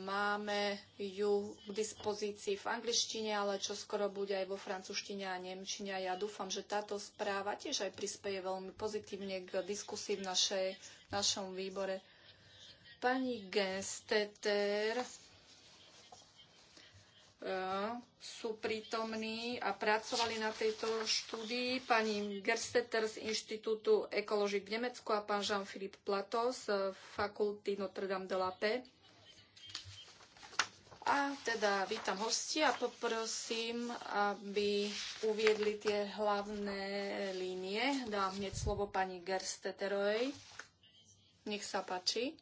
máme ju k dispozícii v angličtine, ale čo skoro bude aj vo francúzštine a nemčine. Ja dúfam, že táto správa tiež aj prispieje veľmi pozitívne k diskusii v našej, našom výbore. Pani Gensteter e, sú prítomní a pracovali na tejto štúdii. Pani Gersteter z Inštitútu ekoloží v Nemecku a pán Jean-Philippe Plato z fakulty Notre Dame de la Paix. A teda vítam hosti a poprosím, aby uviedli tie hlavné línie. Dám hneď slovo pani Gersteterovej. Nech sa páči.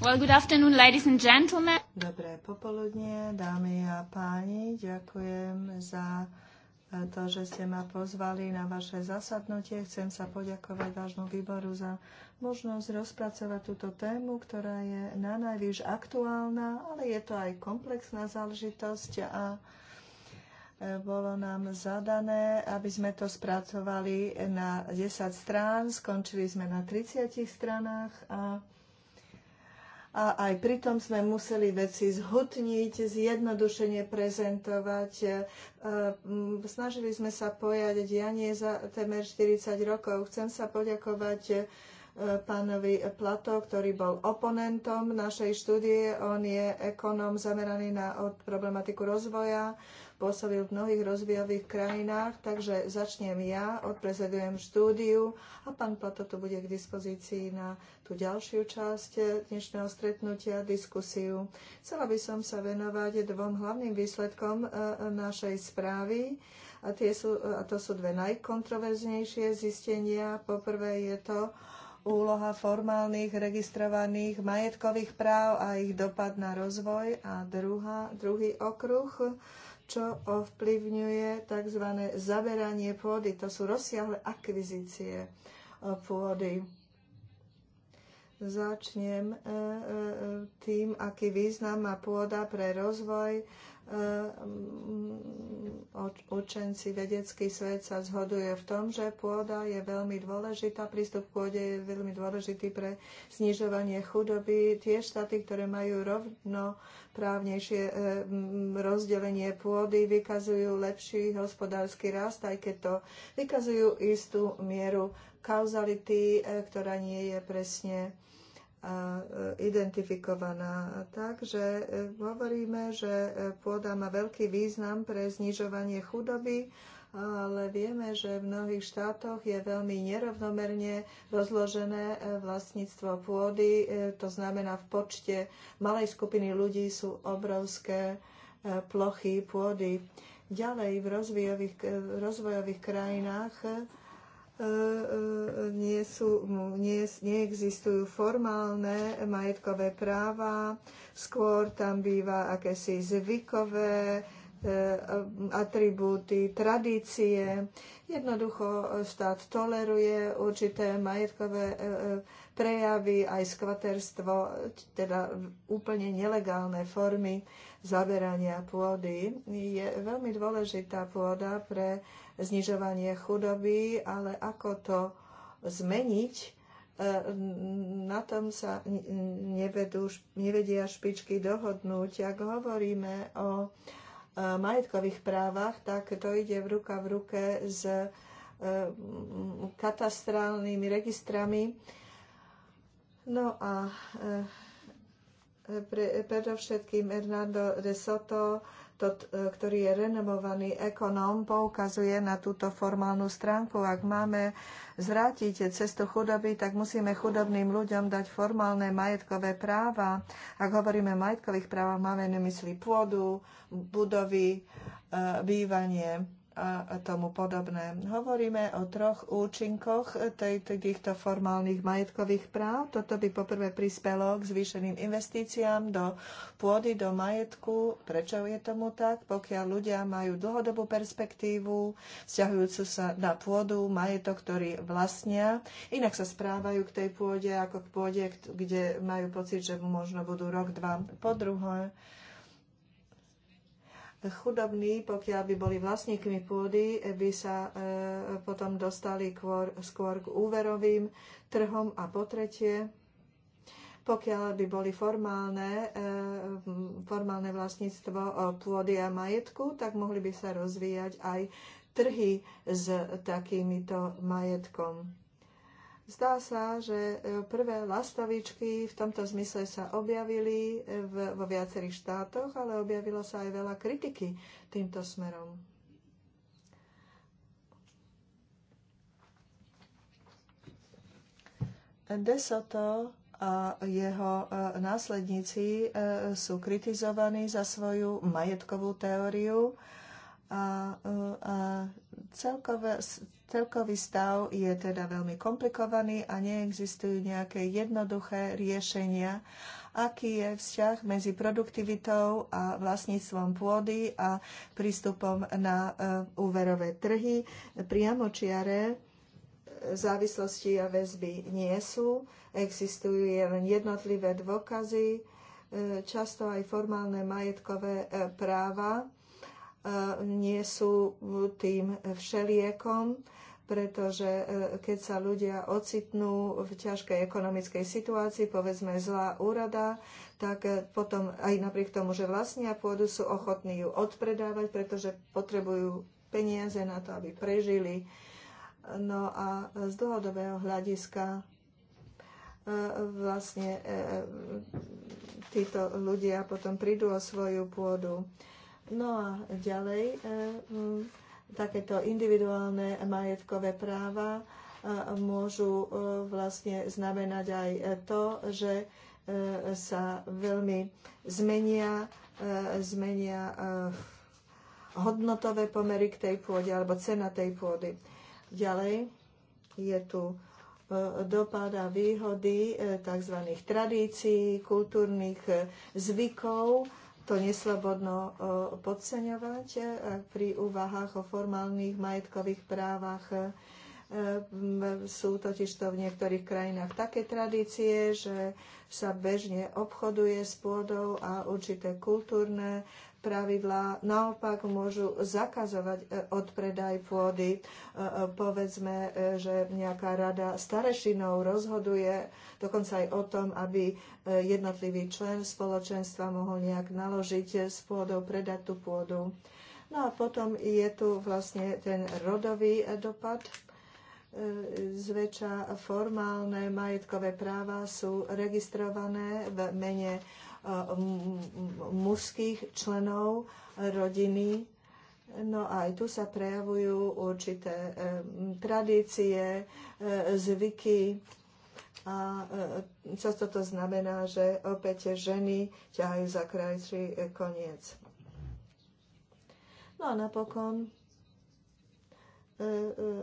Well, good afternoon, ladies and gentlemen. Dobré popoludne, dámy a páni. Ďakujem za to, že ste ma pozvali na vaše zasadnutie. Chcem sa poďakovať vášmu výboru za možnosť rozpracovať túto tému, ktorá je na najvyš aktuálna, ale je to aj komplexná záležitosť a bolo nám zadané, aby sme to spracovali na 10 strán, skončili sme na 30 stranách a a aj pritom sme museli veci zhutniť, zjednodušene prezentovať. E, snažili sme sa pojať dianie za temer 40 rokov. Chcem sa poďakovať e, pánovi Plato, ktorý bol oponentom našej štúdie. On je ekonóm zameraný na problematiku rozvoja pôsobil v mnohých rozvojových krajinách, takže začnem ja, odprezentujem štúdiu a pán Plato tu bude k dispozícii na tú ďalšiu časť dnešného stretnutia, diskusiu. Chcela by som sa venovať dvom hlavným výsledkom e, našej správy a, tie sú, a to sú dve najkontroverznejšie zistenia. Poprvé je to úloha formálnych registrovaných majetkových práv a ich dopad na rozvoj a druhá, druhý okruh čo ovplyvňuje tzv. zaberanie pôdy. To sú rozsiahle akvizície e, pôdy. Začnem e, e, tým, aký význam má pôda pre rozvoj Ehm, učenci, vedecký svet sa zhoduje v tom, že pôda je veľmi dôležitá, prístup k pôde je veľmi dôležitý pre znižovanie chudoby. Tie štáty, ktoré majú rovnoprávnejšie ehm, rozdelenie pôdy, vykazujú lepší hospodársky rast, aj keď to vykazujú istú mieru kauzality, e, ktorá nie je presne a e, identifikovaná. Takže e, hovoríme, že e, pôda má veľký význam pre znižovanie chudoby, ale vieme, že v mnohých štátoch je veľmi nerovnomerne rozložené vlastníctvo pôdy. To znamená, v počte malej skupiny ľudí sú obrovské plochy pôdy. Ďalej v rozvojových, v rozvojových krajinách E, e, nie, sú, nie, neexistujú formálne majetkové práva, skôr tam býva akési zvykové Eh, atribúty, tradície. Jednoducho štát toleruje určité majetkové eh, eh, prejavy, aj skvaterstvo, teda úplne nelegálne formy zaberania pôdy. Je veľmi dôležitá pôda pre znižovanie chudoby, ale ako to zmeniť, na tom sa nevedú, nevedia špičky dohodnúť. Ak hovoríme o E, majetkových právach, tak to ide v ruka v ruke s e, katastrálnymi registrami. No a e, pre, predovšetkým Hernando de Soto E, ktorý je renovovaný ekonóm, poukazuje na túto formálnu stránku. Ak máme zrátiť cestu chudoby, tak musíme chudobným ľuďom dať formálne majetkové práva. Ak hovoríme o majetkových právach, máme na mysli pôdu, budovy, e, bývanie a tomu podobné. Hovoríme o troch účinkoch týchto formálnych majetkových práv. Toto by poprvé prispelo k zvýšeným investíciám do pôdy, do majetku. Prečo je tomu tak? Pokiaľ ľudia majú dlhodobú perspektívu, vzťahujúcu sa na pôdu, majetok, ktorý vlastnia, inak sa správajú k tej pôde ako k pôde, kde majú pocit, že možno budú rok, dva po druhé chudobní, pokiaľ by boli vlastníkmi pôdy, by sa e, potom dostali skôr, skôr k úverovým trhom a potretie, pokiaľ by boli formálne, e, formálne vlastníctvo e, pôdy a majetku, tak mohli by sa rozvíjať aj trhy s takýmito majetkom. Zdá sa, že e, prvé lastovičky v tomto zmysle sa objavili e, v, vo viacerých štátoch, ale objavilo sa aj veľa kritiky týmto smerom. Soto a jeho e, následníci sú kritizovaní za svoju majetkovú teóriu a, a Celkové, celkový stav je teda veľmi komplikovaný a neexistujú nejaké jednoduché riešenia, aký je vzťah medzi produktivitou a vlastníctvom pôdy a prístupom na eh, úverové trhy. Priamočiare eh, závislosti a väzby nie sú, existujú len jednotlivé dôkazy, eh, často aj formálne majetkové práva nie sú tým všeliekom, pretože e, keď sa ľudia ocitnú v ťažkej ekonomickej situácii, povedzme zlá úrada, tak e, potom aj napriek tomu, že vlastnia pôdu, sú ochotní ju odpredávať, pretože potrebujú peniaze na to, aby prežili. No a z dlhodobého hľadiska e, vlastne títo ľudia potom prídu o svoju pôdu. No a ďalej e, takéto individuálne majetkové práva e, môžu e, vlastne znamenať aj to, že sa veľmi zmenia, zmenia hodnotové pomery k tej pôde alebo cena tej pôdy. Ďalej je tu dopad a výhody tzv. tradícií, kultúrnych zvykov, to neslobodno e, podceňovať e, pri úvahách o formálnych majetkových právach. E, sú totiž to v niektorých krajinách také tradície, že sa bežne obchoduje s pôdou a určité kultúrne pravidlá naopak môžu zakazovať e, odpredaj pôdy. E, e, povedzme, že nejaká rada starešinov rozhoduje dokonca aj o tom, aby jednotlivý člen spoločenstva mohol nejak naložiť s pôdou, predať tú pôdu. No a potom je tu vlastne ten rodový dopad. Zväčša formálne majetkové práva sú registrované v mene Eh, mužských členov rodiny. No a aj tu sa prejavujú určité eh, tradície, eh, zvyky, a často to znamená, že opäť ženy ťahajú za krajší koniec. No a napokon,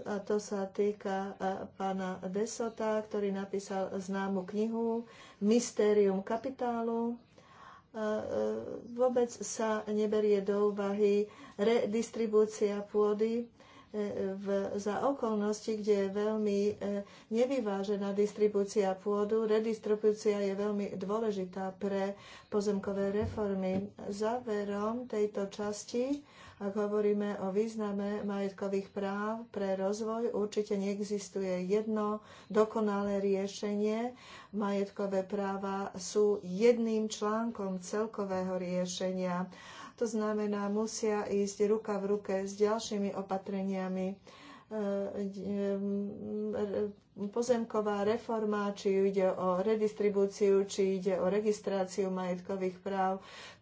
a to sa týka pána Desota, ktorý napísal známu knihu Mysterium kapitálu. E, vôbec sa neberie do úvahy redistribúcia pôdy e, v, za okolnosti, kde je veľmi e, nevyvážená distribúcia pôdu. Redistribúcia je veľmi dôležitá pre pozemkové reformy. Záverom tejto časti ak hovoríme o význame majetkových práv pre rozvoj, určite neexistuje jedno dokonalé riešenie. Majetkové práva sú jedným článkom celkového riešenia. To znamená, musia ísť ruka v ruke s ďalšími opatreniami e, e, pozemková reforma, či ide o redistribúciu, či ide o registráciu majetkových práv.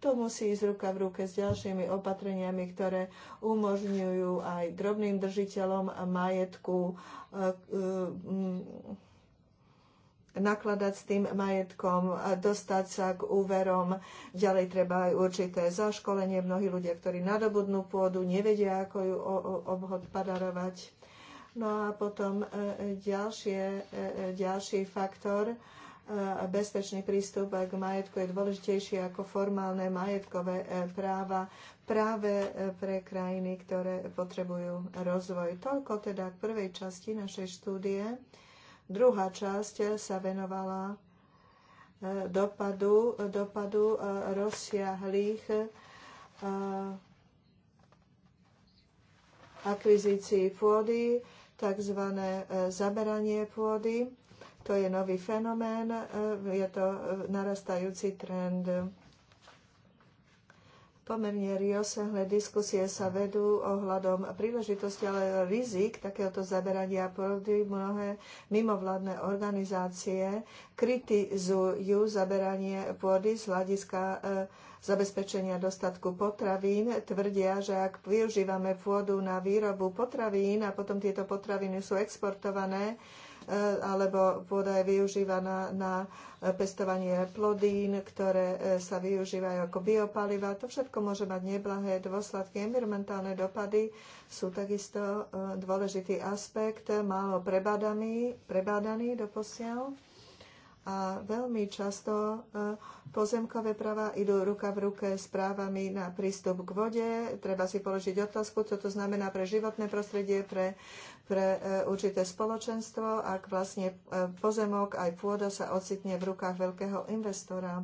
To musí ísť ruka v ruke s ďalšími opatreniami, ktoré umožňujú aj drobným držiteľom majetku eh, mm, nakladať s tým majetkom, dostať sa k úverom. Ďalej treba aj určité zaškolenie. Mnohí ľudia, ktorí nadobudnú pôdu, nevedia, ako ju padarovať. No a potom e, e, ďalšie, e, ďalší faktor, bezpečný prístup k majetku je dôležitejší ako formálne majetkové práva práve pre krajiny, ktoré potrebujú rozvoj. Toľko teda k prvej časti našej štúdie. Druhá časť sa venovala dopadu, dopadu rozsiahlých akvizícií pôdy tzv. E, zaberanie pôdy. To je nový fenomén, e, je to e, narastajúci trend. Pomerne riosehle diskusie sa vedú ohľadom príležitosti, ale rizik takéhoto zaberania pôdy mnohé mimovládne organizácie kritizujú zaberanie pôdy z hľadiska e, zabezpečenia dostatku potravín. Tvrdia, že ak využívame pôdu na výrobu potravín a potom tieto potraviny sú exportované, Eh, alebo voda je využívaná na eh, pestovanie plodín, ktoré eh, sa využívajú ako biopaliva. To všetko môže mať neblahé dôsledky. Environmentálne dopady sú takisto dôležitý aspekt, málo prebádaný, prebádaný doposiaľ a veľmi často pozemkové práva idú ruka v ruke s právami na prístup k vode. Treba si položiť otázku, čo to znamená pre životné prostredie, pre pre e, určité spoločenstvo, ak vlastne e, pozemok aj pôda sa ocitne v rukách veľkého investora.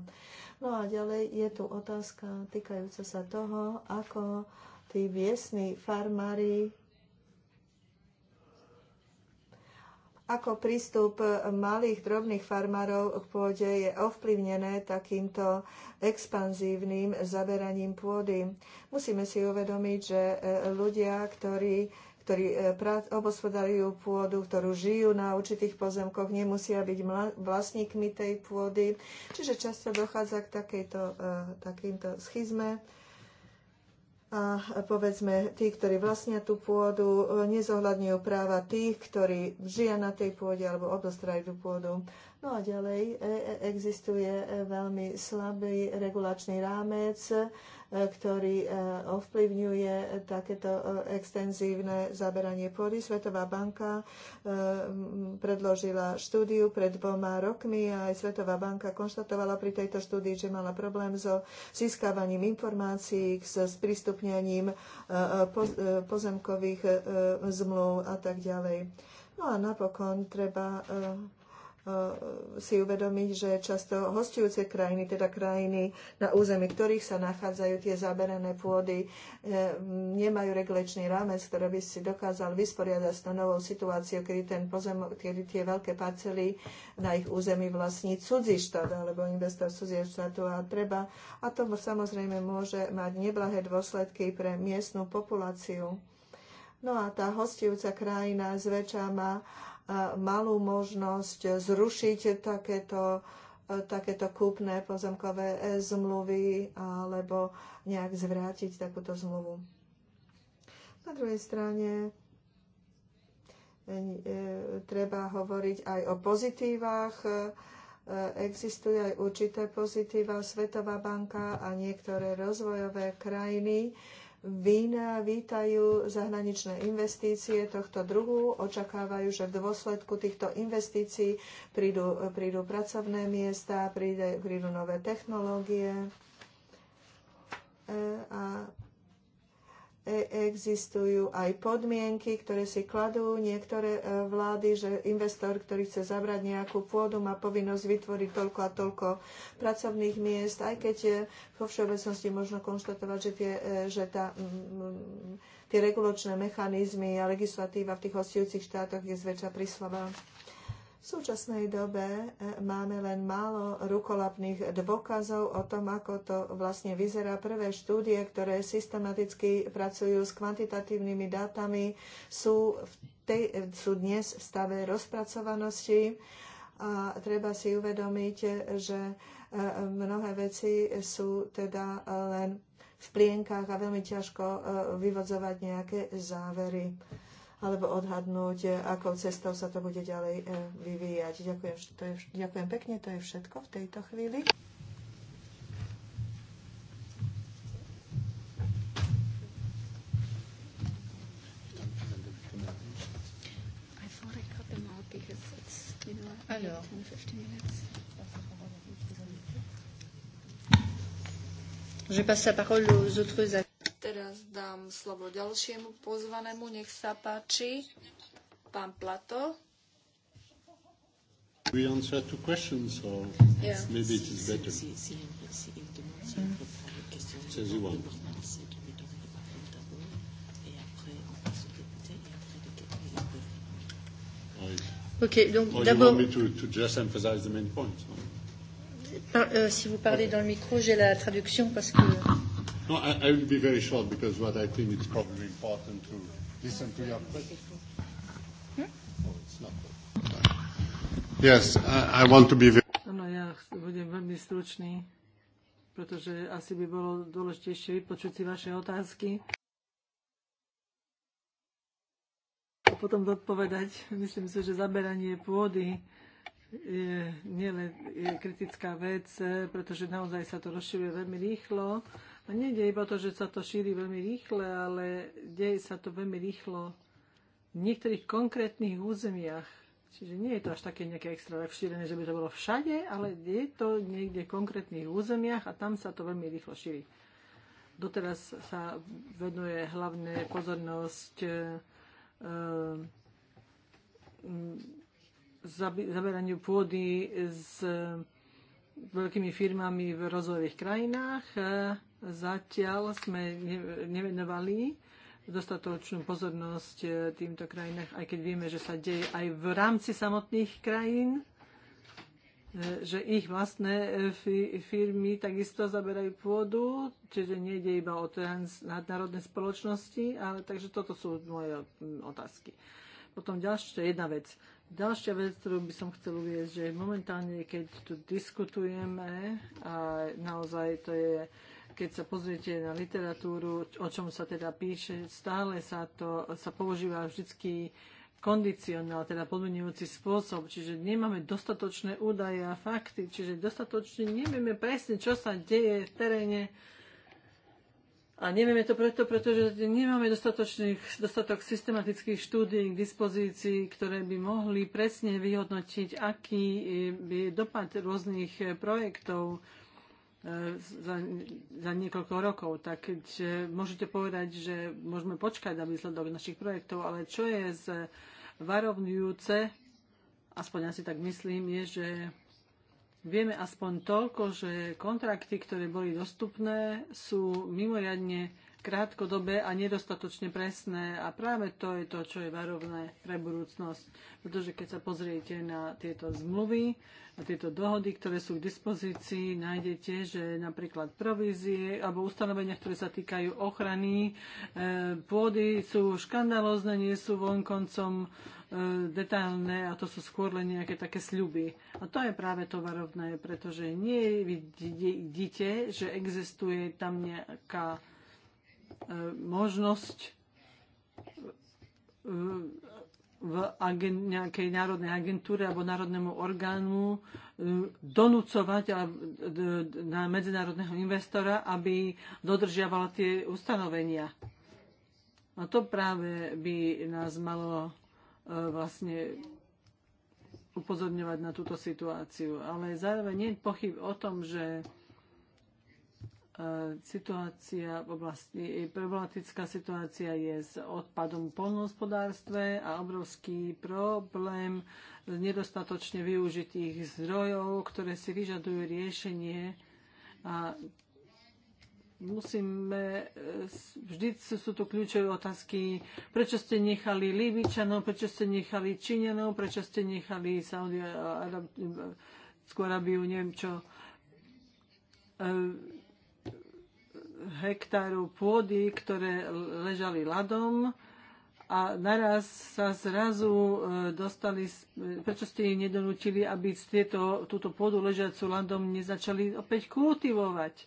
No a ďalej je tu otázka týkajúca sa toho, ako tí viesní farmári ako prístup malých drobných farmárov k pôde je ovplyvnené takýmto expanzívnym zaberaním pôdy. Musíme si uvedomiť, že e, ľudia, ktorí ktorí e, obospodarujú pôdu, ktorú žijú na určitých pozemkoch, nemusia byť vlastníkmi tej pôdy. Čiže často dochádza k takejto, e, takýmto schizme. A povedzme, tí, ktorí vlastnia tú pôdu, e, nezohľadňujú práva tých, ktorí žijú na tej pôde alebo obostrajú tú pôdu. No a ďalej e, e, existuje e, veľmi slabý regulačný rámec, ktorý ovplyvňuje takéto extenzívne zaberanie pôdy. Svetová banka predložila štúdiu pred dvoma rokmi a aj Svetová banka konštatovala pri tejto štúdii, že mala problém so získavaním informácií, s sprístupňaním pozemkových zmluv a tak ďalej. No a napokon treba Eh, si uvedomiť, že často hostujúce krajiny, teda krajiny, na území ktorých sa nachádzajú tie zaberané pôdy, eh, nemajú regulačný rámec, ktorý by si dokázal vysporiadať s novou situáciou, kedy, ten pozemok, kedy tie veľké parcely na ich území vlastní cudzí štát alebo investor cudzieho štátu a treba. A to samozrejme môže mať neblahé dôsledky pre miestnú populáciu. No a tá hostujúca krajina zväčša má uh, malú možnosť zrušiť takéto, e, takéto kúpne pozemkové e, zmluvy alebo nejak zvrátiť takúto zmluvu. Na druhej strane e, treba hovoriť aj o pozitívach. Existujú aj určité pozitíva. Svetová banka a niektoré rozvojové krajiny vína, vítajú zahraničné investície tohto druhu, očakávajú, že v dôsledku týchto investícií prídu, prídu pracovné miesta, prídu, prídu nové technológie e, a E, existujú aj podmienky, ktoré si kladú niektoré e, vlády, že investor, ktorý chce zabrať nejakú pôdu, má povinnosť vytvoriť toľko a toľko pracovných miest, aj keď vo všeobecnosti možno konštatovať, že, tie, e, že tá, tie regulačné mechanizmy a legislatíva v tých hostujúcich štátoch je zväčša prislabá. V súčasnej dobe e, máme len málo rukolapných dôkazov o tom, ako to vlastne vyzerá. Prvé štúdie, ktoré systematicky pracujú s kvantitatívnymi dátami, sú, v tej, sú dnes v stave rozpracovanosti a treba si uvedomiť, že e, mnohé veci sú teda len v plienkách a veľmi ťažko e, vyvodzovať nejaké závery alebo odhadnúť, akou cestou sa to bude ďalej e, vyvíjať. Ďakujem, to je, ďakujem pekne, to je všetko v tejto chvíli. Je passe la parole aux autres acteurs. Teraz dám slovo ďalšiemu pozvanému. Nech sa páči. Pán Plato. We answer two questions, or yeah. maybe it is better. Mm. donc d'abord. No? Par, euh, si vous parlez okay. dans le micro, j'ai la traduction parce que. No, I, I will be very short because what I think is probably important to listen to your question. Hmm? Oh, it's not. Yes, I, I want to be very... Áno, ja budem veľmi stručný, pretože asi by bolo dôležitejšie vypočuť si vaše otázky. A potom zodpovedať. Myslím si, že zaberanie pôdy je, nielen kritická vec, pretože naozaj sa to rozširuje veľmi rýchlo a nie je iba to, že sa to šíri veľmi rýchle, ale deje sa to veľmi rýchlo v niektorých konkrétnych územiach. Čiže nie je to až také nejaké extra rozšírené, že by to bolo všade, ale je to niekde v konkrétnych územiach a tam sa to veľmi rýchlo šíri. Doteraz sa venuje hlavne pozornosť e, e zaberaniu pôdy s veľkými firmami v rozvojových krajinách. E, Zatiaľ sme nevenovali dostatočnú pozornosť e, týmto krajinách, aj keď vieme, že sa deje aj v rámci samotných krajín, e, že ich vlastné e, firmy takisto zaberajú pôdu, čiže nejde iba o nadnárodné spoločnosti, ale takže toto sú moje otázky. Potom ďalšia jedna vec. Ďalšia vec, ktorú by som chcel uvieť, že momentálne, keď tu diskutujeme, a naozaj to je keď sa pozriete na literatúru, o čom sa teda píše, stále sa to sa používa vždycky kondicionál, teda podmienujúci spôsob, čiže nemáme dostatočné údaje a fakty, čiže dostatočne nevieme presne, čo sa deje v teréne a nevieme to preto, pretože nemáme dostatok systematických štúdií k dispozícii, ktoré by mohli presne vyhodnotiť, aký je dopad rôznych projektov, E, za, za niekoľko rokov. Tak keď môžete povedať, že môžeme počkať na výsledok našich projektov, ale čo je z varovňujúce, aspoň asi tak myslím, je, že vieme aspoň toľko, že kontrakty, ktoré boli dostupné, sú mimoriadne krátkodobé a nedostatočne presné a práve to je to, čo je varovné pre budúcnosť. Pretože keď sa pozriete na tieto zmluvy, na tieto dohody, ktoré sú k dispozícii, nájdete, že napríklad provízie alebo ustanovenia, ktoré sa týkajú ochrany e, pôdy, sú škandalózne, nie sú vonkoncom e, detailné a to sú skôr len nejaké také sľuby. A to je práve to varovné, pretože nie vidíte, že existuje tam nejaká E, možnosť e, v agen, nejakej národnej agentúre alebo národnému orgánu e, donúcovať na medzinárodného investora, aby dodržiavala tie ustanovenia. A to práve by nás malo vlastne upozorňovať na túto situáciu. Ale zároveň nie je pochyb o tom, že E, situácia v oblasti, e, problematická situácia je s odpadom v polnohospodárstve a obrovský problém nedostatočne využitých zdrojov, ktoré si vyžadujú riešenie a musíme, e, vždy sú tu kľúčové otázky, prečo ste nechali Líbičanov, prečo ste nechali Číňanov, prečo ste nechali Saudi, skôr aby neviem čo, hektárov pôdy, ktoré ležali ľadom a naraz sa zrazu e, dostali, prečo ste ich nedonúčili, aby tieto, túto pôdu ležiacu ľadom, nezačali opäť kultivovať. E,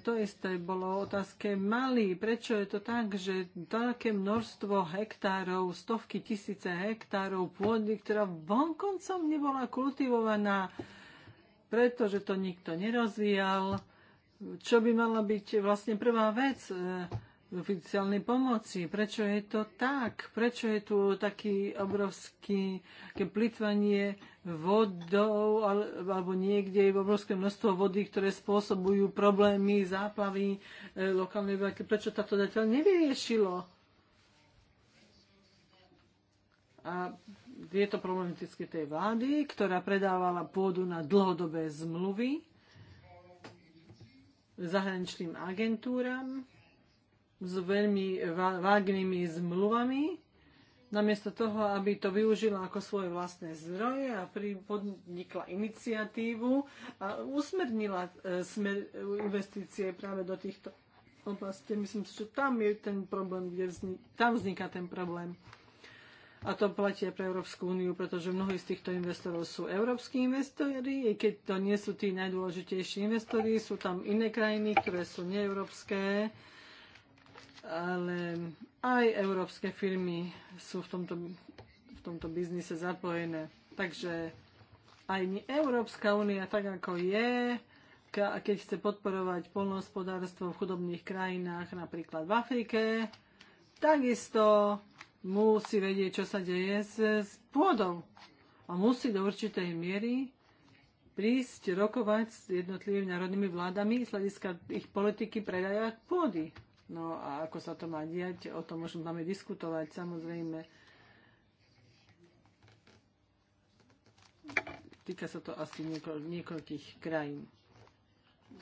to isté bolo otázke malý. Prečo je to tak, že také množstvo hektárov, stovky tisíce hektárov pôdy, ktorá vonkoncom nebola kultivovaná, pretože to nikto nerozvíjal, čo by mala byť vlastne prvá vec e, v oficiálnej pomoci? Prečo je to tak? Prečo je tu taký obrovský plitvanie vodou alebo niekde je obrovské množstvo vody, ktoré spôsobujú problémy, záplavy e, lokálnej vlaky? Prečo táto zatiaľ nevyriešilo? A je to problematické tej vlády, ktorá predávala pôdu na dlhodobé zmluvy zahraničným agentúram s veľmi vágnymi zmluvami, namiesto toho, aby to využila ako svoje vlastné zdroje a podnikla iniciatívu a usmernila e, smer investície práve do týchto oblastí. Myslím si, že tam je ten problém, kde vznik, tam vzniká ten problém. A to platí aj pre Európsku úniu, pretože mnohí z týchto investorov sú európsky investori, i keď to nie sú tí najdôležitejší investori, sú tam iné krajiny, ktoré sú neeurópske, ale aj európske firmy sú v tomto, v tomto biznise zapojené. Takže aj Európska únia tak ako je, keď chce podporovať polnohospodárstvo v chudobných krajinách, napríklad v Afrike, takisto musí vedieť, čo sa deje s, s pôdou. A musí do určitej miery prísť rokovať s jednotlivými národnými vládami z hľadiska ich politiky predaja pôdy. No a ako sa to má diať, o tom môžeme máme diskutovať samozrejme. Týka sa to asi niekoľ, niekoľkých krajín.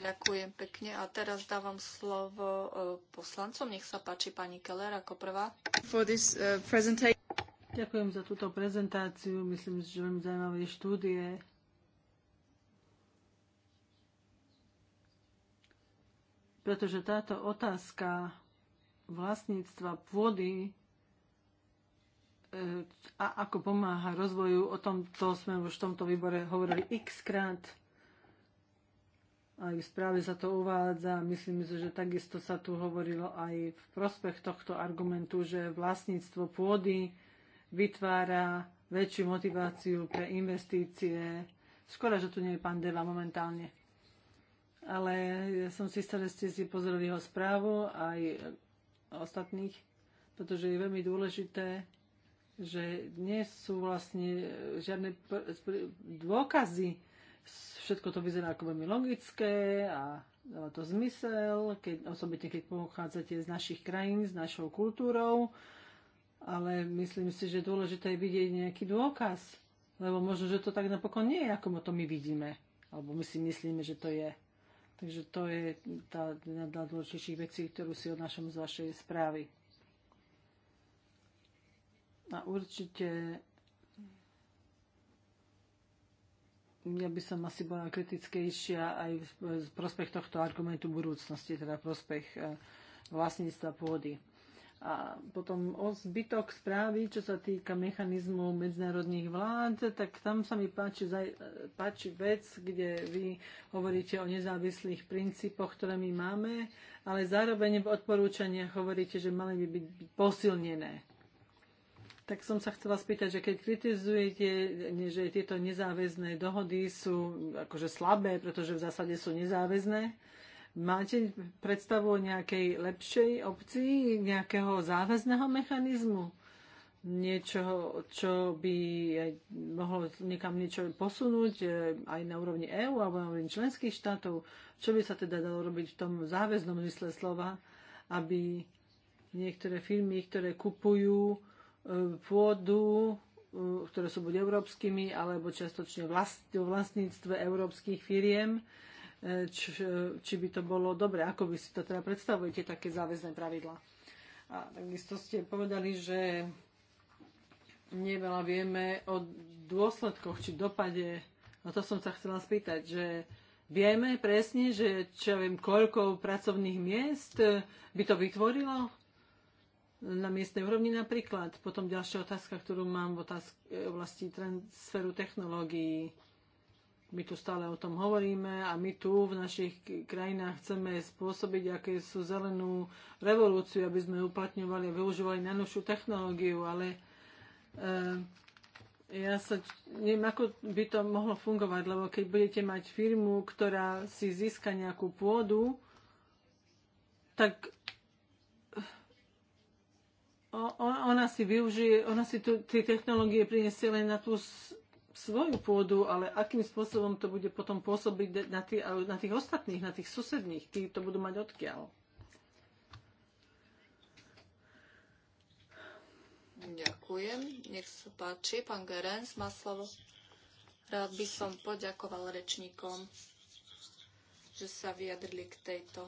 Ďakujem pekne a teraz dávam slovo e, poslancom. Nech sa páči pani Keller ako prvá. For this, uh, Ďakujem za túto prezentáciu. Myslím, že veľmi zaujímavé štúdie. Pretože táto otázka vlastníctva pôdy e, a ako pomáha rozvoju, o tomto sme už v tomto výbore hovorili x krát aj v správe sa to uvádza. Myslím, si, že takisto sa tu hovorilo aj v prospech tohto argumentu, že vlastníctvo pôdy vytvára väčšiu motiváciu pre investície. Skoro, že tu nie je pán Deva momentálne. Ale ja som si istá, že ste si pozreli jeho správu aj ostatných, pretože je veľmi dôležité, že nie sú vlastne žiadne dôkazy, Všetko to vyzerá ako veľmi logické a dáva to zmysel, keď, osobitne keď pochádzate z našich krajín, s našou kultúrou, ale myslím si, že dôležité je vidieť nejaký dôkaz, lebo možno, že to tak napokon nie je, ako to my vidíme, alebo my si myslíme, že to je. Takže to je tá jedna z dôležitejších vecí, ktorú si odnášam z vašej správy. A určite ja by som asi bola kritickejšia aj v prospech tohto argumentu budúcnosti, teda prospech e, vlastníctva pôdy. A potom o zbytok správy, čo sa týka mechanizmu medzinárodných vlád, tak tam sa mi páči, e, páči vec, kde vy hovoríte o nezávislých princípoch, ktoré my máme, ale zároveň v odporúčaniach hovoríte, že mali by byť posilnené tak som sa chcela spýtať, že keď kritizujete, že tieto nezáväzné dohody sú akože slabé, pretože v zásade sú nezáväzné, máte predstavu o nejakej lepšej opcii, nejakého záväzného mechanizmu? Niečo, čo by aj mohlo niekam niečo posunúť e, aj na úrovni EÚ alebo na úrovni členských štátov? Čo by sa teda dalo robiť v tom záväznom mysle slova, aby niektoré firmy, ktoré kupujú pôdu, eh, ktoré sú buď európskymi, alebo čiastočne vlast, v vlastníctve európskych firiem, eh, či, či by to bolo dobre, ako by si to teda predstavujete, také záväzné pravidla. A takisto ste povedali, že neveľa vieme o dôsledkoch či dopade. No to som sa chcela spýtať, že vieme presne, že čo ja viem, koľko pracovných miest by to vytvorilo? na miestnej úrovni napríklad. Potom ďalšia otázka, ktorú mám v e, oblasti transferu technológií. My tu stále o tom hovoríme a my tu v našich krajinách chceme spôsobiť aké sú zelenú revolúciu, aby sme uplatňovali a využívali najnovšiu technológiu, ale uh, ja sa neviem, ako by to mohlo fungovať, lebo keď budete mať firmu, ktorá si získa nejakú pôdu, tak ona si využije, ona si tu, tie technológie priniesie len na tú svoju pôdu, ale akým spôsobom to bude potom pôsobiť na, tých, na tých ostatných, na tých susedných, tí to budú mať odkiaľ. Ďakujem. Nech sa páči. Pán Gerenc má slovo. Rád by som poďakoval rečníkom, že sa vyjadrili k tejto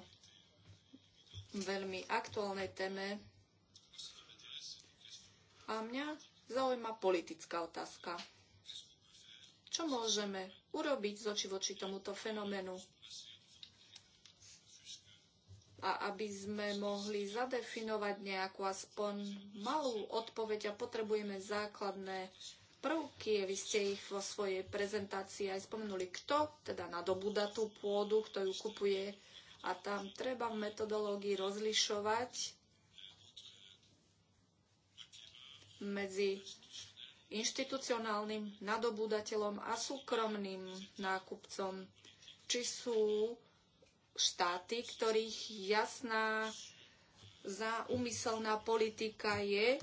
veľmi aktuálnej téme a mňa zaujíma politická otázka. Čo môžeme urobiť z oči voči tomuto fenoménu? A aby sme mohli zadefinovať nejakú aspoň malú odpoveď a potrebujeme základné prvky, vy ste ich vo svojej prezentácii aj spomenuli, kto teda nadobúda tú pôdu, kto ju kupuje a tam treba v metodológii rozlišovať medzi inštitucionálnym nadobúdateľom a súkromným nákupcom. Či sú štáty, ktorých jasná za úmyselná politika je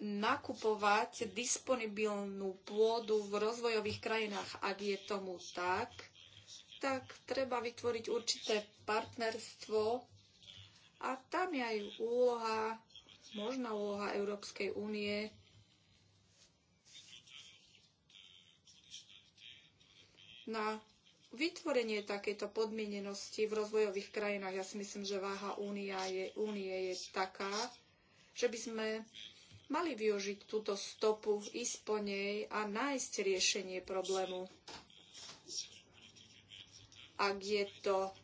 nakupovať disponibilnú pôdu v rozvojových krajinách. Ak je tomu tak, tak treba vytvoriť určité partnerstvo a tam je aj úloha možná úloha Európskej únie na vytvorenie takejto podmienenosti v rozvojových krajinách. Ja si myslím, že váha únia je, únie je taká, že by sme mali využiť túto stopu, ísť po nej a nájsť riešenie problému. Ak je to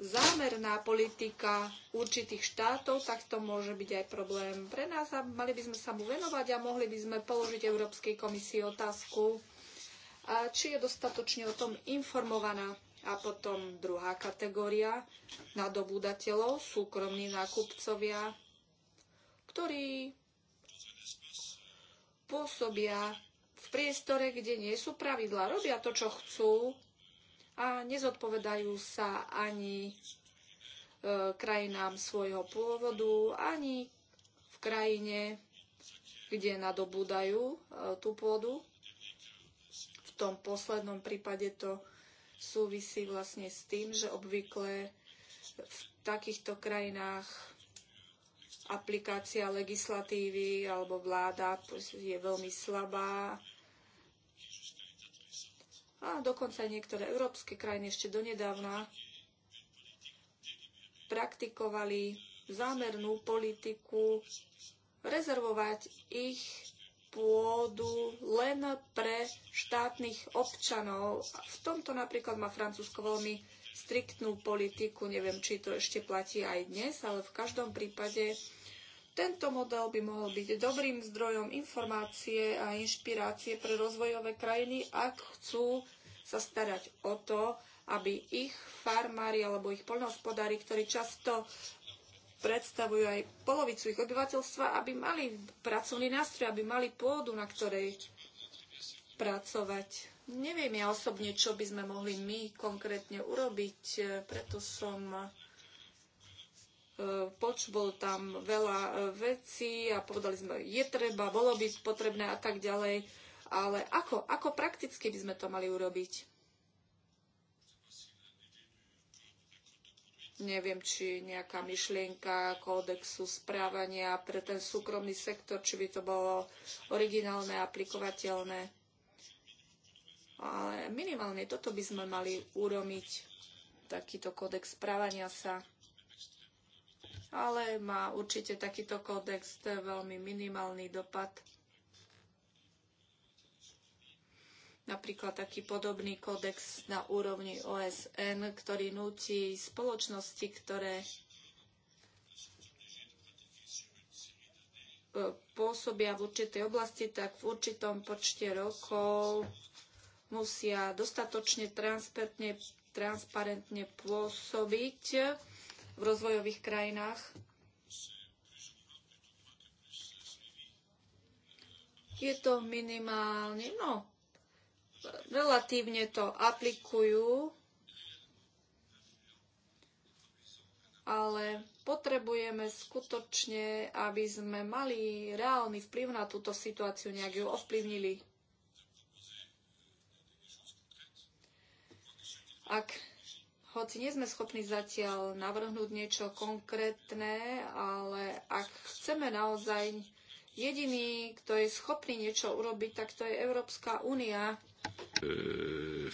zámerná politika určitých štátov, tak to môže byť aj problém pre nás a mali by sme sa mu venovať a mohli by sme položiť Európskej komisii otázku, či je dostatočne o tom informovaná. A potom druhá kategória nadobúdateľov, súkromní nákupcovia, ktorí pôsobia v priestore, kde nie sú pravidlá, robia to, čo chcú, a nezodpovedajú sa ani e, krajinám svojho pôvodu, ani v krajine, kde nadobúdajú e, tú pôdu. V tom poslednom prípade to súvisí vlastne s tým, že obvykle v takýchto krajinách aplikácia legislatívy alebo vláda je veľmi slabá a dokonca niektoré európske krajiny ešte donedávna praktikovali zámernú politiku rezervovať ich pôdu len pre štátnych občanov. V tomto napríklad má Francúzsko veľmi striktnú politiku. Neviem, či to ešte platí aj dnes, ale v každom prípade tento model by mohol byť dobrým zdrojom informácie a inšpirácie pre rozvojové krajiny, ak chcú sa starať o to, aby ich farmári alebo ich poľnohospodári, ktorí často predstavujú aj polovicu ich obyvateľstva, aby mali pracovný nástroj, aby mali pôdu, na ktorej pracovať. Neviem ja osobne, čo by sme mohli my konkrétne urobiť, preto som E, poč, bol tam veľa e, vecí a povedali sme, je treba, bolo by potrebné a tak ďalej. Ale ako, ako prakticky by sme to mali urobiť? Neviem, či nejaká myšlienka kódexu správania pre ten súkromný sektor, či by to bolo originálne, aplikovateľné. Ale minimálne toto by sme mali urobiť, takýto kódex správania sa ale má určite takýto kódex veľmi minimálny dopad. Napríklad taký podobný kódex na úrovni OSN, ktorý nutí spoločnosti, ktoré e, pôsobia v určitej oblasti, tak v určitom počte rokov musia dostatočne transparentne, transparentne pôsobiť v rozvojových krajinách. Je to minimálne, no, relatívne to aplikujú, ale potrebujeme skutočne, aby sme mali reálny vplyv na túto situáciu, nejak ju ovplyvnili. Ak hoci nie sme schopní zatiaľ navrhnúť niečo konkrétne, ale ak chceme naozaj jediný, kto je schopný niečo urobiť, tak to je Európska únia. Euh,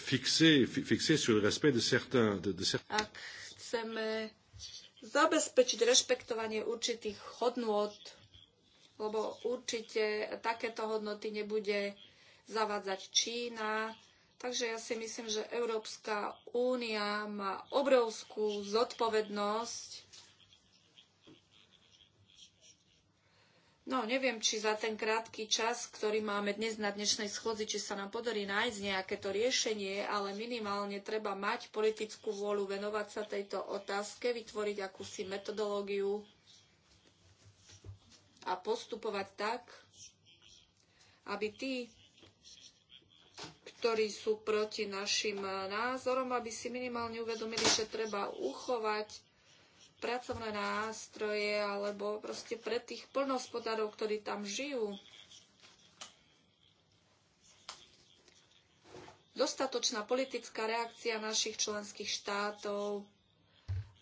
ak chceme zabezpečiť rešpektovanie určitých hodnôt, lebo určite takéto hodnoty nebude zavádzať Čína, Takže ja si myslím, že Európska únia má obrovskú zodpovednosť. No, neviem, či za ten krátky čas, ktorý máme dnes na dnešnej schôdzi, či sa nám podarí nájsť nejaké to riešenie, ale minimálne treba mať politickú vôľu venovať sa tejto otázke, vytvoriť akúsi metodológiu a postupovať tak, aby tí, ktorí sú proti našim eh, názorom, aby si minimálne uvedomili, že treba uchovať pracovné nástroje alebo proste pre tých plnohospodárov, ktorí tam žijú. Dostatočná politická reakcia našich členských štátov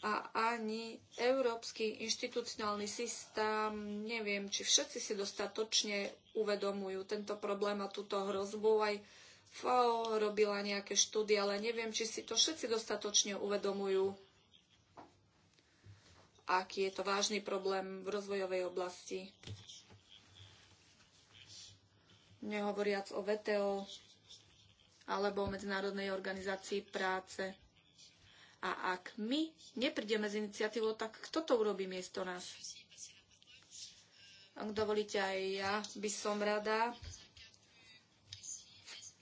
a ani európsky inštitucionálny systém, neviem, či všetci si dostatočne uvedomujú tento problém a túto hrozbu aj FAO robila nejaké štúdie, ale neviem, či si to všetci dostatočne uvedomujú, aký je to vážny problém v rozvojovej oblasti. Nehovoriac o VTO alebo o Medzinárodnej organizácii práce. A ak my neprídeme s iniciatívou, tak kto to urobí miesto nás? Ak dovolíte aj ja, by som rada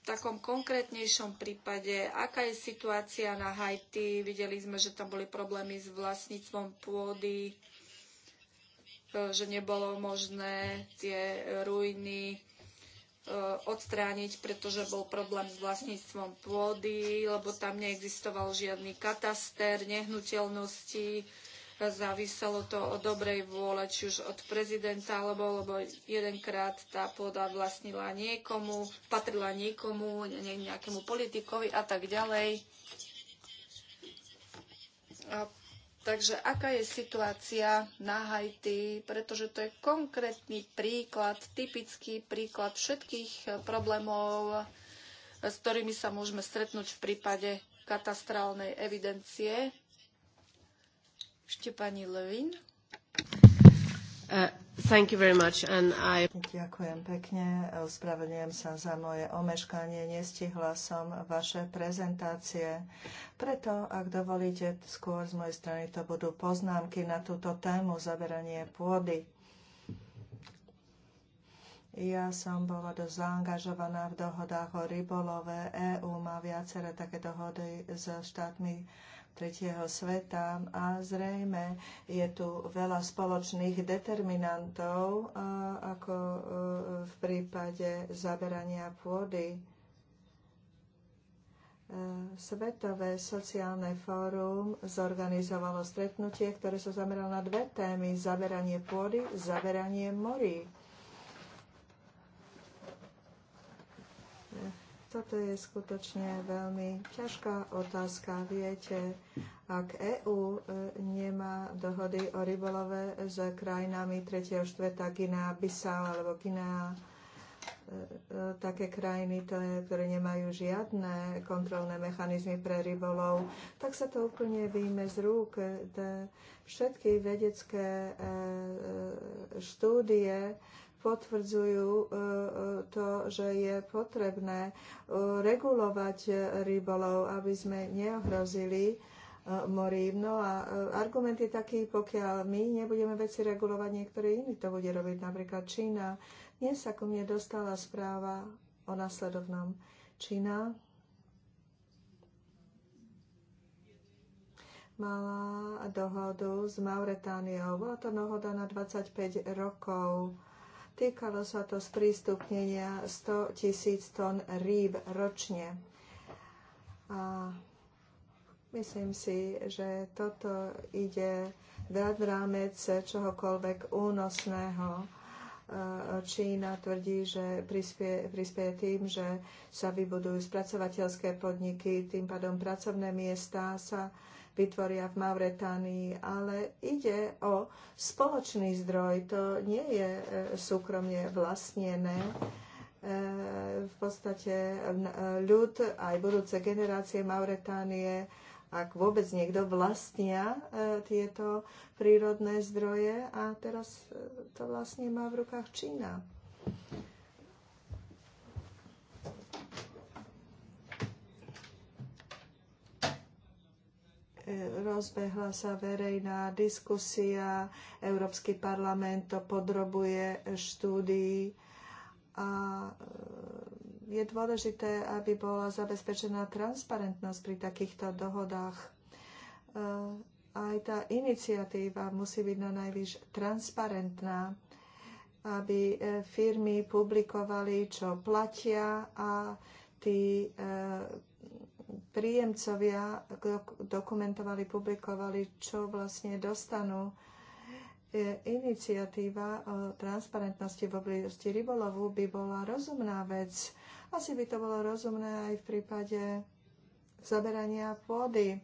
takom konkrétnejšom prípade, aká je situácia na Haiti. Videli sme, že tam boli problémy s vlastníctvom pôdy, e, že nebolo možné tie ruiny e, odstrániť, pretože bol problém s vlastníctvom pôdy, lebo tam neexistoval žiadny kataster nehnuteľnosti. Záviselo to o dobrej vôle, či už od prezidenta, alebo lebo jedenkrát tá pôda vlastnila niekomu, patrila niekomu, nejakému politikovi a tak ďalej. A Takže aká je situácia na Haiti, pretože to je konkrétny príklad, typický príklad všetkých problémov, s ktorými sa môžeme stretnúť v prípade katastrálnej evidencie. Levin. Uh, thank you very much and I... Ďakujem pekne. Ospravedlňujem sa za moje omeškanie. Nestihla som vaše prezentácie. Preto, ak dovolíte, skôr z mojej strany to budú poznámky na túto tému zaberanie pôdy. Ja som bola dosť zaangažovaná v dohodách o rybolove. EÚ má viaceré také dohody so štátmi tretieho sveta a zrejme je tu veľa spoločných determinantov, ako e, v prípade zaberania pôdy. E, Svetové sociálne fórum zorganizovalo stretnutie, ktoré sa zameralo na dve témy. Zaberanie pôdy, zaberanie morí. Toto je skutočne veľmi ťažká otázka. Viete, ak EÚ e, nemá dohody o rybolove s krajinami 3. štveta, Guinea, Bissau alebo Guinea, e, e, také krajiny, to je, ktoré nemajú žiadne kontrolné mechanizmy pre rybolov, tak sa to úplne vyjme z rúk. Všetky vedecké štúdie potvrdzujú e, e, to, že je potrebné e, regulovať rybolov, aby sme neohrozili morím. No a argument je taký, pokiaľ my nebudeme veci regulovať, niektorí iní to bude robiť, napríklad Čína. Dnes sa ku mne dostala správa o následovnom. Čína mala dohodu s Mauretániou. Bola to dohoda na 25 rokov. Týkalo sa to sprístupnenia 100 tisíc tón rýb ročne. A myslím si, že toto ide v rámec čohokoľvek únosného. E, Čína tvrdí, že prispie, prispieje tým, že sa vybudujú spracovateľské podniky, tým pádom pracovné miesta sa vytvoria v Mauretánii, ale ide o spoločný zdroj. To nie je e, súkromne vlastnené e, v podstate e, ľud aj budúce generácie Mauretánie, ak vôbec niekto vlastnia tieto prírodné zdroje a teraz to vlastne má v rukách Čína. rozbehla sa verejná diskusia, Európsky parlament to podrobuje štúdii a e, je dôležité, aby bola zabezpečená transparentnosť pri takýchto dohodách. E, aj tá iniciatíva musí byť na najvyš transparentná, aby e, firmy publikovali, čo platia a tí príjemcovia dokumentovali, publikovali, čo vlastne dostanú. E, iniciatíva o e, transparentnosti v oblasti rybolovu by bola rozumná vec. Asi by to bolo rozumné aj v prípade zaberania pôdy,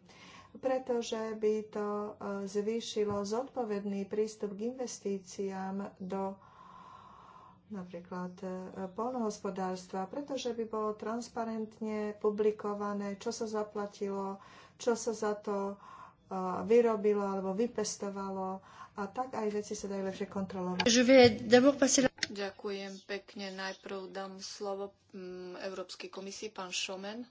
pretože by to e, zvýšilo zodpovedný prístup k investíciám do napríklad e, polnohospodárstva, pretože by bolo transparentne publikované, čo sa zaplatilo, čo sa za to e, vyrobilo alebo vypestovalo a tak aj veci sa dajú lepšie kontrolovať. Ďakujem pekne. Najprv dám slovo mm, Európskej komisii, pán Šomen.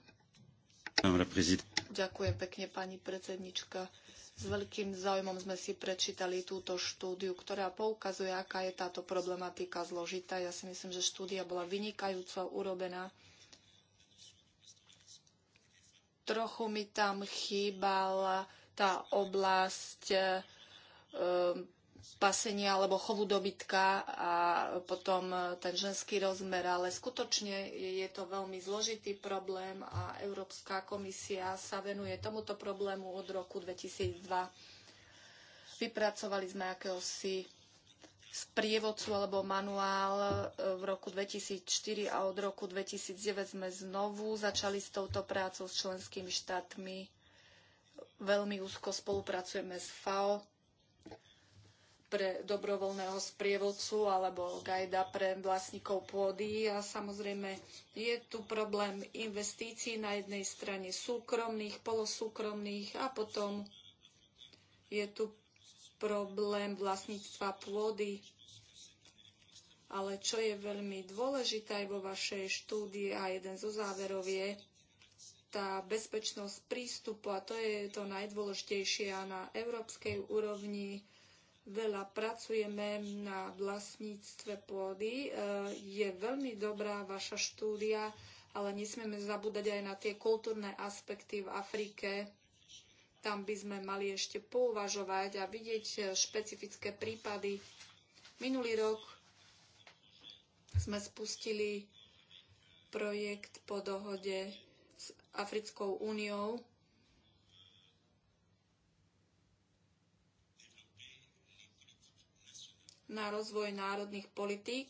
Ďakujem pekne, pani predsednička. S veľkým záujmom sme si prečítali túto štúdiu, ktorá poukazuje, aká je táto problematika zložitá. Ja si myslím, že štúdia bola vynikajúco urobená. Trochu mi tam chýbala tá oblasť e, pasenia alebo chovu dobytka a potom e, ten ženský rozmer, ale skutočne je to veľmi zložitý problém a Európska komisia sa venuje tomuto problému od roku 2002. Vypracovali sme akéhosi sprievodcu alebo manuál e, v roku 2004 a od roku 2009 sme znovu začali s touto prácou s členskými štátmi. Veľmi úzko spolupracujeme s FAO pre dobrovoľného sprievodcu alebo gajda pre vlastníkov pôdy. A samozrejme je tu problém investícií na jednej strane súkromných, polosúkromných a potom je tu problém vlastníctva pôdy. Ale čo je veľmi dôležité aj vo vašej štúdii a jeden zo záverov je tá bezpečnosť prístupu a to je to najdôležitejšie a na európskej úrovni veľa pracujeme na vlastníctve pôdy. E, je veľmi dobrá vaša štúdia, ale nesmieme zabúdať aj na tie kultúrne aspekty v Afrike. Tam by sme mali ešte pouvažovať a vidieť e, špecifické prípady. Minulý rok sme spustili projekt po dohode s Africkou úniou na rozvoj národných politík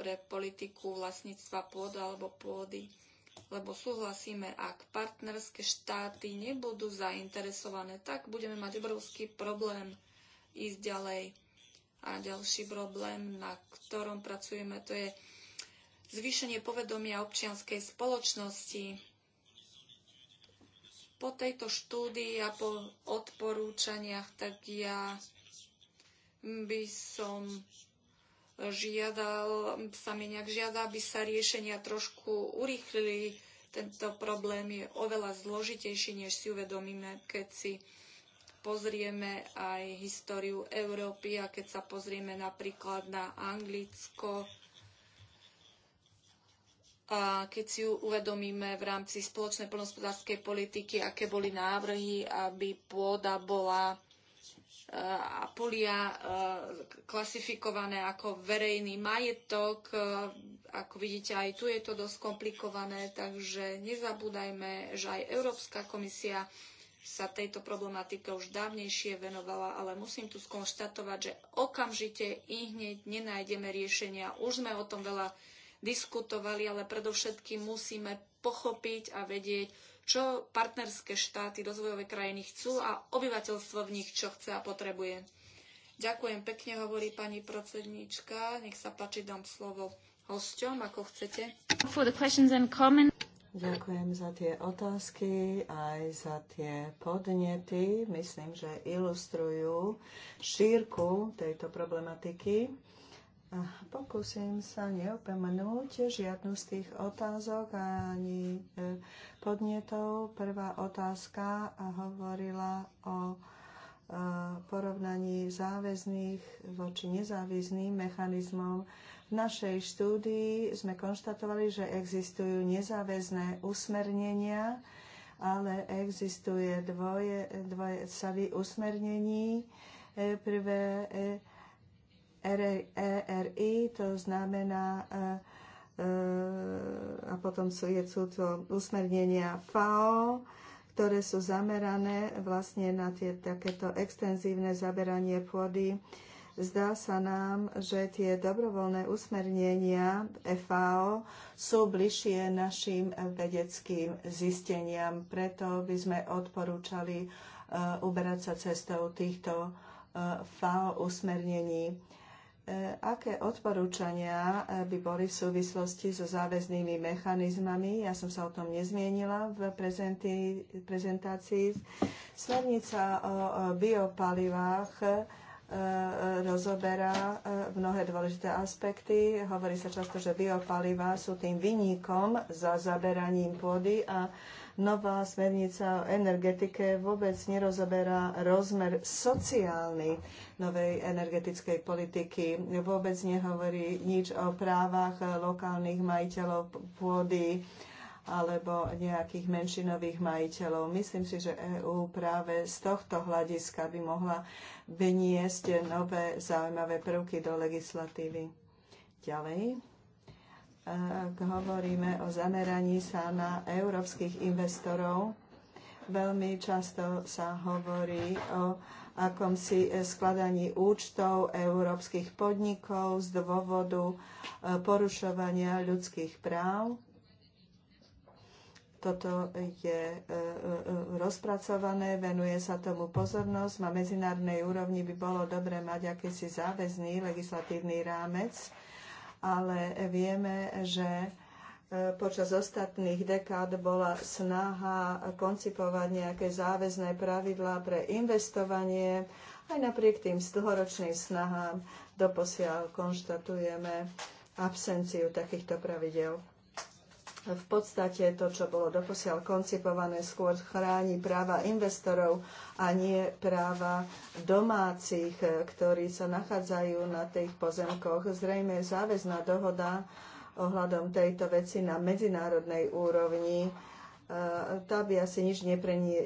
pre politiku vlastníctva pôd alebo pôdy, lebo súhlasíme, ak partnerské štáty nebudú zainteresované, tak budeme mať obrovský problém ísť ďalej. A ďalší problém, na ktorom pracujeme, to je zvýšenie povedomia občianskej spoločnosti. Po tejto štúdii a po odporúčaniach, tak ja by som žiadal, sa mi nejak žiada, aby sa riešenia trošku urýchlili. Tento problém je oveľa zložitejší, než si uvedomíme, keď si pozrieme aj históriu Európy a keď sa pozrieme napríklad na Anglicko, a keď si uvedomíme v rámci spoločnej poľnohospodárskej politiky, aké boli návrhy, aby pôda bola a polia e, klasifikované ako verejný majetok. E, ako vidíte, aj tu je to dosť komplikované, takže nezabúdajme, že aj Európska komisia sa tejto problematike už dávnejšie venovala, ale musím tu skonštatovať, že okamžite i hneď nenájdeme riešenia. Už sme o tom veľa diskutovali, ale predovšetkým musíme pochopiť a vedieť, čo partnerské štáty, rozvojové krajiny chcú a obyvateľstvo v nich čo chce a potrebuje. Ďakujem pekne, hovorí pani predsednička. Nech sa páči, dám slovo hosťom, ako chcete. Ďakujem za tie otázky, aj za tie podnety. Myslím, že ilustrujú šírku tejto problematiky. A pokúsim sa neopomenúť žiadnu z tých otázok ani e, podnetov. Prvá otázka hovorila o e, porovnaní záväzných voči nezáväzným mechanizmom. V našej štúdii sme konštatovali, že existujú nezáväzné usmernenia, ale existuje dvoje, dvoje usmernení. E, prvé ERI, to znamená e, e, a potom sú, sú to usmernenia FAO, ktoré sú zamerané vlastne na tie, takéto extenzívne zaberanie pôdy. Zdá sa nám, že tie dobrovoľné usmernenia FAO sú bližšie našim vedeckým zisteniam. Preto by sme odporúčali e, uberať sa cestou týchto FAO usmernení. E, aké odporúčania e, by boli v súvislosti so záväznými mechanizmami. Ja som sa o tom nezmienila v prezentácii. Smernica o biopalivách e, rozoberá mnohé dôležité aspekty. Hovorí sa často, že biopalivá sú tým vynikom za zaberaním pôdy a nová smernica o energetike vôbec nerozoberá rozmer sociálny novej energetickej politiky. Vôbec nehovorí nič o právach lokálnych majiteľov pôdy alebo nejakých menšinových majiteľov. Myslím si, že EÚ práve z tohto hľadiska by mohla vyniesť nové zaujímavé prvky do legislatívy. Ďalej ak e, hovoríme o zameraní sa na európskych investorov, veľmi často sa hovorí o akomsi eh, skladaní účtov európskych podnikov z dôvodu eh, porušovania ľudských práv. Toto je eh, rozpracované, venuje sa tomu pozornosť. Na medzinárodnej úrovni by bolo dobre mať akýsi záväzný legislatívny rámec, ale vieme, že E, počas ostatných dekád bola snaha koncipovať nejaké záväzné pravidlá pre investovanie. Aj napriek tým dlhoročným snahám doposiaľ konštatujeme absenciu takýchto pravidel. V podstate to, čo bolo doposiaľ koncipované, skôr chráni práva investorov a nie práva domácich, ktorí sa nachádzajú na tých pozemkoch. Zrejme záväzná dohoda ohľadom tejto veci na medzinárodnej úrovni. E, tá by asi nič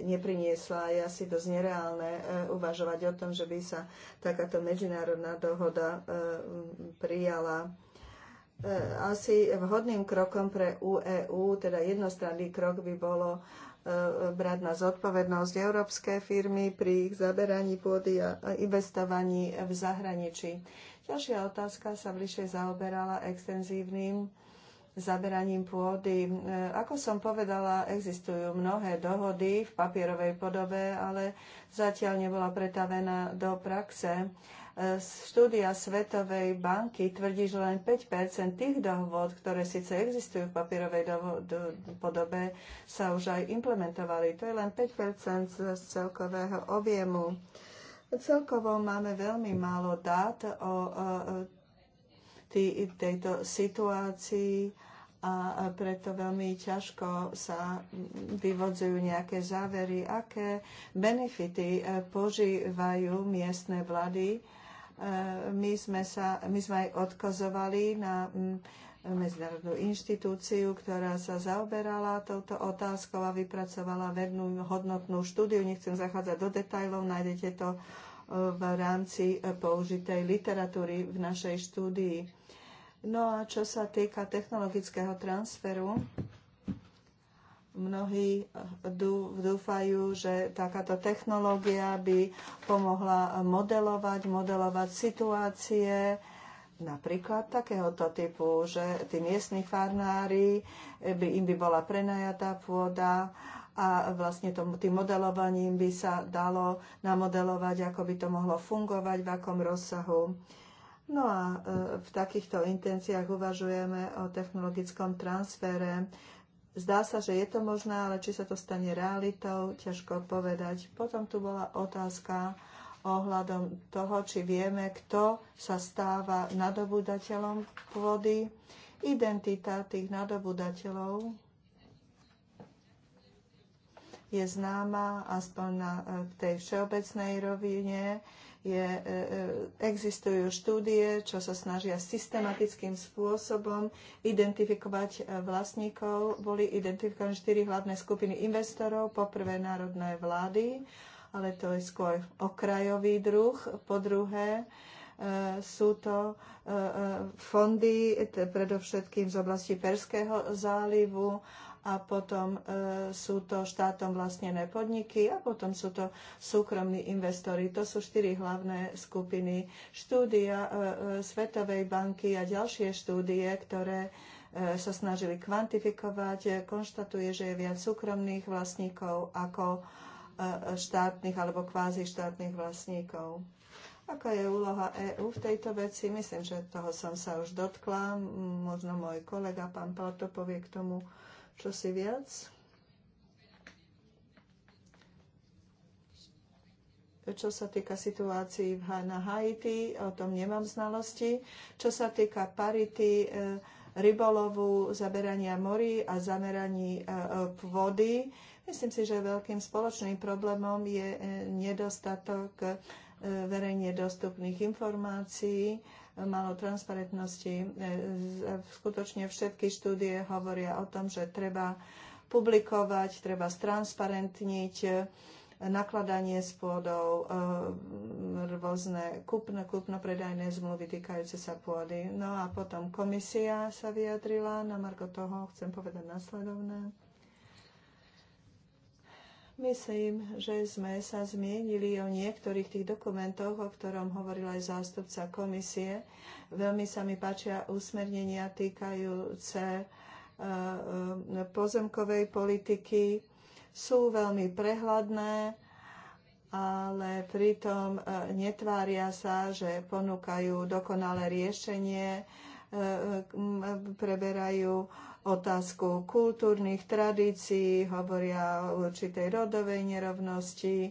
nepriniesla. Je asi dosť nereálne e, uvažovať o tom, že by sa takáto medzinárodná dohoda e, prijala asi vhodným krokom pre UEU, teda jednostranný krok by bolo E, brať na zodpovednosť európske firmy pri ich zaberaní pôdy a investovaní v zahraničí. Ďalšia otázka sa bližšie zaoberala extenzívnym zaberaním pôdy. E, ako som povedala, existujú mnohé dohody v papierovej podobe, ale zatiaľ nebola pretavená do praxe. Štúdia Svetovej banky tvrdí, že len 5 tých dohôd, ktoré síce existujú v papierovej podobe, sa už aj implementovali. To je len 5 z celkového objemu. Celkovo máme veľmi málo dát o tý, tejto situácii a preto veľmi ťažko sa vyvodzujú nejaké závery, aké benefity e, požívajú miestne vlády Eh, my sme, sa, my sme aj odkazovali na mm, medzinárodnú inštitúciu, ktorá sa zaoberala touto otázkou a vypracovala vednú hodnotnú štúdiu. Nechcem zachádzať do detajlov, nájdete to eh, v rámci eh, použitej literatúry v našej štúdii. No a čo sa týka technologického transferu, mnohí dúfajú, že takáto technológia by pomohla modelovať, modelovať situácie, napríklad takéhoto typu, že tí miestni farmári, eh, by, im by bola prenajatá pôda a vlastne tom, tým modelovaním by sa dalo namodelovať, ako by to mohlo fungovať, v akom rozsahu. No a eh, v takýchto intenciách uvažujeme o technologickom transfere Zdá sa, že je to možné, ale či sa to stane realitou, ťažko povedať. Potom tu bola otázka ohľadom toho, či vieme, kto sa stáva nadobúdateľom pôdy, identita tých nadobúdateľov je známa aspoň na tej všeobecnej rovine je, e, e, existujú štúdie, čo sa snažia systematickým spôsobom identifikovať e, vlastníkov. Boli identifikované štyri hlavné skupiny investorov. Poprvé národné vlády, ale to je skôr okrajový druh. Po druhé, sú to fondy, predovšetkým z oblasti Perského zálivu a potom e, sú to štátom vlastnené podniky a potom sú to súkromní investori. To sú štyri hlavné skupiny. Štúdia e, e, Svetovej banky a ďalšie štúdie, ktoré sa snažili kvantifikovať, konštatuje, že je viac súkromných vlastníkov ako štátnych alebo kvázi štátnych vlastníkov. Aká je úloha EÚ v tejto veci? Myslím, že toho som sa už dotkla. Možno môj kolega, pán Plato, povie k tomu si viac. Čo sa týka situácií na Haiti, o tom nemám znalosti. Čo sa týka parity e, rybolovu, zaberania morí a zameraní e, e, vody, myslím si, že veľkým spoločným problémom je nedostatok verejne dostupných informácií malo transparentnosti. E, skutočne všetky štúdie hovoria o tom, že treba publikovať, treba stransparentniť e, nakladanie s pôdou, e, rôzne kúpno, kúpno predajné zmluvy týkajúce sa pôdy. No a potom komisia sa vyjadrila, na Marko toho chcem povedať nasledovné. Myslím, že sme sa zmienili o niektorých tých dokumentoch, o ktorom hovoril aj zástupca komisie. Veľmi sa mi páčia usmernenia týkajúce eh, pozemkovej politiky. Sú veľmi prehľadné, ale pritom eh, netvária sa, že ponúkajú dokonalé riešenie, eh, preberajú otázku kultúrnych tradícií, hovoria o určitej rodovej nerovnosti. E,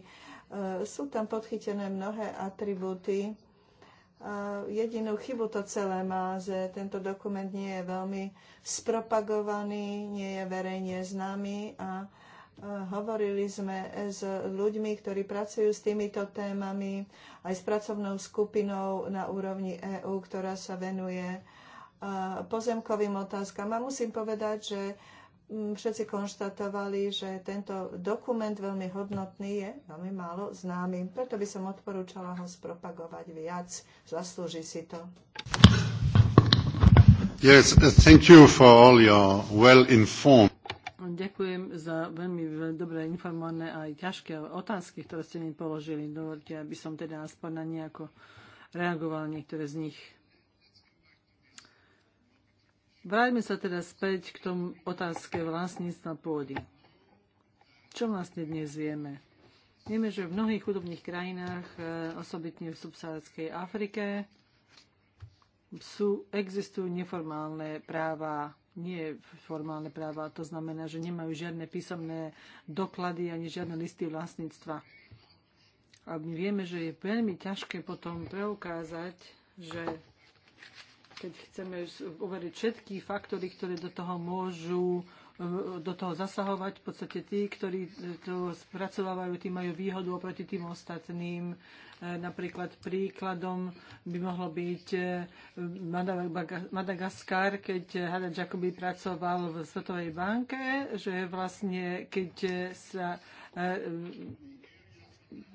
sú tam podchytené mnohé atribúty. E, jedinú chybu to celé má, že tento dokument nie je veľmi spropagovaný, nie je verejne známy a e, hovorili sme s ľuďmi, ktorí pracujú s týmito témami, aj s pracovnou skupinou na úrovni EÚ, ktorá sa venuje pozemkovým otázkam. A musím povedať, že mm, všetci konštatovali, že tento dokument veľmi hodnotný je veľmi málo známy. Preto by som odporúčala ho spropagovať viac. Zaslúži si to. Yes, thank you for all your well informed. Ďakujem za veľmi dobre informované aj ťažké otázky, ktoré ste mi položili. Dovolte, aby som teda aspoň na nejako reagoval niektoré z nich. Vráťme sa teda späť k tomu otázke vlastníctva pôdy. Čo vlastne dnes vieme? Vieme, že v mnohých chudobných krajinách, e, osobitne v subsahárskej Afrike, sú, existujú neformálne práva nie formálne práva. To znamená, že nemajú žiadne písomné doklady ani žiadne listy vlastníctva. A my vieme, že je veľmi ťažké potom preukázať, že keď chceme uveriť všetky faktory, ktoré do toho môžu e, do toho zasahovať. V podstate tí, ktorí to spracovávajú, tí majú výhodu oproti tým ostatným. E, napríklad príkladom by mohlo byť e, Madagaskar, keď Hada Jacobi pracoval v Svetovej banke, že vlastne keď sa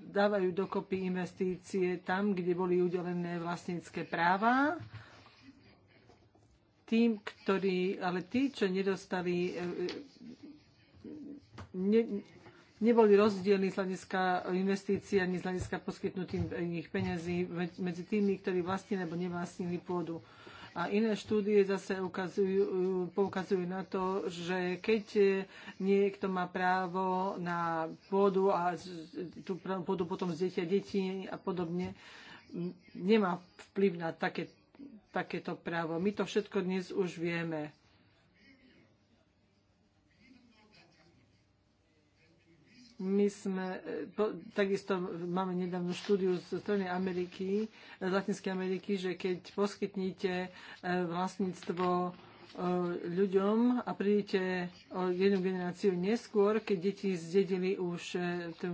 dávajú dokopy investície tam, kde boli udelené vlastnícke práva, tým, ktorí, ale tí, čo nedostali, e, e, ne, neboli rozdielni z hľadiska investícií ani z hľadiska poskytnutým ich peňazí medzi tými, ktorí vlastnili alebo nevlastnili pôdu. A iné štúdie zase ukazujú, poukazujú na to, že keď e, niekto má právo na pôdu a tú pôdu potom z detia deti a podobne, nemá vplyv na také takéto právo. My to všetko dnes už vieme. My sme, eh, po, takisto máme nedávnu štúdiu z strany Ameriky, z eh, Latinskej Ameriky, že keď poskytnite eh, vlastníctvo E, ľuďom a prídete o jednu generáciu neskôr, keď deti zdedili už e, tú,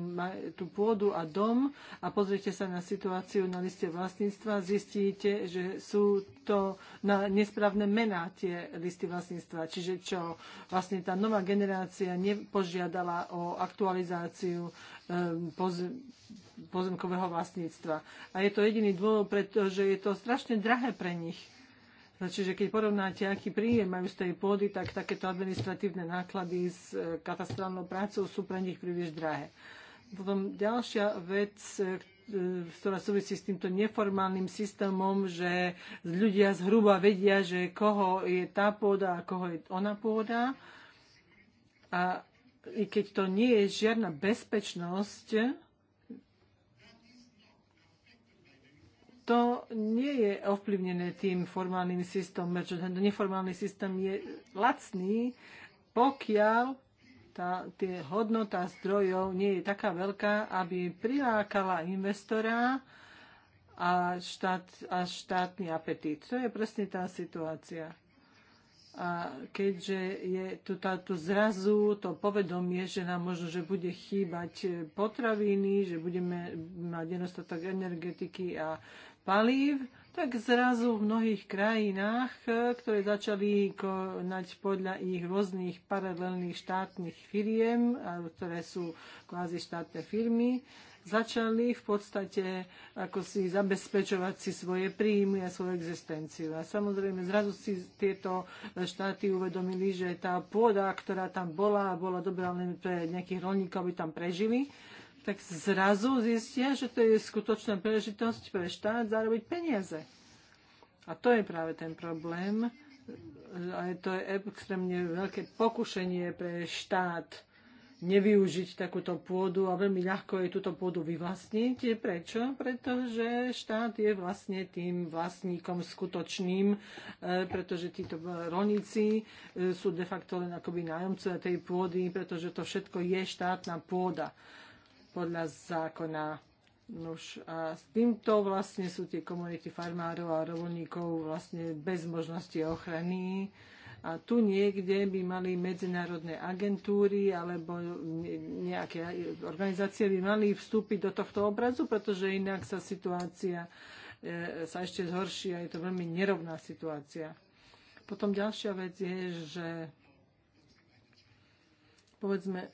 tú pôdu a dom a pozrite sa na situáciu na liste vlastníctva, zistíte, že sú to na nesprávne mená tie listy vlastníctva. Čiže čo vlastne tá nová generácia nepožiadala o aktualizáciu e, poz, pozemkového vlastníctva. A je to jediný dôvod, pretože je to strašne drahé pre nich Čiže keď porovnáte, aký príjem majú z tej pôdy, tak takéto administratívne náklady s e, katastrálnou prácou sú pre nich príliš drahé. Potom ďalšia vec, e, ktorá súvisí s týmto neformálnym systémom, že ľudia zhruba vedia, že koho je tá pôda a koho je ona pôda. A i keď to nie je žiadna bezpečnosť, to nie je ovplyvnené tým formálnym systémom, že ten neformálny systém je lacný, pokiaľ tá tie hodnota zdrojov nie je taká veľká, aby prilákala investora a, štát, a štátny apetít. To je presne tá situácia. A keďže je tu táto zrazu, to povedomie, že nám možno, že bude chýbať e, potraviny, že budeme mať nedostatok energetiky a palív, tak zrazu v mnohých krajinách, e, ktoré začali konať podľa ich rôznych paralelných štátnych firiem, ktoré sú kvázi štátne firmy, začali v podstate ako si zabezpečovať si svoje príjmy a svoju existenciu. A samozrejme zrazu si tieto štáty uvedomili, že tá pôda, ktorá tam bola, bola dobrá len pre nejakých rolníkov, aby tam prežili, tak zrazu zistia, že to je skutočná príležitosť pre štát zarobiť peniaze. A to je práve ten problém. A to je extrémne veľké pokušenie pre štát nevyužiť takúto pôdu a veľmi ľahko je túto pôdu vyvlastniť. Prečo? Pretože štát je vlastne tým vlastníkom skutočným, e, pretože títo rolníci e, sú de facto len akoby nájomcovia tej pôdy, pretože to všetko je štátna pôda podľa zákona. Nož a s týmto vlastne sú tie komunity farmárov a rovolníkov vlastne bez možnosti ochrany. A tu niekde by mali medzinárodné agentúry alebo nejaké organizácie by mali vstúpiť do tohto obrazu, pretože inak sa situácia e, sa ešte zhorší a je to veľmi nerovná situácia. Potom ďalšia vec je, že povedzme e,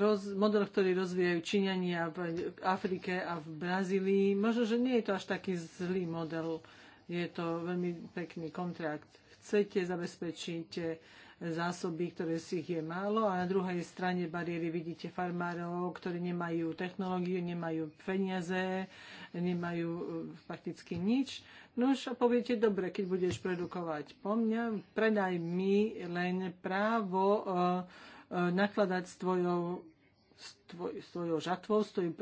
roz, model, ktorý rozvíjajú Číňania v Afrike a v Brazílii. Možno, že nie je to až taký zlý model. Je to veľmi pekný kontrakt chcete zabezpečiť eh, zásoby, ktoré si ich je málo a na druhej strane bariéry vidíte farmárov, ktorí nemajú technológiu, nemajú peniaze, nemajú eh, fakticky nič. No už a poviete, dobre, keď budeš produkovať po mňa, predaj mi len právo eh, nakladať s tvojou tvoj, svojou žatvou, s tvojim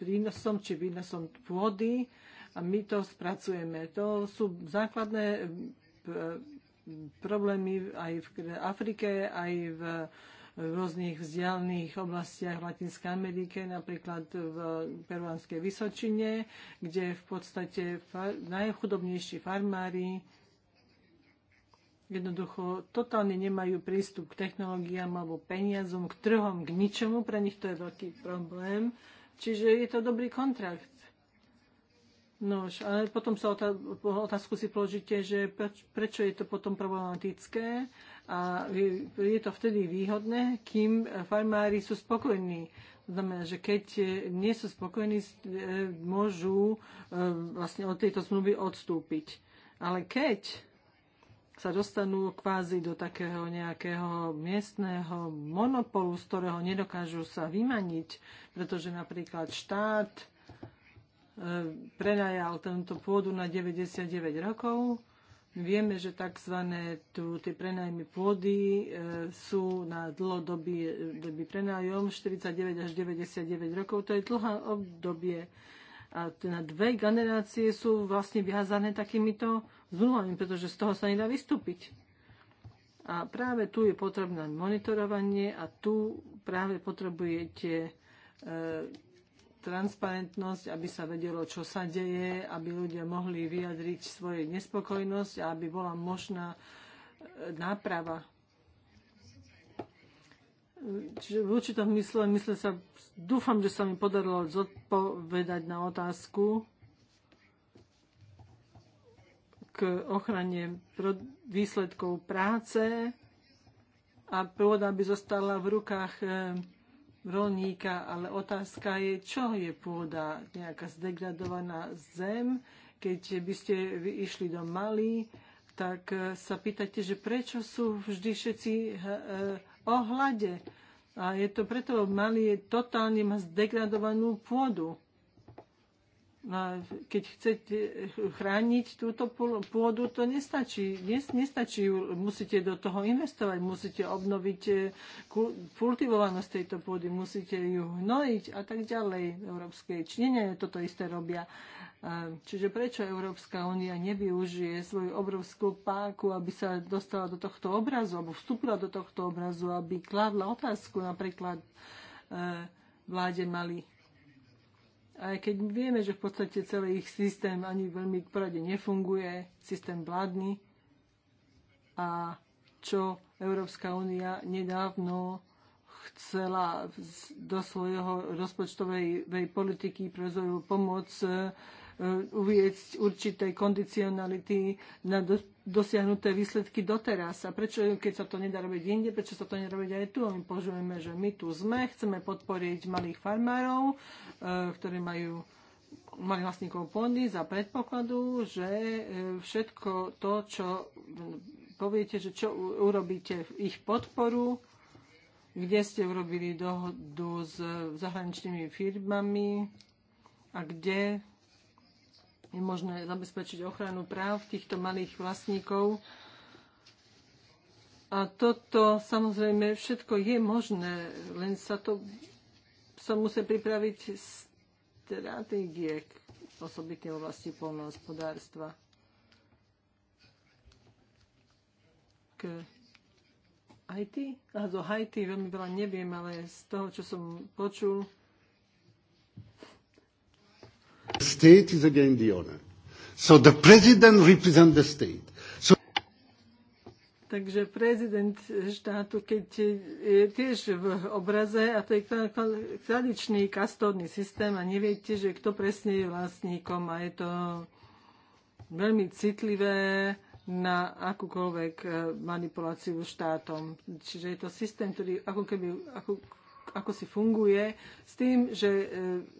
prínosom či výnosom pôdy a my to spracujeme. To sú základné Eh, problémy aj v Afrike, aj v rôznych vzdialných oblastiach v Latinskej Amerike, napríklad v Peruánskej Vysočine, kde v podstate najchudobnejší farmári jednoducho totálne nemajú prístup k technológiám alebo peniazom, k trhom, k ničomu. Pre nich to je veľký problém. Čiže je to dobrý kontrakt No, ale potom sa otázku si položíte, že prečo je to potom problematické a je to vtedy výhodné, kým farmári sú spokojní. To znamená, že keď e, nie sú spokojní, e, môžu e, vlastne od tejto zmluvy odstúpiť. Ale keď sa dostanú kvázi do takého nejakého miestného monopolu, z ktorého nedokážu sa vymaniť, pretože napríklad štát E, prenajal tento pôdu na 99 rokov. Vieme, že tzv. tie prenajmy pôdy e, sú na dlhodobý doby prenájom 49 až 99 rokov. To je dlhá obdobie. A na dve generácie sú vlastne vyházané takýmito zúlami, pretože z toho sa nedá vystúpiť. A práve tu je potrebné monitorovanie a tu práve potrebujete e, transparentnosť, aby sa vedelo, čo sa deje, aby ľudia mohli vyjadriť svoje nespokojnosť a aby bola možná e, náprava. Čiže v určitom mysle, mysle sa, dúfam, že sa mi podarilo zodpovedať na otázku k ochrane výsledkov práce a pôda by zostala v rukách e, rolníka, ale otázka je, čo je pôda, nejaká zdegradovaná zem. Keď by ste išli do Mali, tak eh, sa pýtate, že prečo sú vždy všetci eh, eh, ohľade. A je to preto, Mali je totálne má zdegradovanú pôdu keď chcete chrániť túto pôdu, to nestačí. Nestačí, musíte do toho investovať, musíte obnoviť e, kultivovanosť tejto pôdy, musíte ju hnojiť a tak ďalej. Európske činenia toto isté robia. Čiže prečo Európska únia nevyužije svoju obrovskú páku, aby sa dostala do tohto obrazu, alebo vstúpila do tohto obrazu, aby kladla otázku napríklad e, vláde Mali? Aj keď vieme, že v podstate celý ich systém ani veľmi porade nefunguje, systém vládny a čo Európska únia nedávno chcela do svojho rozpočtovej politiky pre rozvojovú pomoc E, uviecť určité kondicionality na dosiahnuté výsledky doteraz. A prečo, keď sa to nedá robiť inde, prečo sa to nedá robiť aj tu? A my požujeme, že my tu sme, chceme podporiť malých farmárov, e, ktorí majú mali vlastníkov pôdy za predpokladu, že e, všetko to, čo poviete, že čo urobíte v ich podporu, kde ste urobili dohodu s zahraničnými firmami a kde je možné zabezpečiť ochranu práv týchto malých vlastníkov. A toto samozrejme všetko je možné, len sa to sa musí pripraviť stratégie osobitne v oblasti polnohospodárstva. K Haiti? A do Haiti veľmi veľa neviem, ale z toho, čo som počul, state is again the owner. So the president represents the state. So Takže prezident štátu, keď je tiež v obraze a to je tradičný kastorný systém a neviete, že kto presne je vlastníkom a je to veľmi citlivé na akúkoľvek eh, manipuláciu štátom. Čiže je to systém, ktorý ako keby ako ako si funguje, s tým, že e,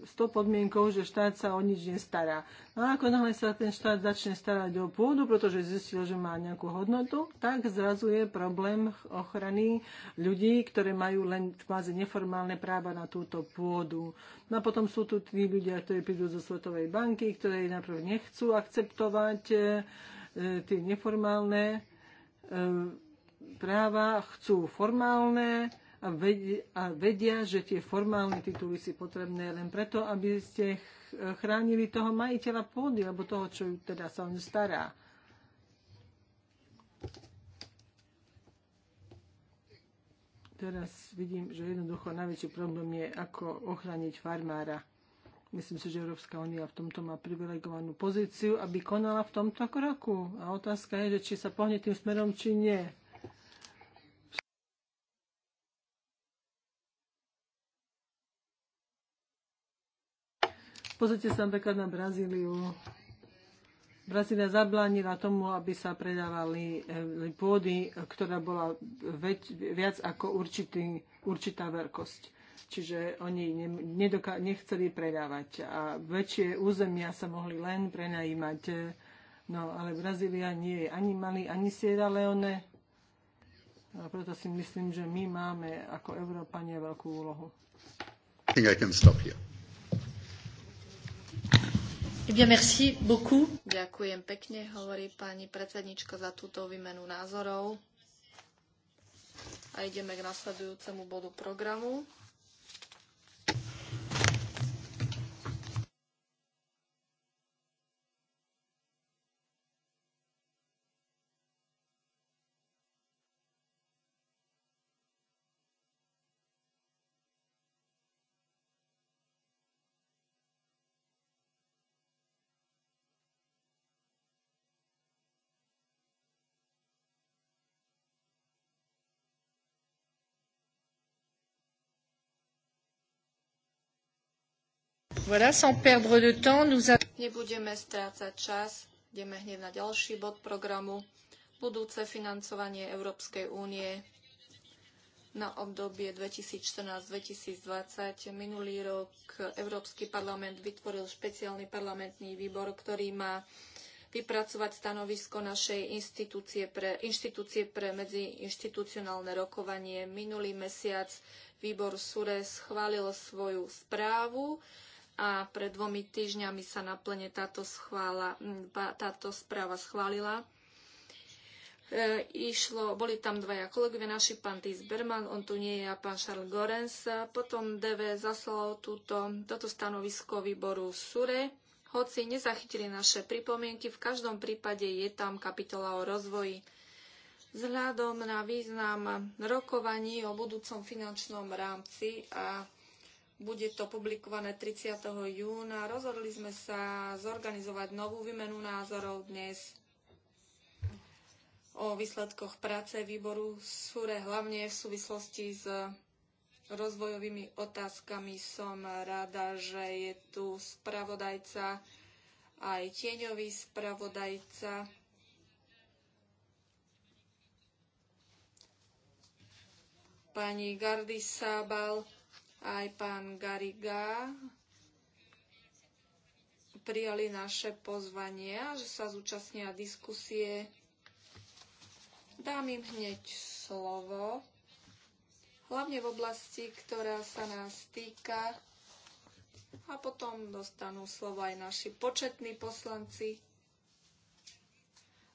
s tou podmienkou, že štát sa o nič nestará. No a ako náhle sa ten štát začne starať o pôdu, pretože zistil, že má nejakú hodnotu, tak zrazu je problém ochrany ľudí, ktoré majú len kvázi neformálne práva na túto pôdu. No a potom sú tu tí ľudia, ktorí prídu zo Svetovej banky, ktoré najprv nechcú akceptovať e, e, tie neformálne práva, chcú formálne a vedia, že tie formálne tituly si potrebné len preto, aby ste chránili toho majiteľa pôdy alebo toho, čo teda sa o ňu stará. Teraz vidím, že jednoducho najväčší problém je, ako ochrániť farmára. Myslím si, že Európska únia v tomto má privilegovanú pozíciu, aby konala v tomto kroku. A otázka je, že či sa pohne tým smerom, či nie. Pozrite sa napríklad na Brazíliu. Brazília zablánila tomu, aby sa predávali eh, pôdy, ktorá bola viac ako určitý, určitá veľkosť. Čiže oni nechceli predávať a väčšie územia sa mohli len prenajímať. No ale Brazília nie je ani malý, ani Sierra Leone. A preto si myslím, že my máme ako Európania veľkú úlohu. I think I can stop here. Eh bien, merci beaucoup. Ďakujem pekne, hovorí pani predsednička za túto výmenu názorov. A ideme k nasledujúcemu bodu programu. Voilà, sans perdre de temps, nous a... Nebudeme strácať čas, ideme hneď na ďalší bod programu. Budúce financovanie Európskej únie na obdobie 2014-2020. Minulý rok Európsky parlament vytvoril špeciálny parlamentný výbor, ktorý má vypracovať stanovisko našej inštitúcie pre, inštitúcie pre medziinštitucionálne rokovanie. Minulý mesiac výbor SURE schválil svoju správu a pred dvomi týždňami sa naplne táto, schvála, táto správa schválila. E, išlo, boli tam dvaja kolegovia naši, pán Tis Berman, on tu nie je, a pán Charles Gorens. Potom DV zaslalo túto, toto stanovisko výboru SURE, hoci nezachytili naše pripomienky, v každom prípade je tam kapitola o rozvoji. Vzhľadom na význam rokovaní o budúcom finančnom rámci a bude to publikované 30. júna. Rozhodli sme sa zorganizovať novú výmenu názorov dnes o výsledkoch práce výboru SURE, hlavne v súvislosti s rozvojovými otázkami. Som rada, že je tu spravodajca, aj tieňový spravodajca. Pani Gardy Sábal aj pán Gariga prijali naše pozvanie že sa zúčastnia diskusie. Dám im hneď slovo, hlavne v oblasti, ktorá sa nás týka. A potom dostanú slovo aj naši početní poslanci.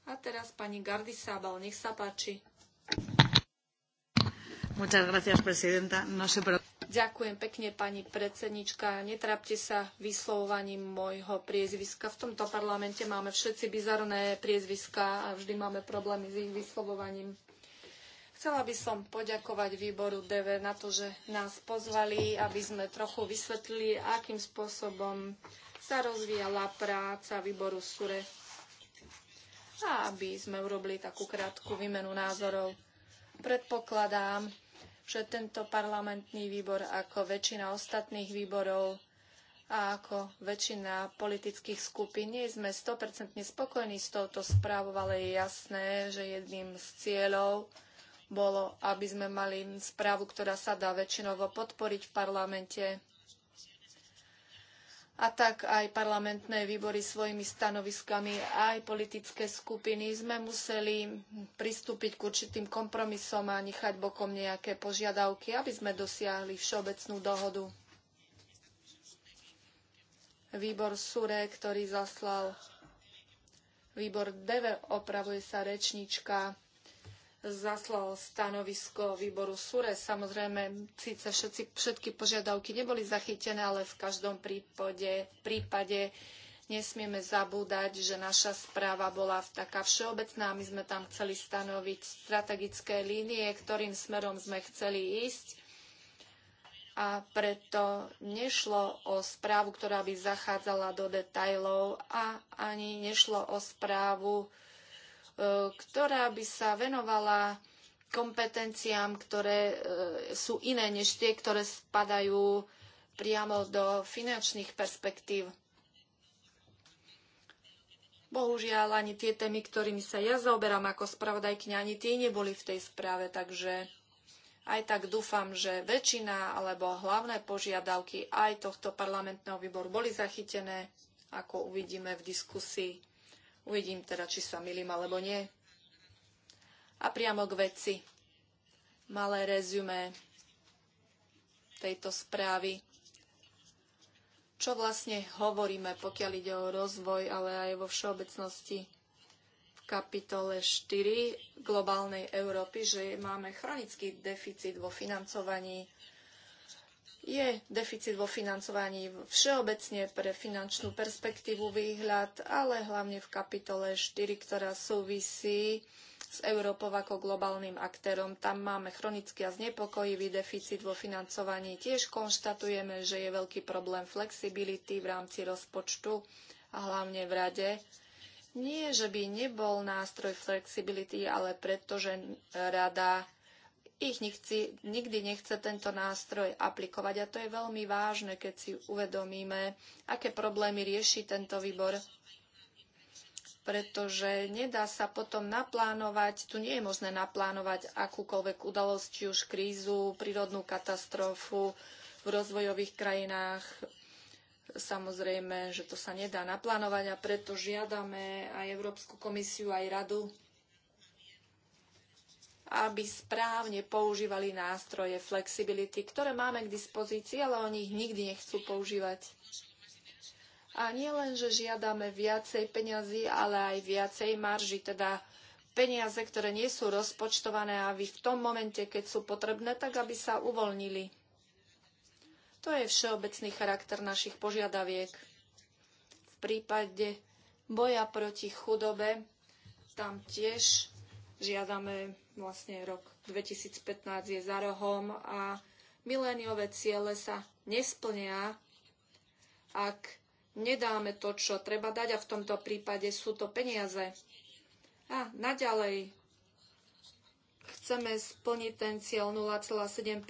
A teraz pani Gardy Sábal, nech sa páči. Muchas gracias, presidenta. No se... Ďakujem pekne, pani predsednička. Netrapte sa vyslovovaním môjho priezviska. V tomto parlamente máme všetci bizarné priezviska a vždy máme problémy s ich vyslovovaním. Chcela by som poďakovať výboru DV na to, že nás pozvali, aby sme trochu vysvetlili, akým spôsobom sa rozvíjala práca výboru SURE a aby sme urobili takú krátku výmenu názorov. Predpokladám, že tento parlamentný výbor ako väčšina ostatných výborov a ako väčšina politických skupín nie sme 100% spokojní s touto správou, ale je jasné, že jedným z cieľov bolo, aby sme mali správu, ktorá sa dá väčšinovo podporiť v parlamente a tak aj parlamentné výbory svojimi stanoviskami, aj politické skupiny sme museli pristúpiť k určitým kompromisom a nechať bokom nejaké požiadavky, aby sme dosiahli všeobecnú dohodu. Výbor SURE, ktorý zaslal výbor DEVE, opravuje sa rečnička zaslal stanovisko výboru SURE. Samozrejme, síce všetci, všetky požiadavky neboli zachytené, ale v každom prípade, prípade nesmieme zabúdať, že naša správa bola taká všeobecná. My sme tam chceli stanoviť strategické línie, ktorým smerom sme chceli ísť. A preto nešlo o správu, ktorá by zachádzala do detajlov a ani nešlo o správu, E, ktorá by sa venovala kompetenciám, ktoré e, sú iné než tie, ktoré spadajú priamo do finančných perspektív. Bohužiaľ, ani tie témy, ktorými sa ja zaoberám ako spravodajkňa, ani tie neboli v tej správe, takže aj tak dúfam, že väčšina alebo hlavné požiadavky aj tohto parlamentného výboru boli zachytené, ako uvidíme v diskusii. Uvidím teda, či sa milím alebo nie. A priamo k veci. Malé rezume tejto správy. Čo vlastne hovoríme, pokiaľ ide o rozvoj, ale aj vo všeobecnosti v kapitole 4 globálnej Európy, že máme chronický deficit vo financovaní je deficit vo financovaní všeobecne pre finančnú perspektívu výhľad, ale hlavne v kapitole 4, ktorá súvisí s Európou ako globálnym aktérom. Tam máme chronický a znepokojivý deficit vo financovaní. Tiež konštatujeme, že je veľký problém flexibility v rámci rozpočtu a hlavne v rade. Nie, že by nebol nástroj flexibility, ale pretože rada ich nechci, nikdy nechce tento nástroj aplikovať a to je veľmi vážne, keď si uvedomíme, aké problémy rieši tento výbor pretože nedá sa potom naplánovať, tu nie je možné naplánovať akúkoľvek udalosť, či už krízu, prírodnú katastrofu v rozvojových krajinách. Samozrejme, že to sa nedá naplánovať a preto žiadame aj Európsku komisiu, aj radu, aby správne používali nástroje flexibility, ktoré máme k dispozícii, ale oni ich nikdy nechcú používať. A nie len, že žiadame viacej peňazí, ale aj viacej marži, teda peniaze, ktoré nie sú rozpočtované a vy v tom momente, keď sú potrebné, tak aby sa uvoľnili. To je všeobecný charakter našich požiadaviek. V prípade boja proti chudobe tam tiež žiadame vlastne rok 2015 je za rohom a miléniové ciele sa nesplnia, ak nedáme to, čo treba dať a v tomto prípade sú to peniaze. A naďalej chceme splniť ten cieľ 0,7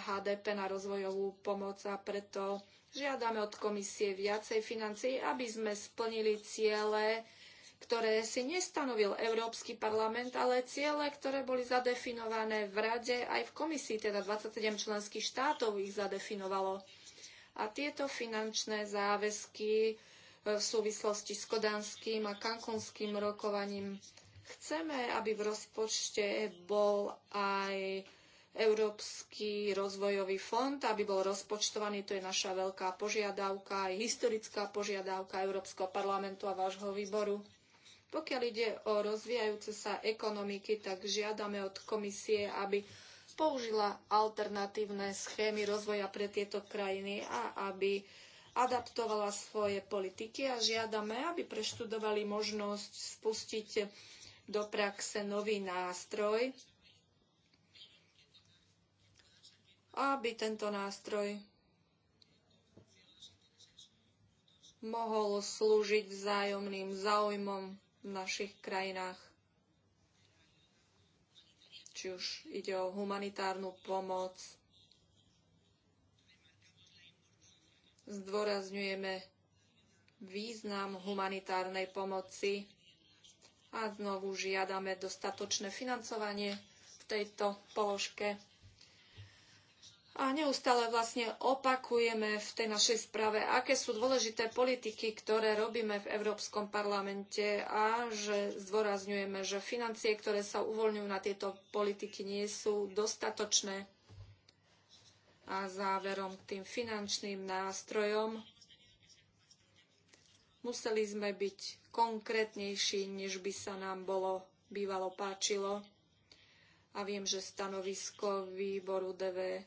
HDP na rozvojovú pomoc a preto žiadame od komisie viacej financií, aby sme splnili ciele ktoré si nestanovil Európsky parlament, ale ciele, ktoré boli zadefinované v Rade aj v komisii, teda 27 členských štátov ich zadefinovalo. A tieto finančné záväzky e, v súvislosti s kodanským a kankunským rokovaním chceme, aby v rozpočte bol aj Európsky rozvojový fond, aby bol rozpočtovaný. To je naša veľká požiadavka, aj historická požiadavka Európskeho parlamentu a vášho výboru. Pokiaľ ide o rozvíjajúce sa ekonomiky, tak žiadame od komisie, aby použila alternatívne schémy rozvoja pre tieto krajiny a aby adaptovala svoje politiky a žiadame, aby preštudovali možnosť spustiť do praxe nový nástroj, aby tento nástroj mohol slúžiť vzájomným záujmom v našich krajinách. Či už ide o humanitárnu pomoc, zdôrazňujeme význam humanitárnej pomoci a znovu žiadame dostatočné financovanie v tejto položke. A neustále vlastne opakujeme v tej našej správe, aké sú dôležité politiky, ktoré robíme v Európskom parlamente a že zdôrazňujeme, že financie, ktoré sa uvoľňujú na tieto politiky, nie sú dostatočné. A záverom k tým finančným nástrojom museli sme byť konkrétnejší, než by sa nám bolo bývalo páčilo. A viem, že stanovisko výboru DV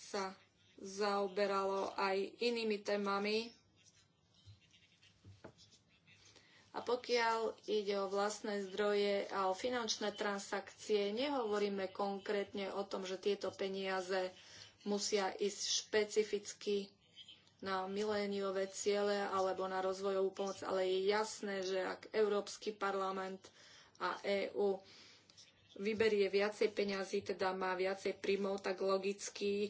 sa zaoberalo aj inými témami. A pokiaľ ide o vlastné zdroje a o finančné transakcie, nehovoríme konkrétne o tom, že tieto peniaze musia ísť špecificky na miléniové ciele alebo na rozvojovú pomoc, ale je jasné, že ak Európsky parlament a EÚ vyberie viacej peňazí, teda má viacej príjmov, tak logicky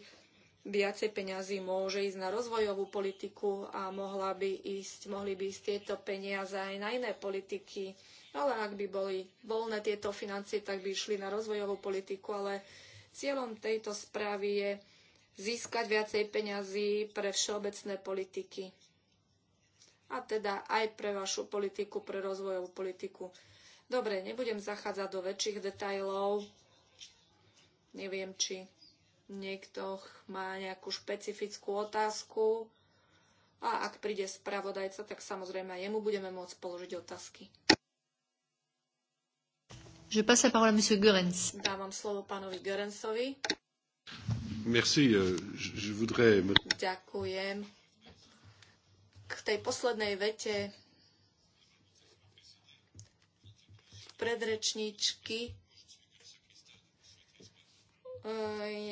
viacej peňazí môže ísť na rozvojovú politiku a mohla by ísť, mohli by ísť tieto peniaze aj na iné politiky. Ale ak by boli voľné tieto financie, tak by išli na rozvojovú politiku. Ale cieľom tejto správy je získať viacej peňazí pre všeobecné politiky. A teda aj pre vašu politiku, pre rozvojovú politiku. Dobre, nebudem zachádzať do väčších detajlov. Neviem, či niekto má nejakú špecifickú otázku a ak príde spravodajca, tak samozrejme aj jemu budeme môcť položiť otázky. Je passe la parole à monsieur Görens. Dávam slovo pánovi Görensovi. Merci, euh, je voudrais... Ďakujem. K tej poslednej vete predrečníčky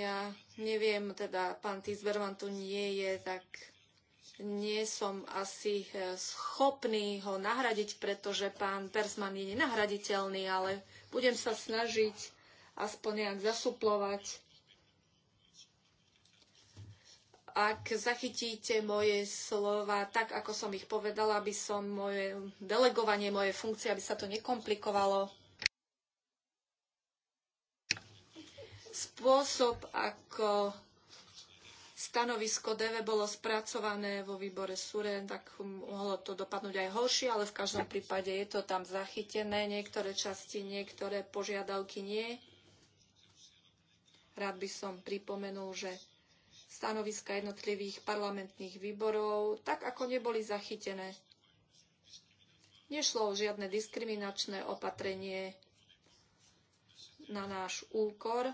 ja neviem, teda pán Tisberman tu nie je, tak nie som asi e, schopný ho nahradiť, pretože pán Persman je nenahraditeľný, ale budem sa snažiť aspoň nejak zasuplovať. Ak zachytíte moje slova tak, ako som ich povedala, aby som moje delegovanie, moje funkcie, aby sa to nekomplikovalo, Spôsob, ako stanovisko DV bolo spracované vo výbore Suren, tak mohlo to dopadnúť aj horšie, ale v každom prípade je to tam zachytené. Niektoré časti, niektoré požiadavky nie. Rád by som pripomenul, že stanoviska jednotlivých parlamentných výborov, tak ako neboli zachytené. Nešlo o žiadne diskriminačné opatrenie na náš úkor.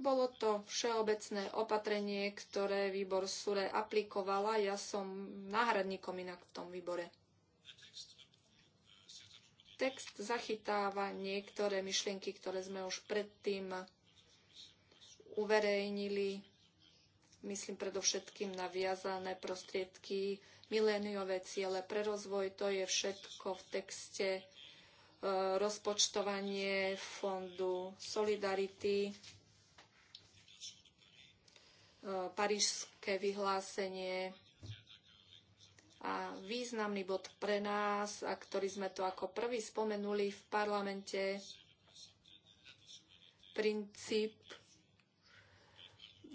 Bolo to všeobecné opatrenie, ktoré výbor Sure aplikovala. Ja som náhradníkom inak v tom výbore. Text zachytáva niektoré myšlienky, ktoré sme už predtým uverejnili. Myslím predovšetkým na viazané prostriedky, miléniové ciele pre rozvoj. To je všetko v texte e, rozpočtovanie fondu Solidarity E, parížské vyhlásenie a významný bod pre nás, a ktorý sme tu ako prvý spomenuli v parlamente, princíp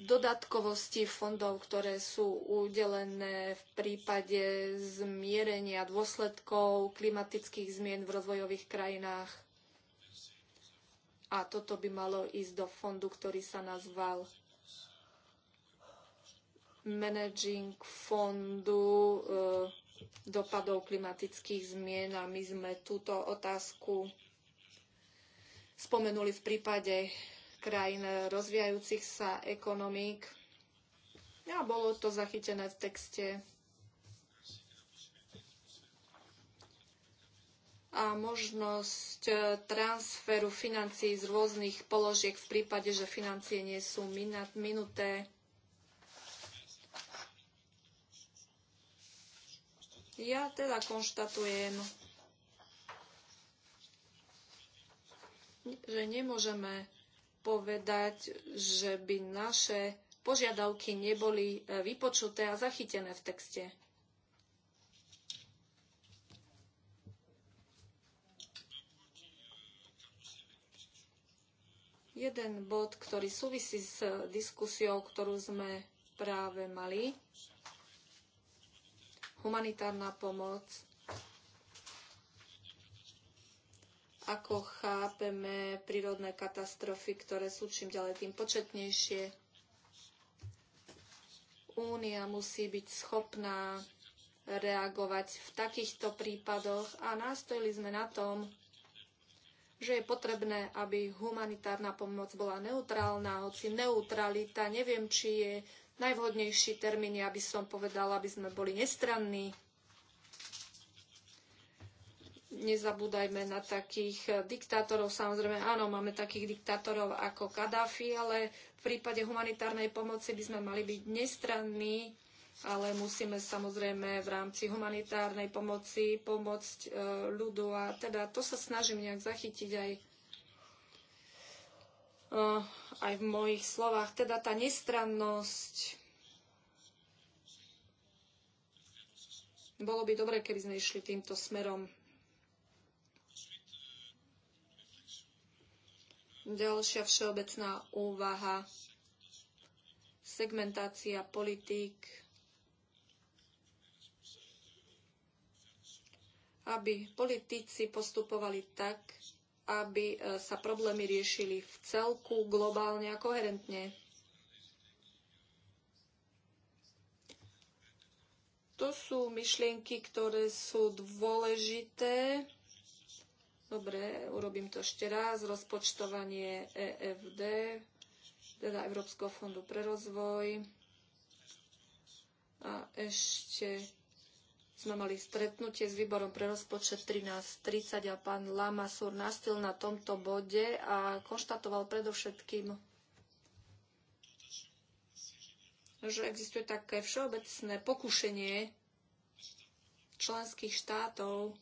dodatkovosti fondov, ktoré sú udelené v prípade zmierenia dôsledkov klimatických zmien v rozvojových krajinách. A toto by malo ísť do fondu, ktorý sa nazval managing fondu eh, dopadov klimatických zmien a my sme túto otázku spomenuli v prípade krajín rozvíjajúcich sa ekonomík. A bolo to zachytené v texte. A možnosť eh, transferu financií z rôznych položiek v prípade, že financie nie sú minuté. Ja teda konštatujem, že nemôžeme povedať, že by naše požiadavky neboli eh, vypočuté a zachytené v texte. Jeden bod, ktorý súvisí s diskusiou, ktorú sme práve mali, humanitárna pomoc, ako chápeme prírodné katastrofy, ktoré sú čím ďalej tým početnejšie. Únia musí byť schopná reagovať v takýchto prípadoch a nastojili sme na tom, že je potrebné, aby humanitárna pomoc bola neutrálna, hoci neutralita neviem, či je najvhodnejší termín, aby som povedala, aby sme boli nestranní. Nezabúdajme na takých diktátorov. Samozrejme, áno, máme takých diktátorov ako Kadáfi, ale v prípade humanitárnej pomoci by sme mali byť nestranní, ale musíme samozrejme v rámci humanitárnej pomoci pomôcť e, ľudu. A teda to sa snažím nejak zachytiť aj Eh, aj v mojich slovách, teda tá nestrannosť. Bolo by dobre, keby sme išli týmto smerom. Ďalšia všeobecná úvaha. Segmentácia politík. aby politici postupovali tak, aby e, sa problémy riešili v celku, globálne a koherentne. To sú myšlienky, ktoré sú dôležité. Dobre, urobím to ešte raz. Rozpočtovanie EFD, teda Európskeho fondu pre rozvoj. A ešte sme mali stretnutie s výborom pre rozpočet 13.30 a pán Lamasur nastil na tomto bode a konštatoval predovšetkým, že existuje také všeobecné pokušenie členských štátov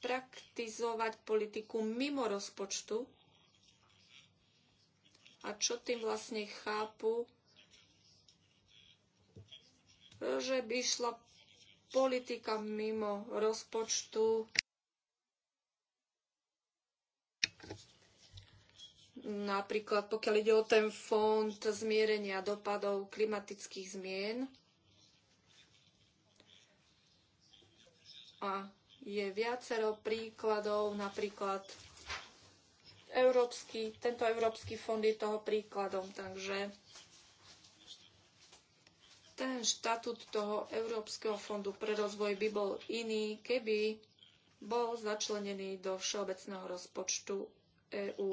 praktizovať politiku mimo rozpočtu a čo tým vlastne chápu že by šla politika mimo rozpočtu. Napríklad pokiaľ ide o ten fond zmierenia dopadov klimatických zmien. A je viacero príkladov, napríklad európsky, tento Európsky fond je toho príkladom, takže ten štatút toho Európskeho fondu pre rozvoj by bol iný, keby bol začlenený do všeobecného rozpočtu EÚ.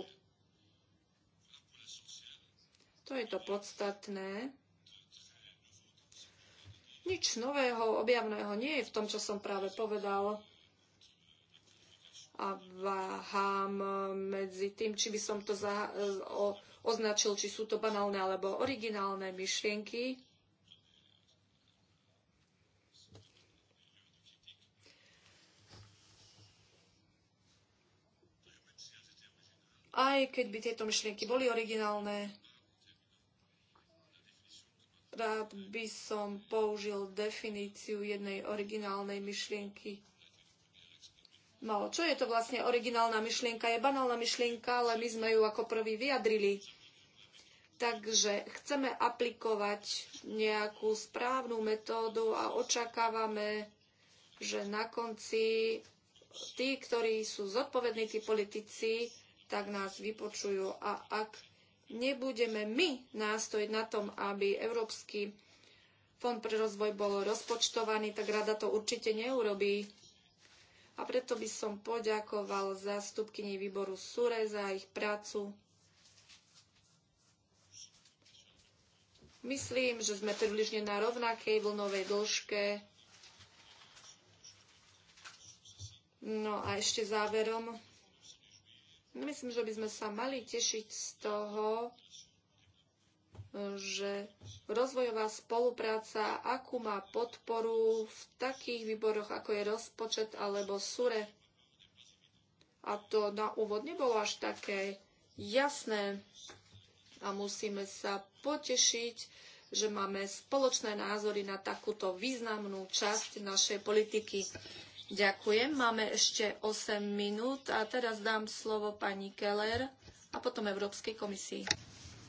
To je to podstatné. Nič nového, objavného nie je v tom, čo som práve povedal. A váhám medzi tým, či by som to za, e, o, označil, či sú to banálne alebo originálne myšlienky. aj keď by tieto myšlienky boli originálne, rád by som použil definíciu jednej originálnej myšlienky. No, čo je to vlastne originálna myšlienka? Je banálna myšlienka, ale my sme ju ako prvý vyjadrili. Takže chceme aplikovať nejakú správnu metódu a očakávame, že na konci tí, ktorí sú zodpovední, tí politici, tak nás vypočujú. A ak nebudeme my nástojiť na tom, aby Európsky fond pre rozvoj bol rozpočtovaný, tak rada to určite neurobí. A preto by som poďakoval zástupkyni výboru SURE za ich prácu. Myslím, že sme približne na rovnakej vlnovej dĺžke. No a ešte záverom Myslím, že by sme sa mali tešiť z toho, že rozvojová spolupráca, akú má podporu v takých výboroch, ako je rozpočet alebo SURE. A to na úvod nebolo až také jasné. A musíme sa potešiť, že máme spoločné názory na takúto významnú časť našej politiky. Ďakujem. Máme ešte 8 minút a teraz dám slovo pani Keller a potom Európskej komisii.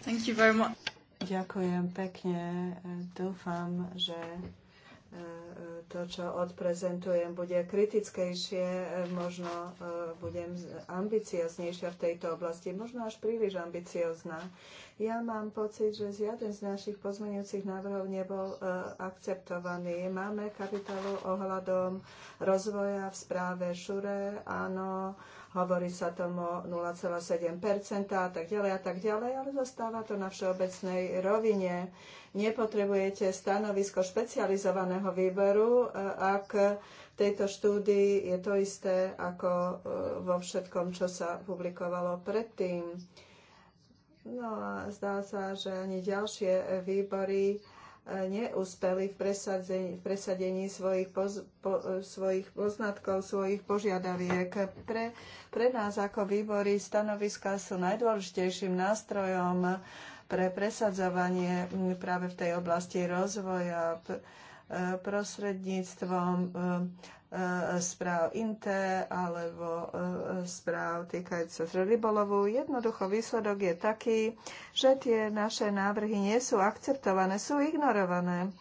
Thank you very much. Ďakujem pekne. Dúfam, že e, to, čo odprezentujem, bude kritickejšie, e, možno e, budem ambicioznejšia v tejto oblasti, možno až príliš ambiciozná. Ja mám pocit, že žiaden z našich pozmeňujúcich návrhov nebol e, akceptovaný. Máme kapitolu ohľadom rozvoja v správe ŠURE, áno, hovorí sa tomu 0,7% a tak ďalej a tak ďalej, ale zostáva to na všeobecnej rovine. Nepotrebujete stanovisko špecializovaného výboru, e, ak v tejto štúdii je to isté ako e, vo všetkom, čo sa publikovalo predtým No a zdá sa, že ani ďalšie výbory e, neúspeli v presadení, v presadení svojich, poz, po, svojich poznatkov, svojich požiadaviek. Pre, pre nás ako výbory stanoviska sú najdôležitejším nástrojom pre presadzovanie práve v tej oblasti rozvoja e, prostredníctvom e, správ INTE alebo e, správ týkajúca sa rybolovu. Jednoducho výsledok je taký, že tie naše návrhy nie sú akceptované, sú ignorované.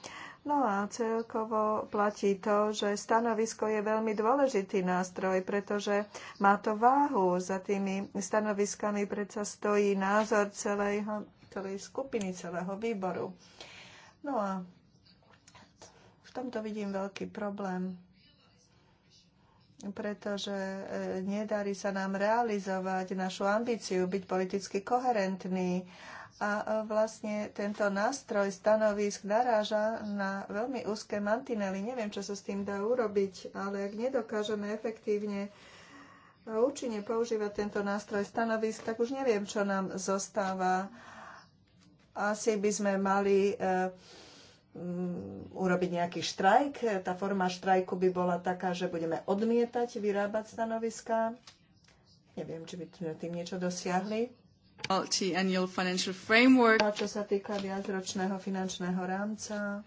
No a celkovo platí to, že stanovisko je veľmi dôležitý nástroj, pretože má to váhu. Za tými stanoviskami predsa stojí názor celého, celej skupiny, celého výboru. No a v tomto vidím veľký problém pretože e, nedarí sa nám realizovať našu ambíciu byť politicky koherentný. A e, vlastne tento nástroj stanovisk naráža na veľmi úzke mantinely. Neviem, čo sa s tým dá urobiť, ale ak nedokážeme efektívne a účinne používať tento nástroj stanovisk, tak už neviem, čo nám zostáva. Asi by sme mali e, Mm, urobiť nejaký štrajk. Tá forma štrajku by bola taká, že budeme odmietať vyrábať stanoviská. Neviem, či by tým niečo dosiahli. A čo sa týka viacročného finančného rámca,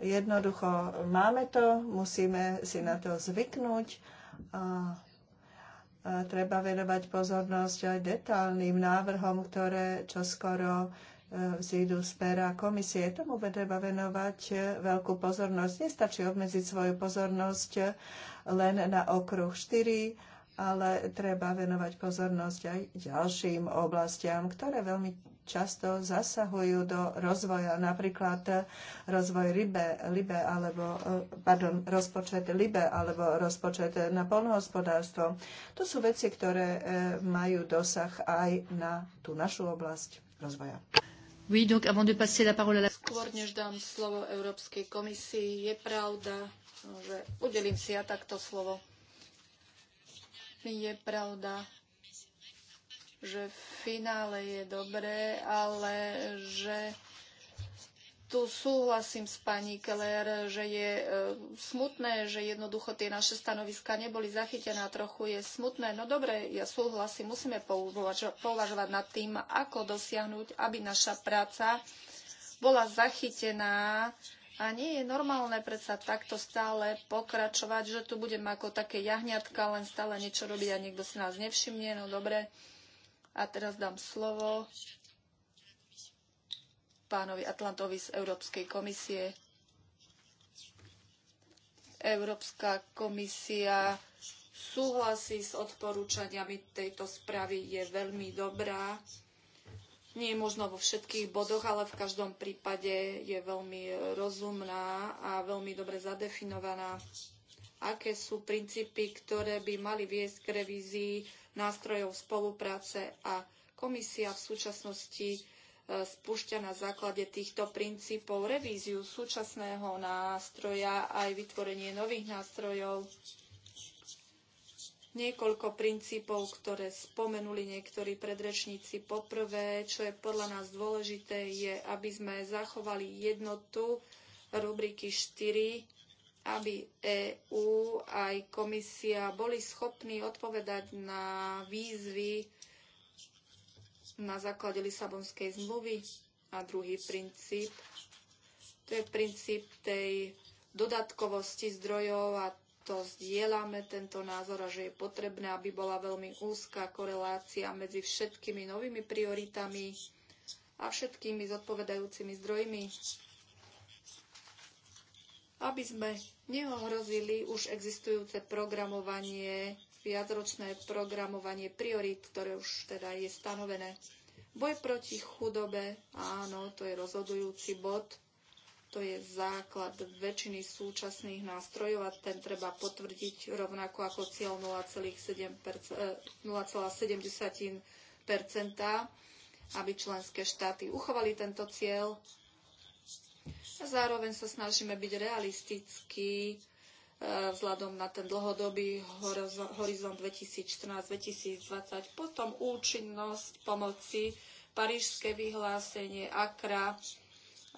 jednoducho máme to, musíme si na to zvyknúť a, a treba venovať pozornosť aj detálnym návrhom, ktoré čoskoro skoro zídu z pera komisie. Tomu treba venovať veľkú pozornosť. Nestačí obmedziť svoju pozornosť len na okruh 4, ale treba venovať pozornosť aj ďalším oblastiam, ktoré veľmi často zasahujú do rozvoja, napríklad rozvoj Libe, Libe alebo, e, pardon, rozpočet Libe alebo rozpočet na polnohospodárstvo. To sú veci, ktoré e, majú dosah aj na tú našu oblasť rozvoja. Oui, donc avant de passer la parole à la... Skôr než dám slovo Európskej komisii, je pravda, že udelím si ja takto slovo. Je pravda, že v finále je dobré, ale že tu súhlasím s pani Keller, že je e, smutné, že jednoducho tie naše stanoviská neboli zachytené a trochu je smutné. No dobre, ja súhlasím, musíme považovať nad tým, ako dosiahnuť, aby naša práca bola zachytená a nie je normálne predsa takto stále pokračovať, že tu budem ako také jahňatka, len stále niečo robiť a niekto si nás nevšimne. No dobre, a teraz dám slovo pánovi Atlantovi z Európskej komisie. Európska komisia súhlasí s odporúčaniami tejto správy, je veľmi dobrá. Nie je možno vo všetkých bodoch, ale v každom prípade je veľmi rozumná a veľmi dobre zadefinovaná. Aké sú princípy, ktoré by mali viesť k revízii nástrojov spolupráce a komisia v súčasnosti spúšťa na základe týchto princípov revíziu súčasného nástroja aj vytvorenie nových nástrojov. Niekoľko princípov, ktoré spomenuli niektorí predrečníci. Poprvé, čo je podľa nás dôležité, je, aby sme zachovali jednotu rubriky 4 aby EÚ aj komisia boli schopní odpovedať na výzvy na základe Lisabonskej zmluvy. A druhý princíp, to je princíp tej dodatkovosti zdrojov a to zdieľame tento názor a že je potrebné, aby bola veľmi úzká korelácia medzi všetkými novými prioritami a všetkými zodpovedajúcimi zdrojmi, aby sme neohrozili už existujúce programovanie viacročné programovanie priorit, ktoré už teda je stanovené. Boj proti chudobe, áno, to je rozhodujúci bod, to je základ väčšiny súčasných nástrojov a ten treba potvrdiť rovnako ako cieľ 0,7%, 0,7%, eh, aby členské štáty uchovali tento cieľ. A zároveň sa snažíme byť realistickí Eh, vzhľadom na ten dlhodobý horizont 2014-2020, potom účinnosť pomoci, parížské vyhlásenie, AKRA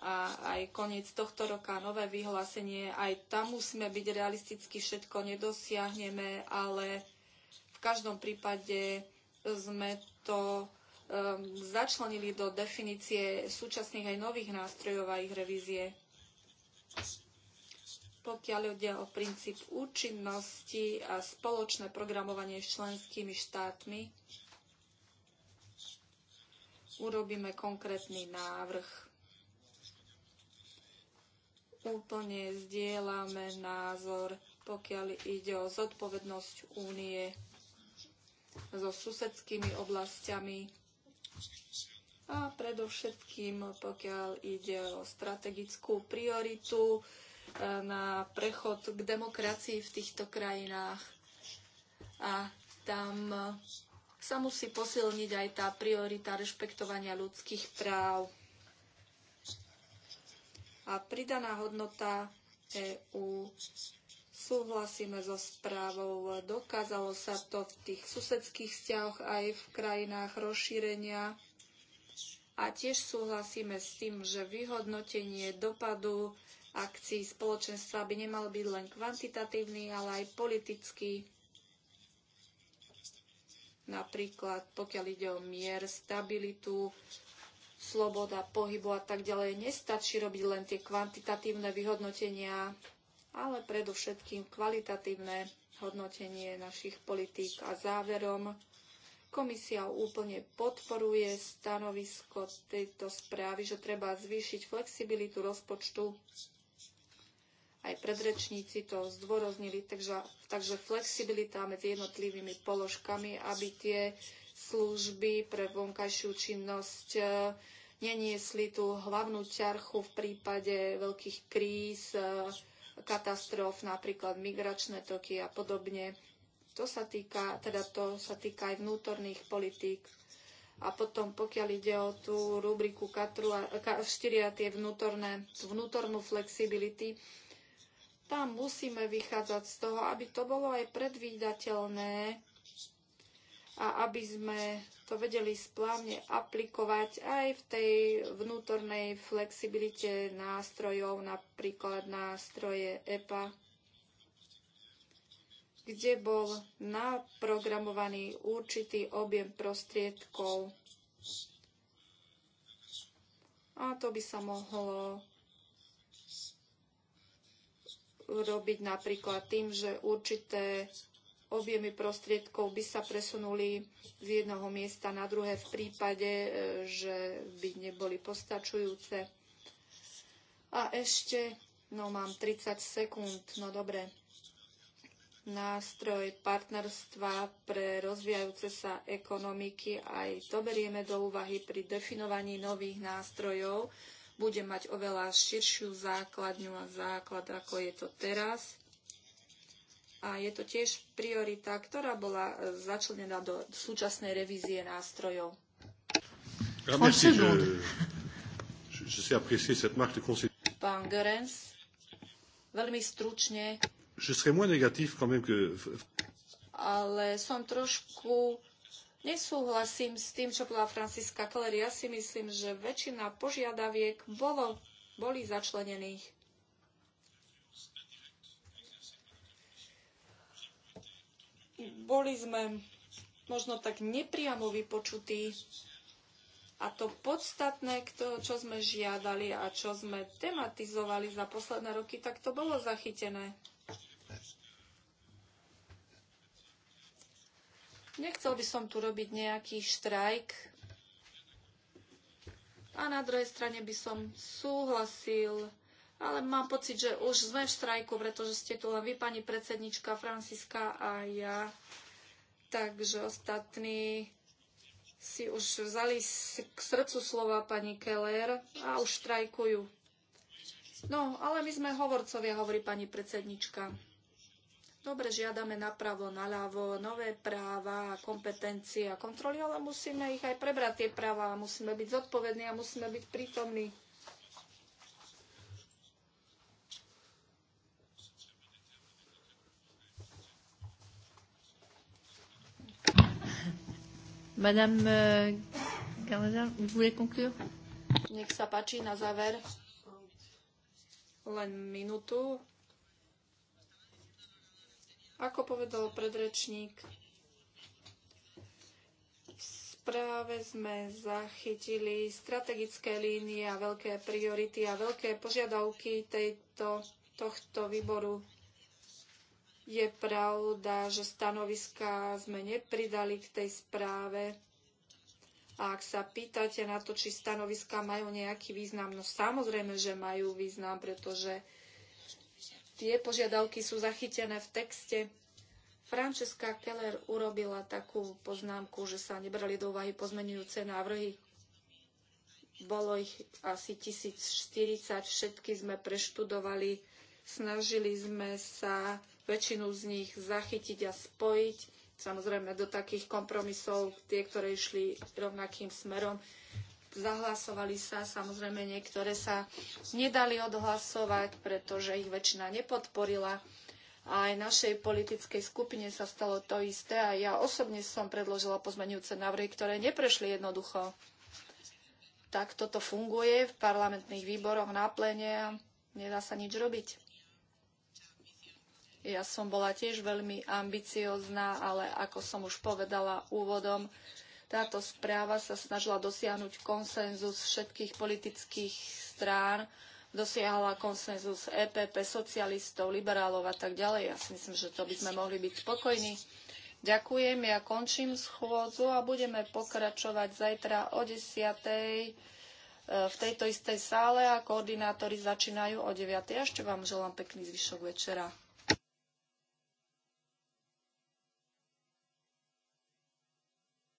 a aj koniec tohto roka nové vyhlásenie. Aj tam musíme byť realisticky, všetko nedosiahneme, ale v každom prípade sme to um, začlenili do definície súčasných aj nových nástrojov a ich revízie pokiaľ ide o princíp účinnosti a spoločné programovanie s členskými štátmi, urobíme konkrétny návrh. Úplne zdieľame názor, pokiaľ ide o zodpovednosť únie so susedskými oblastiami a predovšetkým, pokiaľ ide o strategickú prioritu, na prechod k demokracii v týchto krajinách. A tam eh, sa musí posilniť aj tá priorita rešpektovania ľudských práv. A pridaná hodnota EÚ súhlasíme so správou. Dokázalo sa to v tých susedských vzťahoch aj v krajinách rozšírenia. A tiež súhlasíme s tým, že vyhodnotenie dopadu akcií spoločenstva by nemal byť len kvantitatívny, ale aj politický. Napríklad, pokiaľ ide o mier, stabilitu, sloboda pohybu a tak ďalej, nestačí robiť len tie kvantitatívne vyhodnotenia, ale predovšetkým kvalitatívne hodnotenie našich politík. A záverom, Komisia úplne podporuje stanovisko tejto správy, že treba zvýšiť flexibilitu rozpočtu aj predrečníci to zdôraznili, takže, takže flexibilita medzi jednotlivými položkami, aby tie služby pre vonkajšiu činnosť eh, neniesli tú hlavnú ťarchu v prípade veľkých kríz, eh, katastrof, napríklad migračné toky a podobne. To sa týka, teda to sa týka aj vnútorných politík. A potom, pokiaľ ide o tú rubriku 4 a tie vnútorné, vnútornú flexibility, tam musíme vychádzať z toho, aby to bolo aj predvídateľné a aby sme to vedeli správne aplikovať aj v tej vnútornej flexibilite nástrojov, napríklad nástroje EPA, kde bol naprogramovaný určitý objem prostriedkov. A to by sa mohlo robiť napríklad tým, že určité objemy prostriedkov by sa presunuli z jednoho miesta na druhé v prípade, e, že by neboli postačujúce. A ešte, no mám 30 sekúnd, no dobre, nástroj partnerstva pre rozvíjajúce sa ekonomiky, aj to berieme do úvahy pri definovaní nových nástrojov bude mať oveľa širšiu základňu a základ, ako je to teraz. A je to tiež priorita, ktorá bola e, začlenená do súčasnej revízie nástrojov. Pán Görens, veľmi stručne. Ale som trošku Nesúhlasím s tým, čo bola Franciska Keller. Ja si myslím, že väčšina požiadaviek bolo, boli začlenených. Boli sme možno tak nepriamo vypočutí a to podstatné, čo sme žiadali a čo sme tematizovali za posledné roky, tak to bolo zachytené. Nechcel by som tu robiť nejaký štrajk. A na druhej strane by som súhlasil, ale mám pocit, že už sme v štrajku, pretože ste tu len vy, pani predsednička Franciska a ja. Takže ostatní si už vzali k srdcu slova pani Keller a už štrajkujú. No, ale my sme hovorcovia, hovorí pani predsednička. Dobre, žiadame napravo, naľavo, nové práva, kompetencie a kontroly, ale musíme ich aj prebrať tie práva, musíme byť zodpovední a musíme byť prítomní. Madame Carvajal, euh, vous voulez conclure Nech sa páči na záver. Len minútu. Ako povedal predrečník, v správe sme zachytili strategické línie a veľké priority a veľké požiadavky tejto, tohto výboru je pravda, že stanoviska sme nepridali k tej správe. A ak sa pýtate na to, či stanoviska majú nejaký význam, no samozrejme, že majú význam, pretože Tie požiadavky sú zachytené v texte. Francesca Keller urobila takú poznámku, že sa nebrali do úvahy pozmenujúce návrhy. Bolo ich asi 1040, všetky sme preštudovali, snažili sme sa väčšinu z nich zachytiť a spojiť, samozrejme do takých kompromisov, tie, ktoré išli rovnakým smerom zahlasovali sa, samozrejme niektoré sa nedali odhlasovať, pretože ich väčšina nepodporila. A aj našej politickej skupine sa stalo to isté a ja osobne som predložila pozmenujúce návrhy, ktoré neprešli jednoducho. Tak toto funguje v parlamentných výboroch na plene a nedá sa nič robiť. Ja som bola tiež veľmi ambiciozná, ale ako som už povedala úvodom, táto správa sa snažila dosiahnuť konsenzus všetkých politických strán, dosiahla konsenzus EPP, socialistov, liberálov a tak ďalej. Ja si myslím, že to by sme mohli byť spokojní. Ďakujem, ja končím schôdzu a budeme pokračovať zajtra o 10.00 e, v tejto istej sále a koordinátori začínajú o 9.00. Ešte vám želám pekný zvyšok večera.